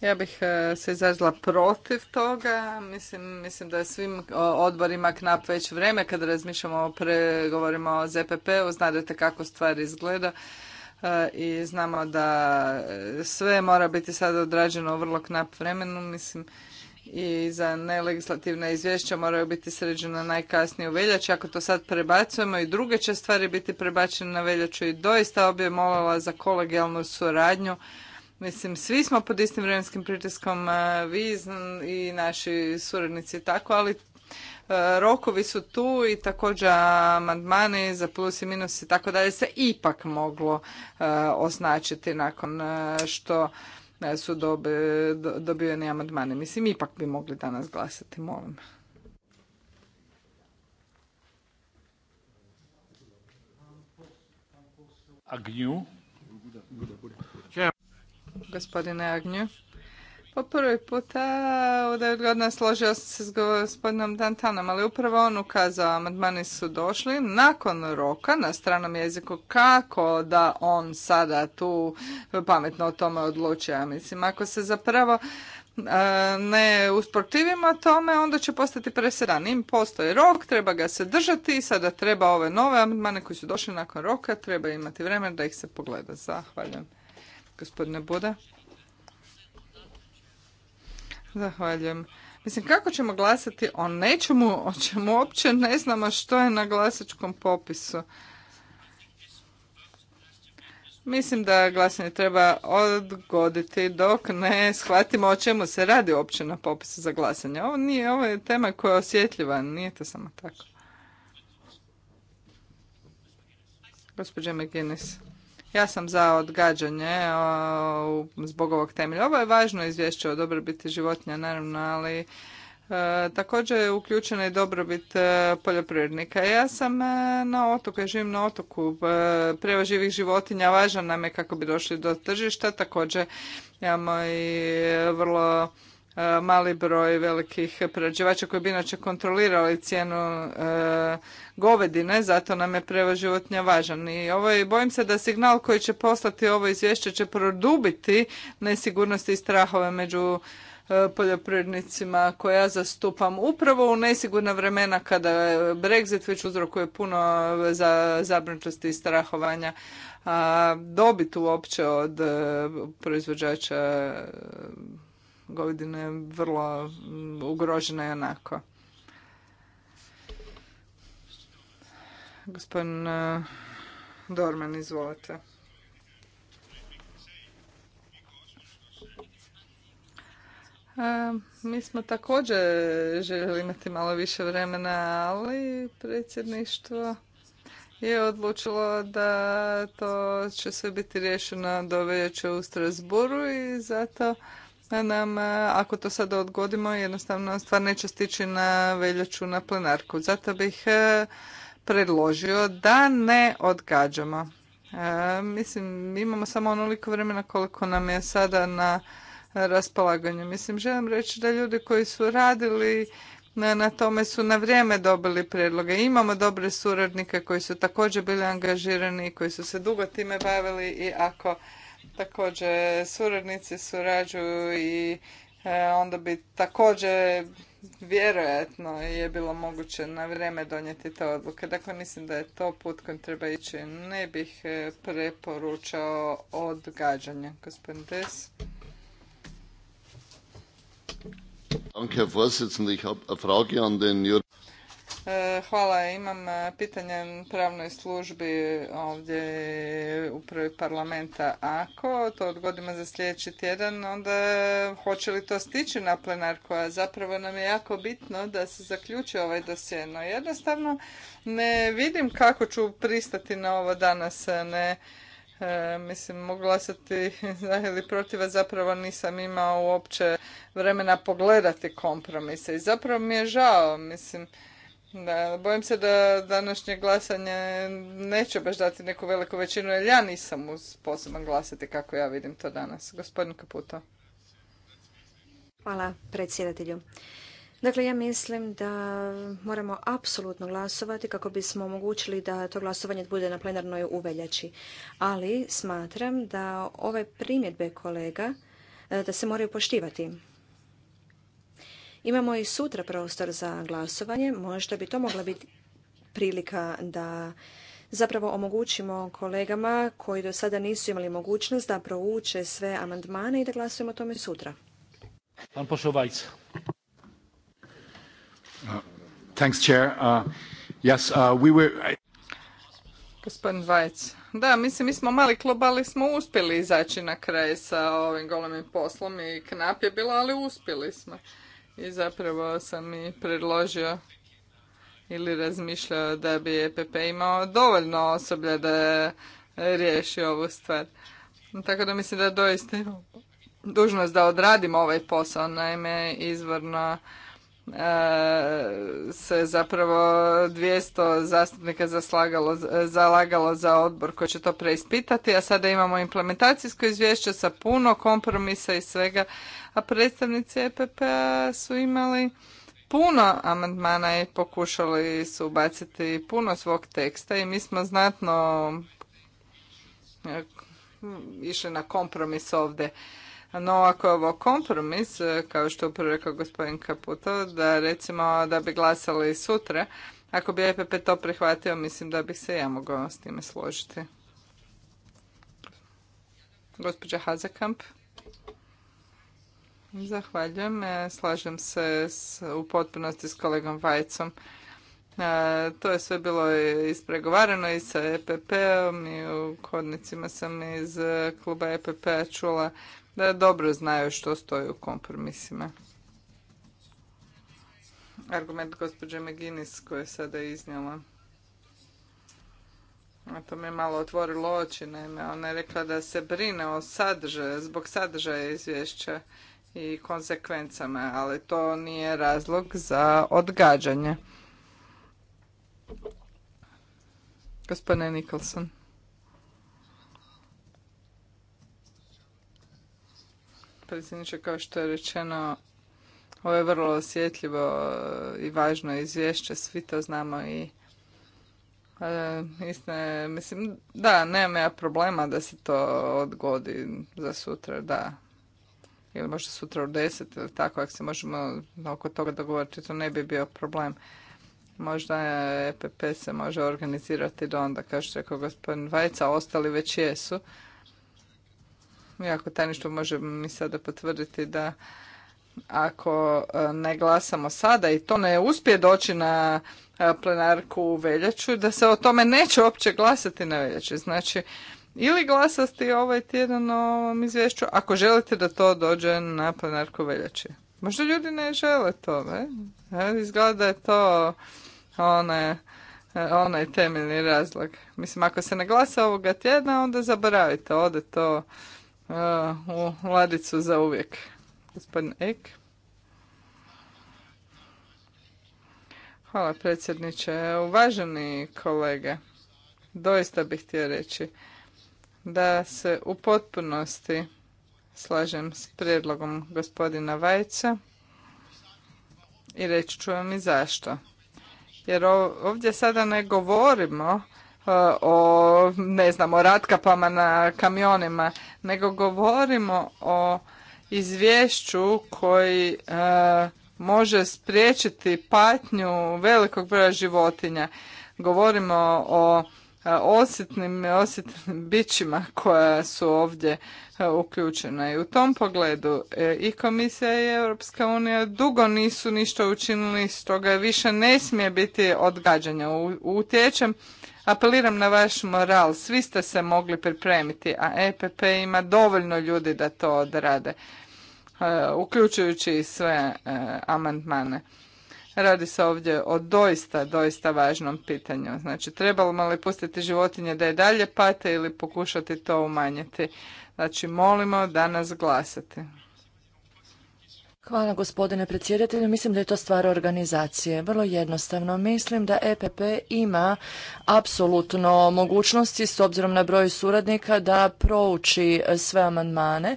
Ja bih e, se izrazila protiv toga. Mislim, mislim da je svim odborima knap već vrijeme Kad razmišljamo o pregovorima o ZPP-u. znate kako stvar izgleda. E, i znamo da e, sve mora biti sada odrađeno u vrlo knap vremenu, mislim, i za nelegislativna izvješća moraju biti sređena najkasnije u veljači. Ako to sad prebacujemo i druge će stvari biti prebačene na veljaču i doista obje molila za kolegijalnu suradnju. Mislim, svi smo pod istim vremenskim pritiskom, e, vi i naši suradnici tako, ali E, rokovi su tu i također amandmani za plus i minus i tako dalje se ipak moglo e, označiti nakon e, što su dobiveni amandmani. Mislim, ipak bi mogli danas glasati, molim. Agnju. Gospodine Agnju. Po pa prvi puta od devet godina složio sam se s gospodinom Dantanom, ali upravo on ukazao, amandmani su došli nakon roka na stranom jeziku kako da on sada tu pametno o tome odlučuje. mislim, ako se zapravo e, ne usportivimo tome, onda će postati presedan. Im postoji rok, treba ga se držati i sada treba ove nove amandmane koji su došli nakon roka, treba imati vremena da ih se pogleda. Zahvaljujem. Gospodine Buda. Zahvaljujem. Mislim, kako ćemo glasati o nečemu o čemu uopće ne znamo što je na glasačkom popisu? Mislim da glasanje treba odgoditi dok ne shvatimo o čemu se radi uopće na popisu za glasanje. Ovo nije, ovo je tema koja je osjetljiva, nije to samo tako. Gospođa McGinnis. Ja sam za odgađanje zbog ovog temelja. Ovo je važno izvješće o dobrobiti životinja, naravno, ali e, također je uključena i dobrobit e, poljoprivrednika. Ja sam e, na otoku, ja živim na otoku. Prevo živih životinja važan nam je kako bi došli do tržišta. Također imamo i vrlo E, mali broj velikih prerađivača koji bi inače kontrolirali cijenu e, govedine, zato nam je prevoz životinja važan. I ovo je, bojim se da signal koji će poslati ovo izvješće će produbiti nesigurnosti i strahove među e, poljoprivrednicima koje ja zastupam upravo u nesigurna vremena kada Brexit već uzrokuje puno za zabrinutosti i strahovanja. A dobit uopće od proizvođača godine vrlo mm, ugrožena i onako. Gospodin e, Dorman, izvolite. E, mi smo također željeli imati malo više vremena, ali predsjedništvo je odlučilo da to će sve biti riješeno do veće u Strasburu i zato nam, e, ako to sada odgodimo, jednostavno stvar neće stići na veljaču na plenarku. Zato bih e, predložio da ne odgađamo. E, mislim, imamo samo onoliko vremena koliko nam je sada na raspolaganju. Mislim, želim reći da ljudi koji su radili na, na tome su na vrijeme dobili predloge. Imamo dobre suradnike koji su također bili angažirani i koji su se dugo time bavili i ako također suradnici surađuju i e, onda bi također vjerojatno je bilo moguće na vrijeme donijeti te odluke. Dakle, mislim da je to put kojim treba ići. Ne bih e, preporučao odgađanje. Gospodin Des. E, hvala, imam e, pitanje pravnoj službi ovdje u prvi parlamenta. Ako to odgodimo za sljedeći tjedan, onda hoće li to stići na plenarku? A zapravo nam je jako bitno da se zaključi ovaj dosje. No jednostavno ne vidim kako ću pristati na ovo danas. Ne, e, mislim, mogu glasati za ili a zapravo nisam imao uopće vremena pogledati kompromise. I zapravo mi je žao, mislim, da, bojim se da današnje glasanje neće baš dati neku veliku većinu, jer ja nisam sposoban glasati kako ja vidim to danas. Gospodin Kaputo. Hvala predsjedatelju. Dakle, ja mislim da moramo apsolutno glasovati kako bismo omogućili da to glasovanje bude na plenarnoj uveljači. Ali smatram da ove primjedbe kolega e, da se moraju poštivati. Imamo i sutra prostor za glasovanje. Možda bi to mogla biti prilika da zapravo omogućimo kolegama koji do sada nisu imali mogućnost da prouče sve amandmane i da glasujemo o tome sutra. Pan pošao uh, thanks, Chair. Uh, yes, uh, we were... Gospodin Da, mislim, mi smo mali klub, ali smo uspjeli izaći na kraj sa ovim golemim poslom i knap je bilo, ali uspjeli smo i zapravo sam i predložio ili razmišljao da bi EPP imao dovoljno osoblja da riješi ovu stvar. Tako da mislim da doista dužnost da odradimo ovaj posao. Naime, izvorno e, se zapravo 200 zastupnika zalagalo za odbor koji će to preispitati, a sada imamo implementacijsko izvješće sa puno kompromisa i svega, a predstavnici epp p-a su imali puno amandmana i pokušali su ubaciti puno svog teksta i mi smo znatno e, išli na kompromis ovdje. No, ako je ovo kompromis, e, kao što je upravo rekao gospodin Kaputo, da recimo da bi glasali sutra, ako bi EPP to prihvatio, mislim da bih se ja mogao s time složiti. Gospođa Hazekamp? Zahvaljujem. E, slažem se u potpunosti s kolegom Vajcom. E, to je sve bilo ispregovarano i sa EPP-om i u kodnicima sam iz kluba EPP-a čula da dobro znaju što stoji u kompromisima. Argument gospođe Meginis koji je sada iznijela. A to mi je malo otvorilo oči, naime. Ona je rekla da se brine o sadržaju, zbog sadržaja izvješća i konsekvencama, ali to nije razlog za odgađanje. Gospodine Nikolson. Predsjedniče, kao što je rečeno, ovo je vrlo osjetljivo i važno izvješće, svi to znamo i e, mislim, da, nema ja problema da se to odgodi za sutra, da, ili možda sutra u ili tako ako se možemo oko toga dogovoriti, to ne bi bio problem. Možda EPP se može organizirati do onda, kao što rekao gospodin Vajca, ostali već jesu. Iako tajništvo može mi sada potvrditi da ako e, ne glasamo sada i to ne uspije doći na e, plenarku u veljaču, da se o tome neće uopće glasati na veljači. Znači, ili glasati ovaj tjedan o ovom izvješću, ako želite da to dođe na plenarku veljači. Možda ljudi ne žele to, ne? E, izgleda je to onaj, e, onaj temeljni razlog. Mislim, ako se ne glasa ovoga tjedna, onda zaboravite. Ode to uh, u ladicu za uvijek. Gospodin Ek. Hvala predsjedniče. Uvaženi kolege, doista bih htio reći da se u potpunosti slažem s prijedlogom gospodina Vajca i reći ću vam i zašto. Jer ovdje sada ne govorimo e, o, ne znam, o ratkapama na kamionima, nego govorimo o izvješću koji e, može spriječiti patnju velikog broja životinja. Govorimo o osjetnim, osjetnim bićima koja su ovdje uključena. I u tom pogledu e, i Komisija i Europska unija dugo nisu ništa učinili, stoga više ne smije biti odgađanja. u Utječem, apeliram na vaš moral, svi ste se mogli pripremiti, a EPP ima dovoljno ljudi da to odrade, uključujući i sve e, amandmane. Radi se ovdje o doista, doista važnom pitanju. Znači, trebalo li pustiti životinje da je dalje pate ili pokušati to umanjiti? Znači, molimo danas glasate Hvala gospodine predsjedatelju. Mislim da je to stvar organizacije. Vrlo jednostavno. Mislim da EPP ima apsolutno mogućnosti s obzirom na broj suradnika da prouči sve amandmane,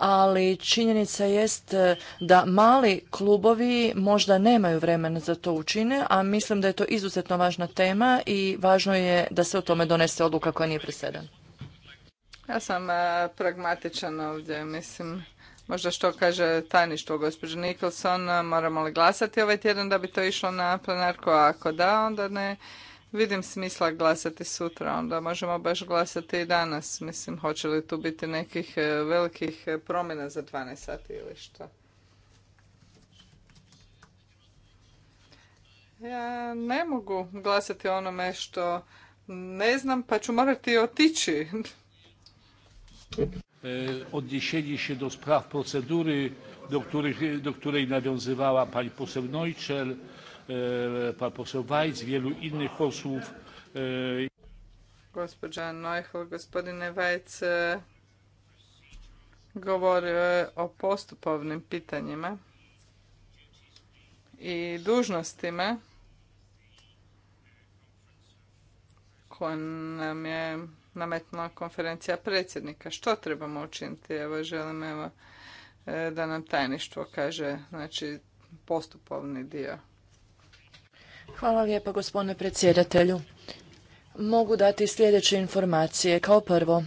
ali činjenica jest e, da mali klubovi možda nemaju vremena za to učine, a mislim da je to izuzetno važna tema i važno je da se o tome donese odluka koja nije presedan. Ja sam e, pragmatičan ovdje, mislim, možda što kaže tajništvo gospođe Nicholson, moramo li glasati ovaj tjedan da bi to išlo na plenarku, a ako da, onda ne vidim smisla glasati sutra, onda možemo baš glasati i danas. Mislim, hoće li tu biti nekih e, velikih e, promjena za 12 sati ili što? Ja ne mogu glasati onome što ne znam, pa ću morati otići. E, odniesienie se do sprav procedury, do której nawiązywała pani poseł E, pan poseł wielu innych posłów. E, Gospođa Neuchel, gospodine Vajc, e, govorio je o postupovnim pitanjima i dužnostima koje nam je nametnula konferencija predsjednika. Što trebamo učiniti? Evo, želim evo, da nam tajništvo kaže znači, postupovni dio. Hvala lijepa gospodine predsjedatelju. Mogu dati sljedeće informacije. Kao prvo,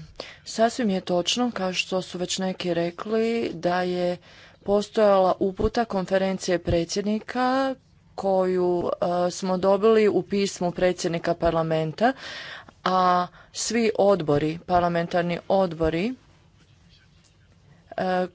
sasvim je točno, kao što su već neki rekli, da je postojala uputa konferencije predsjednika koju e, smo dobili u pismu predsjednika parlamenta, a svi odbori, parlamentarni odbori e,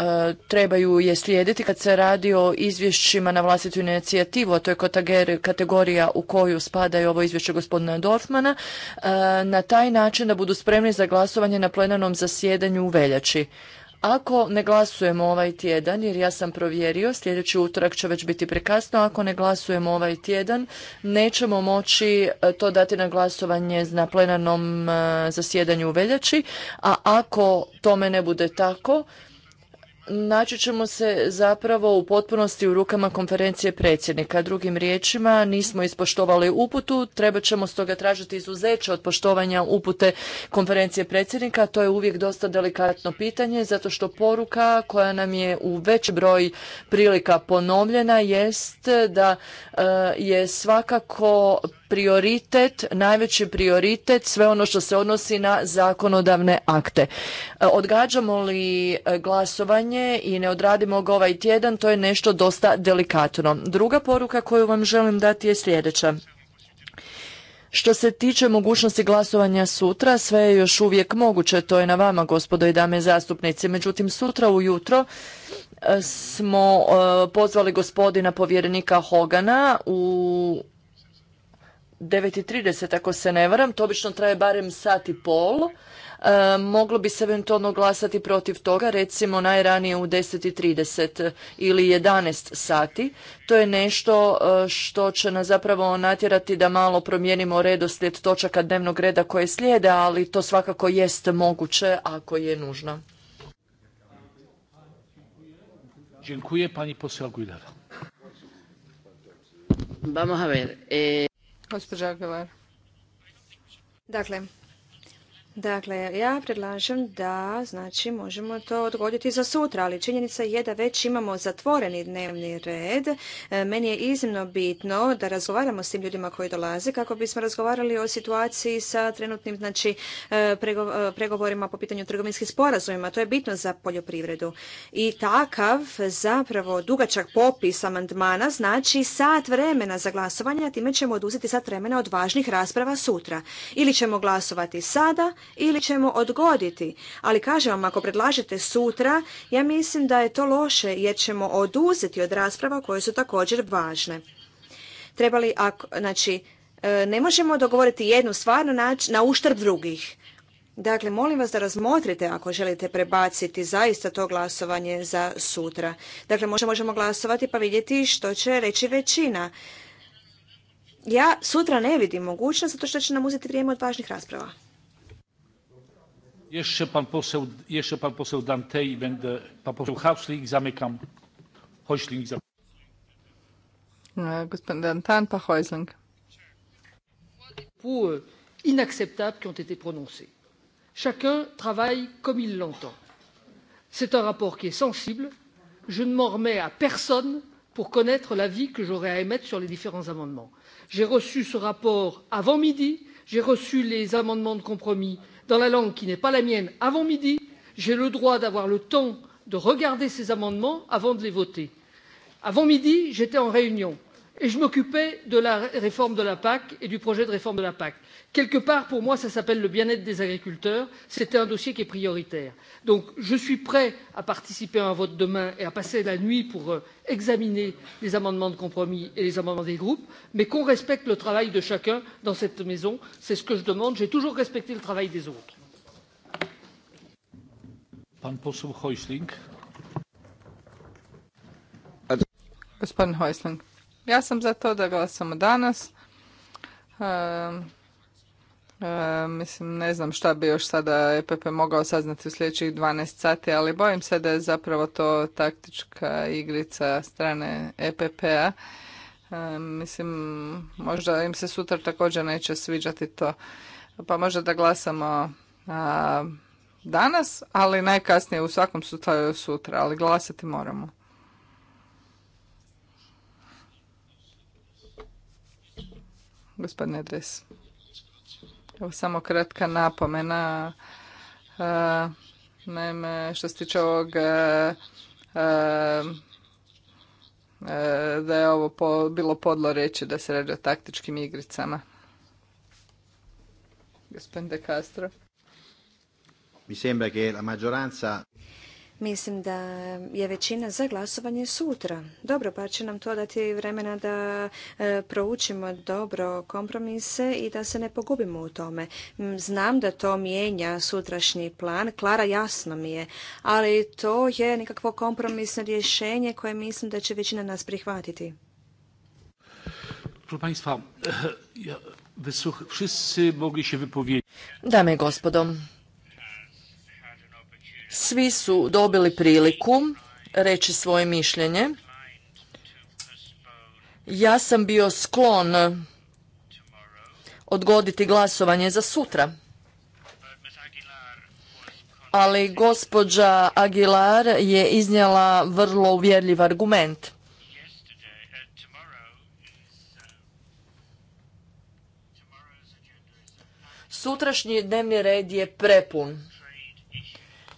E, trebaju je slijediti kad se radi o izvješćima na vlastitu inicijativu, a to je kategorija u koju spada i ovo izvješće gospodina Dorfmana, e, na taj način da budu spremni za glasovanje na plenarnom zasjedanju u veljači. Ako ne glasujemo ovaj tjedan, jer ja sam provjerio, sljedeći utorak će već biti prekasno, ako ne glasujemo ovaj tjedan, nećemo moći e, to dati na glasovanje na plenarnom zasjedanju u veljači, a ako tome ne bude tako, naći ćemo se zapravo u potpunosti u rukama konferencije predsjednika. Drugim riječima, nismo ispoštovali uputu, treba ćemo stoga tražiti izuzeće od poštovanja upute konferencije predsjednika. To je uvijek dosta delikatno pitanje, zato što poruka koja nam je u već broj prilika ponovljena jest da e, je svakako prioritet, najveći prioritet sve ono što se odnosi na zakonodavne akte. E, odgađamo li e, glasovanje i ne odradimo ga ovaj tjedan, to je nešto dosta delikatno. Druga poruka koju vam želim dati je sljedeća. Što se tiče mogućnosti glasovanja sutra, sve je još uvijek moguće, to je na vama gospodo i dame zastupnici. Međutim, sutra ujutro e, smo pozvali gospodina povjerenika Hogana u 9.30 ako se ne varam, to obično traje barem sat i pol. E, moglo bi se eventualno glasati protiv toga, recimo najranije u 10.30 ili 11 sati. To je nešto e, što će nas zapravo natjerati da malo promijenimo redoslijed točaka dnevnog reda koje slijede, ali to svakako jest moguće ako je nužno. Dziękuję pani Vamos a ver. Eh, Gospođa Aguilar. Dakle, Dakle, ja predlažem da, znači, možemo to odgoditi za sutra, ali činjenica je da već imamo zatvoreni dnevni red. E, meni je iznimno bitno da razgovaramo s tim ljudima koji dolaze kako bismo razgovarali o situaciji sa trenutnim, znači, e, e, pregovorima po pitanju trgovinskih sporazumima. To je bitno za poljoprivredu. I takav, zapravo, dugačak popis amandmana znači sat vremena za glasovanje, a time ćemo oduzeti sat vremena od važnih rasprava sutra. Ili ćemo glasovati sada ili ćemo odgoditi. Ali kažem vam, ako predlažete sutra, ja mislim da je to loše jer ćemo oduzeti od rasprava koje su također važne. Trebali, ako, znači, e, ne možemo dogovoriti jednu stvar na, na uštrb drugih. Dakle, molim vas da razmotrite ako želite prebaciti zaista to glasovanje za sutra. Dakle, možda možemo glasovati pa vidjeti što će reći većina. Ja sutra ne vidim mogućnost zato što će nam uzeti vrijeme od važnih rasprava. Jeszcze pan poseł, jeszcze pan poseł Dante i będę, pan poseł zamykam. zamykam. Inacceptables qui ont été prononcés. Chacun travaille comme il l'entend. C'est un rapport qui est sensible. Je ne m'en remets à personne pour connaître l'avis que j'aurais à émettre sur les différents amendements. J'ai reçu ce rapport avant midi. J'ai reçu les amendements de compromis dans la langue qui n'est pas la mienne avant midi j'ai le droit d'avoir le temps de regarder ces amendements avant de les voter. avant midi j'étais en réunion et je m'occupais de la réforme de la pac et du projet de réforme de la pac. quelque part pour moi cela s'appelle le bien être des agriculteurs c'est un dossier qui est prioritaire. donc je suis prêt à participer à un vote demain et à passer la nuit pour euh, examiner les amendements de compromis et les amendements des groupes mais qu'on respecte le travail de chacun dans cette maison c'est ce que je demande. j'ai toujours respecté le travail des autres. Ja sam za to da glasamo danas. Ehm, ehm, mislim, ne znam šta bi još sada EPP mogao saznati u sljedećih 12 sati, ali bojim se da je zapravo to taktička igrica strane EPP-a. Ehm, mislim, možda im se sutra također neće sviđati to. Pa možda da glasamo danas, ali najkasnije u svakom slučaju sutra, ali glasati moramo. gospodine Dres. Evo samo kratka napomena. E, naime, što se tiče ovog e, e, da je ovo bilo podlo reći da se radi o taktičkim igricama. Gospodin De Castro. Mi sembra che la maggioranza Mislim da je većina za glasovanje sutra. Dobro, pa će nam to dati vremena da e, proučimo dobro kompromise i da se ne pogubimo u tome. Znam da to mijenja sutrašnji plan, Klara jasno mi je, ali to je nekakvo kompromisno rješenje koje mislim da će većina nas prihvatiti. Dame i gospodo, svi su dobili priliku reći svoje mišljenje. Ja sam bio sklon odgoditi glasovanje za sutra. Ali gospođa Aguilar je iznijela vrlo uvjerljiv argument. Sutrašnji dnevni red je prepun.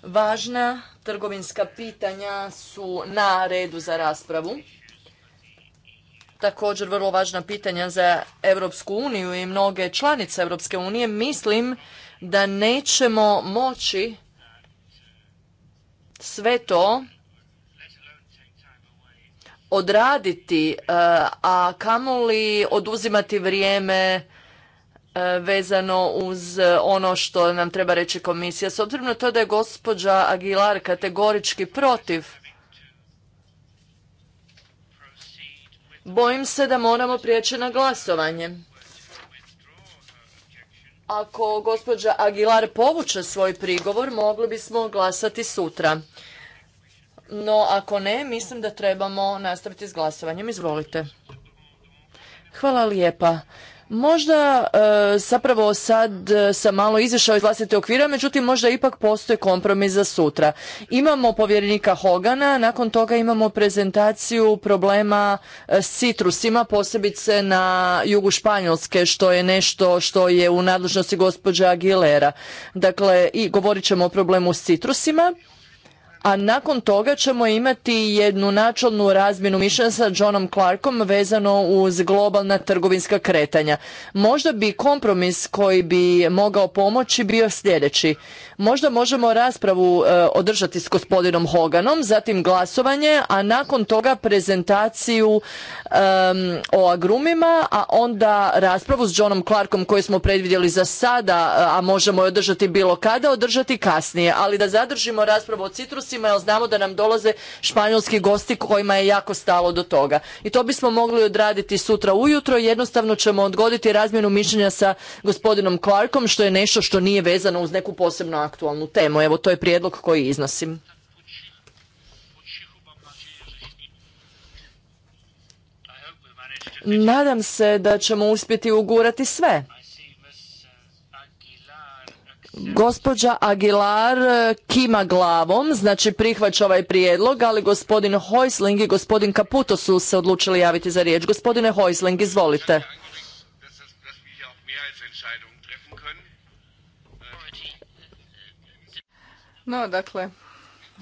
Važna trgovinska pitanja su na redu za raspravu. Također vrlo važna pitanja za Europsku uniju i mnoge članice Europske unije. Mislim da nećemo moći sve to odraditi, a kamoli oduzimati vrijeme E, vezano uz e, ono što nam treba reći komisija. S obzirom na to da je gospođa Aguilar kategorički protiv, bojim se da moramo prijeći na glasovanje. Ako gospođa Aguilar povuče svoj prigovor, mogli bismo glasati sutra. No, ako ne, mislim da trebamo nastaviti s glasovanjem. Izvolite. Hvala lijepa. Možda e, zapravo sad e, sam malo izašao iz vlastite okvira, međutim možda ipak postoji kompromis za sutra. Imamo povjerenika Hogana, nakon toga imamo prezentaciju problema e, s citrusima, posebice na jugu Španjolske, što je nešto što je u nadležnosti gospođa Aguilera. Dakle, i govorit ćemo o problemu s citrusima a nakon toga ćemo imati jednu načelnu razmjenu mišljenja sa Johnom Clarkom vezano uz globalna trgovinska kretanja. Možda bi kompromis koji bi mogao pomoći bio sljedeći. Možda možemo raspravu e, održati s gospodinom Hoganom, zatim glasovanje, a nakon toga prezentaciju o agrumima, a onda raspravu s Johnom Clarkom koju smo predvidjeli za sada, a možemo je održati bilo kada, održati kasnije. Ali da zadržimo raspravu o citrusima jer znamo da nam dolaze španjolski gosti kojima je jako stalo do toga. I to bismo mogli odraditi sutra ujutro, jednostavno ćemo odgoditi razmjenu mišljenja sa gospodinom Clarkom što je nešto što nije vezano uz neku posebno aktualnu temu. Evo to je prijedlog koji iznosim. Nadam se da ćemo uspjeti ugurati sve. Gospođa Aguilar e, kima glavom, znači prihvaća ovaj prijedlog, ali gospodin Hojsling i gospodin Caputo su se odlučili javiti za riječ. Gospodine Hojsling, izvolite. No, dakle,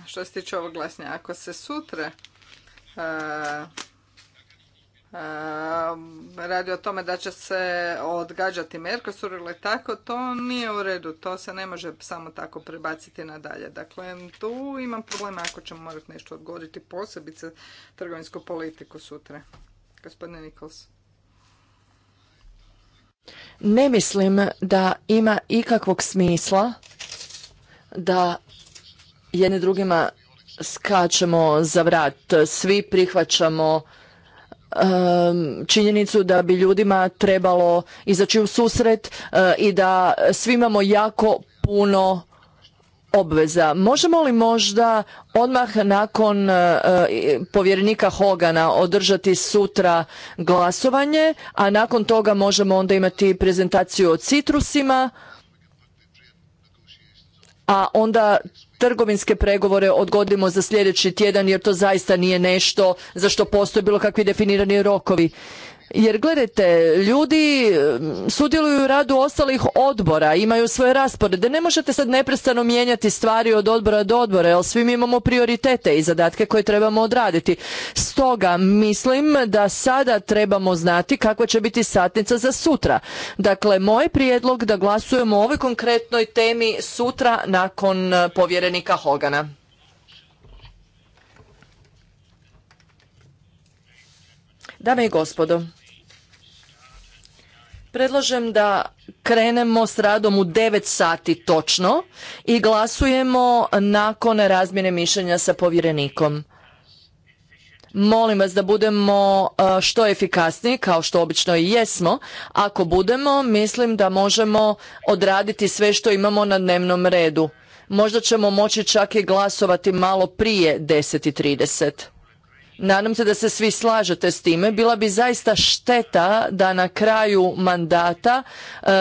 što se tiče ovog glasnja, ako se sutra e, radi o tome da će se odgađati Merkosur ili tako, to nije u redu. To se ne može samo tako prebaciti nadalje. Dakle, tu imam problema ako ćemo morati nešto odgoditi, posebice trgovinsku politiku sutra. Gospodine Nikols. Ne mislim da ima ikakvog smisla da jedne drugima skačemo za vrat. Svi prihvaćamo činjenicu da bi ljudima trebalo izaći u susret eh, i da svi imamo jako puno obveza. Možemo li možda odmah nakon eh, povjerenika Hogana održati sutra glasovanje, a nakon toga možemo onda imati prezentaciju o citrusima, a onda trgovinske pregovore odgodimo za sljedeći tjedan jer to zaista nije nešto za što postoje bilo kakvi definirani rokovi. Jer gledajte, ljudi sudjeluju u radu ostalih odbora, imaju svoje rasporede. Ne možete sad neprestano mijenjati stvari od odbora do odbora, jer svi mi imamo prioritete i zadatke koje trebamo odraditi. Stoga mislim da sada trebamo znati kakva će biti satnica za sutra. Dakle, moj prijedlog da glasujemo o ovoj konkretnoj temi sutra nakon e, povjerenika Hogana. Dame i gospodo, Predlažem da krenemo s radom u 9 sati točno i glasujemo nakon razmjene mišljenja sa povjerenikom. Molim vas da budemo e, što efikasniji, kao što obično i jesmo. Ako budemo, mislim da možemo odraditi sve što imamo na dnevnom redu. Možda ćemo moći čak i glasovati malo prije 10.30. Nadam se da se svi slažete s time. Bila bi zaista šteta da na kraju mandata e,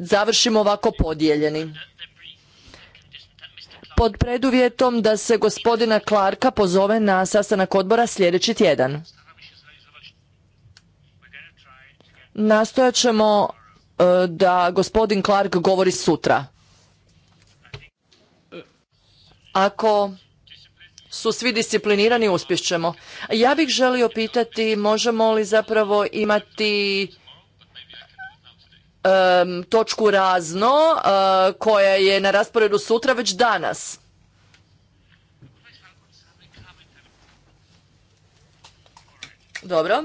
završimo ovako podijeljeni pod preduvjetom da se gospodina Clarka pozove na sastanak odbora sljedeći tjedan. Nastojat ćemo e, da gospodin Clark govori sutra. Ako su svi disciplinirani, ćemo. Ja bih želio pitati možemo li zapravo imati točku razno e, koja je na rasporedu sutra već danas. Dobro.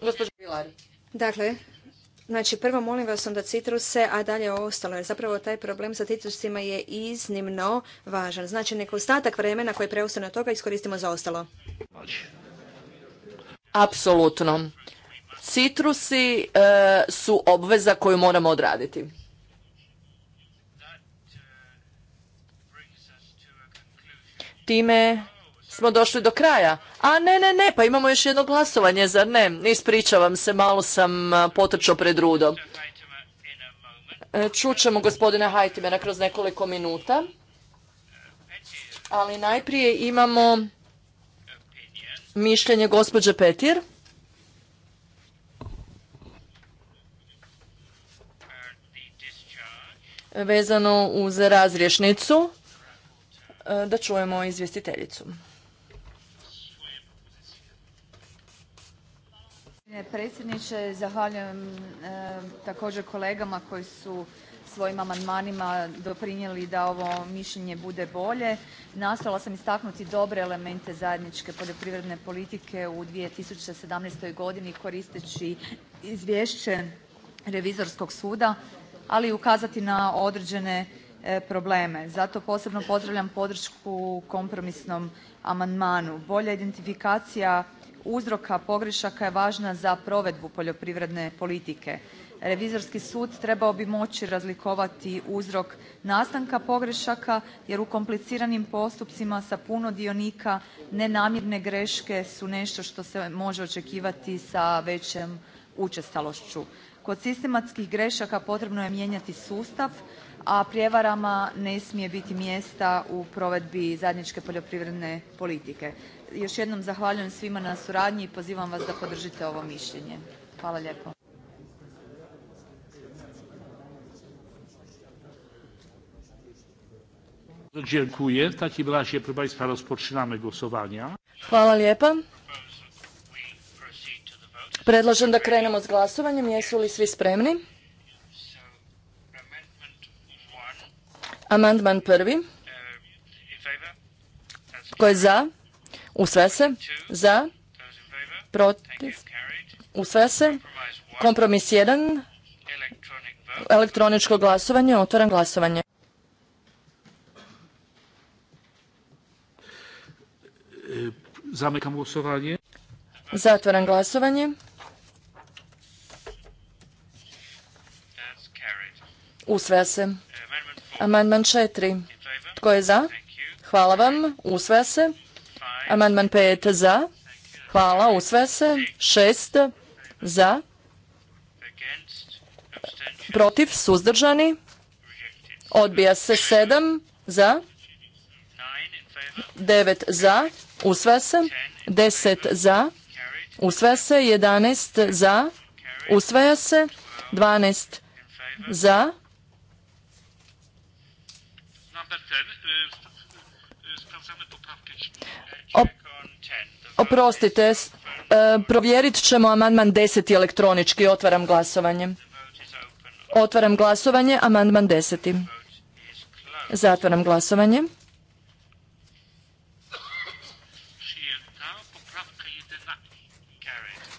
Gospođa Dakle, Znači, prvo molim vas onda citruse, a dalje ostalo, jer zapravo taj problem sa citrusima je iznimno važan. Znači, neko ostatak vremena koji preostane od toga iskoristimo za ostalo. Apsolutno. Citrusi e, su obveza koju moramo odraditi. Time smo došli do kraja. A ne, ne, ne, pa imamo još jedno glasovanje, zar ne? Ispričavam se, malo sam potrčao pred rudo. E, Čućemo gospodina Hajtimena kroz nekoliko minuta. Ali najprije imamo mišljenje gospođe Petir. Vezano uz razriješnicu e, da čujemo izvjestiteljicu. predsjedniče, zahvaljujem e, također kolegama koji su svojim amandmanima doprinijeli da ovo mišljenje bude bolje. Nastojala sam istaknuti dobre elemente zajedničke poljoprivredne politike u 2017. godini koristeći izvješće Revizorskog suda, ali i ukazati na određene e, probleme. Zato posebno pozdravljam podršku kompromisnom amandmanu. Bolja identifikacija uzroka pogrešaka je važna za provedbu poljoprivredne politike. Revizorski sud trebao bi moći razlikovati uzrok nastanka pogrešaka jer u kompliciranim postupcima sa puno dionika nenamjerne greške su nešto što se može očekivati sa većom učestalošću. Kod sistematskih grešaka potrebno je mijenjati sustav, a prijevarama ne smije biti mjesta u provedbi zajedničke poljoprivredne politike još jednom zahvaljujem svima na suradnji i pozivam vas da podržite ovo mišljenje. Hvala lijepo. Hvala lijepa. Predlažem da krenemo s glasovanjem. Jesu li svi spremni? Amandman prvi. Tko je za? sve se. Za. Protiv. sve se. Kompromis jedan. Elektroničko glasovanje. Otvoran glasovanje. Zamekam glasovanje. zatvoran glasovanje. Usvaja se. Amandman četiri. Tko je za? Hvala vam. Usvaja se. Amandman 5 za. Hvala. Usvaja se. 6 za. Protiv. Suzdržani. Odbija se 7 za. 9 za. Usvaja se. 10 za. Usvaja se. 11 za. Usvaja se. 12 za. Oprostite, e, provjerit ćemo amandman 10. elektronički. Otvaram glasovanje. Otvaram glasovanje, amandman 10. Zatvaram glasovanje.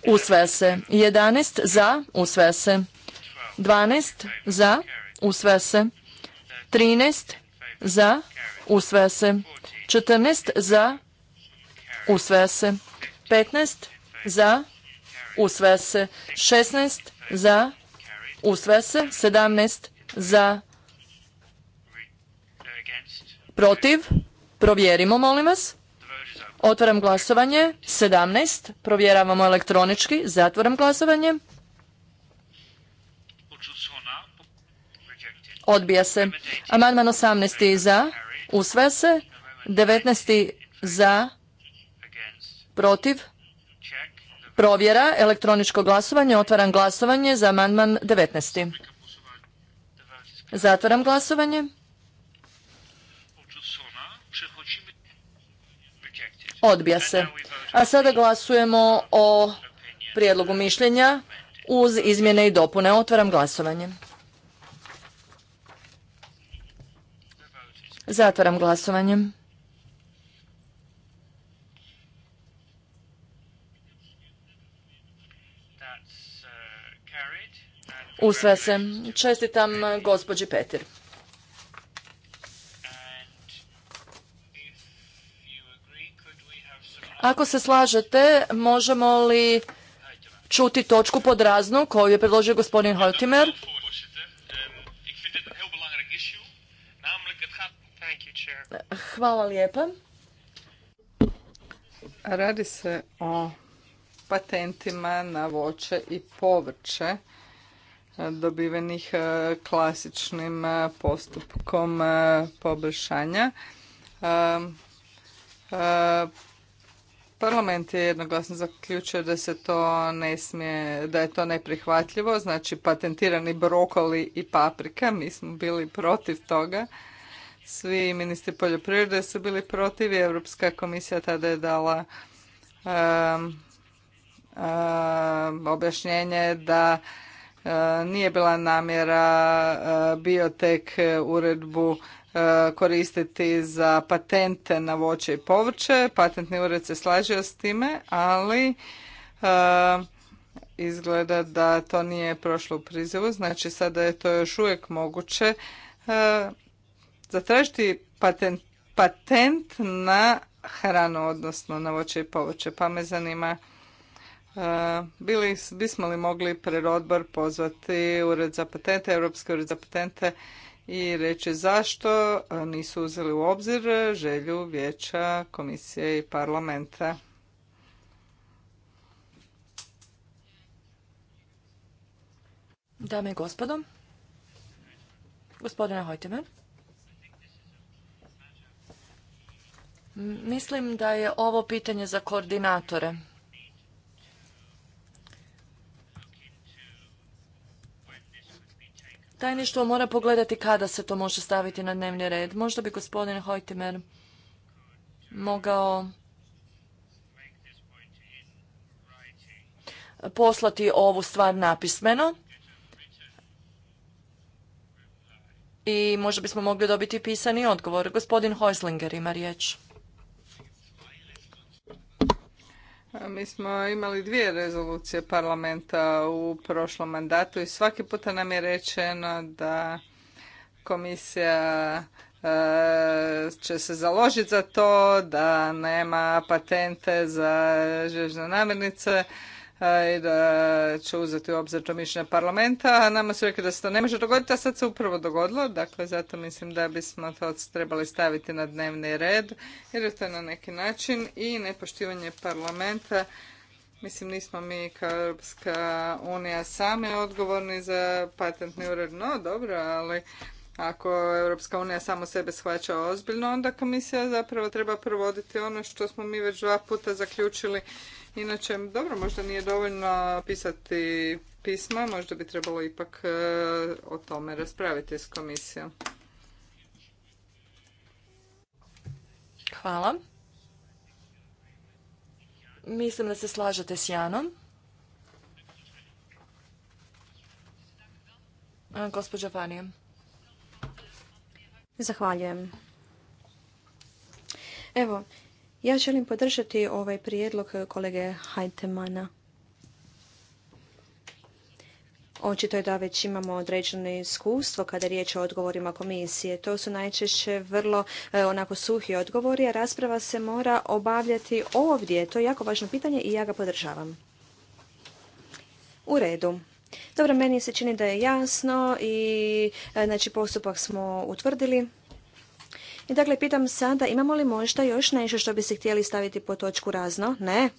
Usvaja se. 11 za, usvaja se. 12 za, usvaja se. 13 za, usvaja se. 14 za, usvaja se. 15 za, usvaja se. 16 za, usvaja se. 17 za, protiv, provjerimo molim vas. Otvaram glasovanje. 17. Provjeravamo elektronički. Zatvaram glasovanje. Odbija se. Amandman 18. za. Usvaja se. 19. za. Protiv? Provjera, elektroničko glasovanje, otvaram glasovanje za amandman 19. Zatvaram glasovanje. Odbija se. A sada glasujemo o prijedlogu mišljenja uz izmjene i dopune. Otvaram glasovanje. Zatvaram glasovanje. Usvesem. se. Čestitam gospođi Petir. Ako se slažete, možemo li čuti točku pod raznu koju je predložio gospodin Holtimer? Hvala lijepa. Radi se o patentima na voće i povrće dobivenih e, klasičnim e, postupkom e, poboljšanja. Parlament je jednoglasno zaključio da se to ne smije, da je to neprihvatljivo, znači patentirani brokoli i paprika, mi smo bili protiv toga. Svi ministri poljoprivrede su bili protiv i Europska komisija tada je dala objašnjenje da E, nije bila namjera e, biotek uredbu e, koristiti za patente na voće i povrće. Patentni ured se slažio s time, ali izgleda da to nije prošlo u prizivu. Znači sada je to još uvijek moguće zatražiti patent, patent na hranu, odnosno na voće i povrće. Pa me zanima E, bismo li mogli pred odbor pozvati Ured za patente, Europski ured za patente i reći zašto e, nisu uzeli u obzir želju vijeća, komisije i parlamenta. Dame i gospodo, gospodine Hojteme, mislim da je ovo pitanje za koordinatore. Tajništvo mora pogledati kada se to može staviti na dnevni red. Možda bi gospodin Hojtimer mogao poslati ovu stvar napismeno i možda bismo mogli dobiti pisani odgovor. Gospodin Hojslinger ima riječ. Mi smo imali dvije rezolucije parlamenta u prošlom mandatu i svaki puta nam je rečeno da komisija e, će se založiti za to, da nema patente za žežne namirnice i da će uzeti u obzir to mišljenje parlamenta. Nama su rekli da se to ne može dogoditi, a sad se upravo dogodilo, dakle zato mislim da bismo to trebali staviti na dnevni red, jer je to na neki način i nepoštivanje parlamenta. Mislim, nismo mi kao Europska unija sami odgovorni za patentni ured, no dobro, ali ako Europska unija samo sebe shvaća ozbiljno, onda komisija zapravo treba provoditi ono što smo mi već dva puta zaključili Inače, dobro, možda nije dovoljno pisati pisma, možda bi trebalo ipak e, o tome raspraviti s komisijom. Hvala. Mislim da se slažete s Janom. E, gospođa Panija. Zahvaljujem. Evo, ja želim podržati ovaj prijedlog kolege Hajtemana. Očito je da već imamo određeno iskustvo kada je riječ o odgovorima komisije. To su najčešće vrlo e, onako suhi odgovori, a rasprava se mora obavljati ovdje. To je jako važno pitanje i ja ga podržavam. U redu. Dobro, meni se čini da je jasno i e, znači postupak smo utvrdili. I dakle, pitam sada, imamo li možda još nešto što bi se htjeli staviti po točku razno? Ne?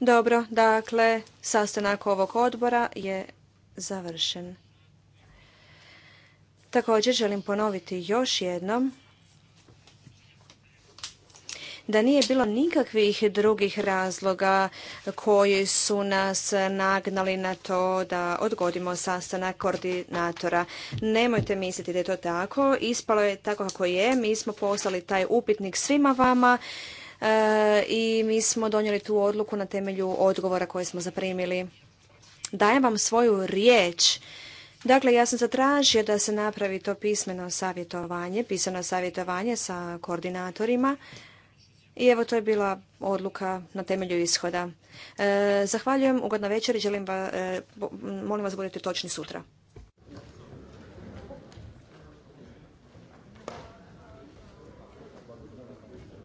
Dobro, dakle, sastanak ovog odbora je završen. Također želim ponoviti još jednom da nije bilo nikakvih drugih razloga koji su nas nagnali na to da odgodimo sastanak koordinatora. Nemojte misliti da je to tako. Ispalo je tako kako je. Mi smo poslali taj upitnik svima vama e, i mi smo donijeli tu odluku na temelju odgovora koje smo zaprimili. Dajem vam svoju riječ. Dakle, ja sam zatražio da se napravi to pismeno savjetovanje, pisano savjetovanje sa koordinatorima i evo to je bila odluka na temelju ishoda. E, zahvaljujem, ugodna večer i želim e, molim vas da budete točni sutra.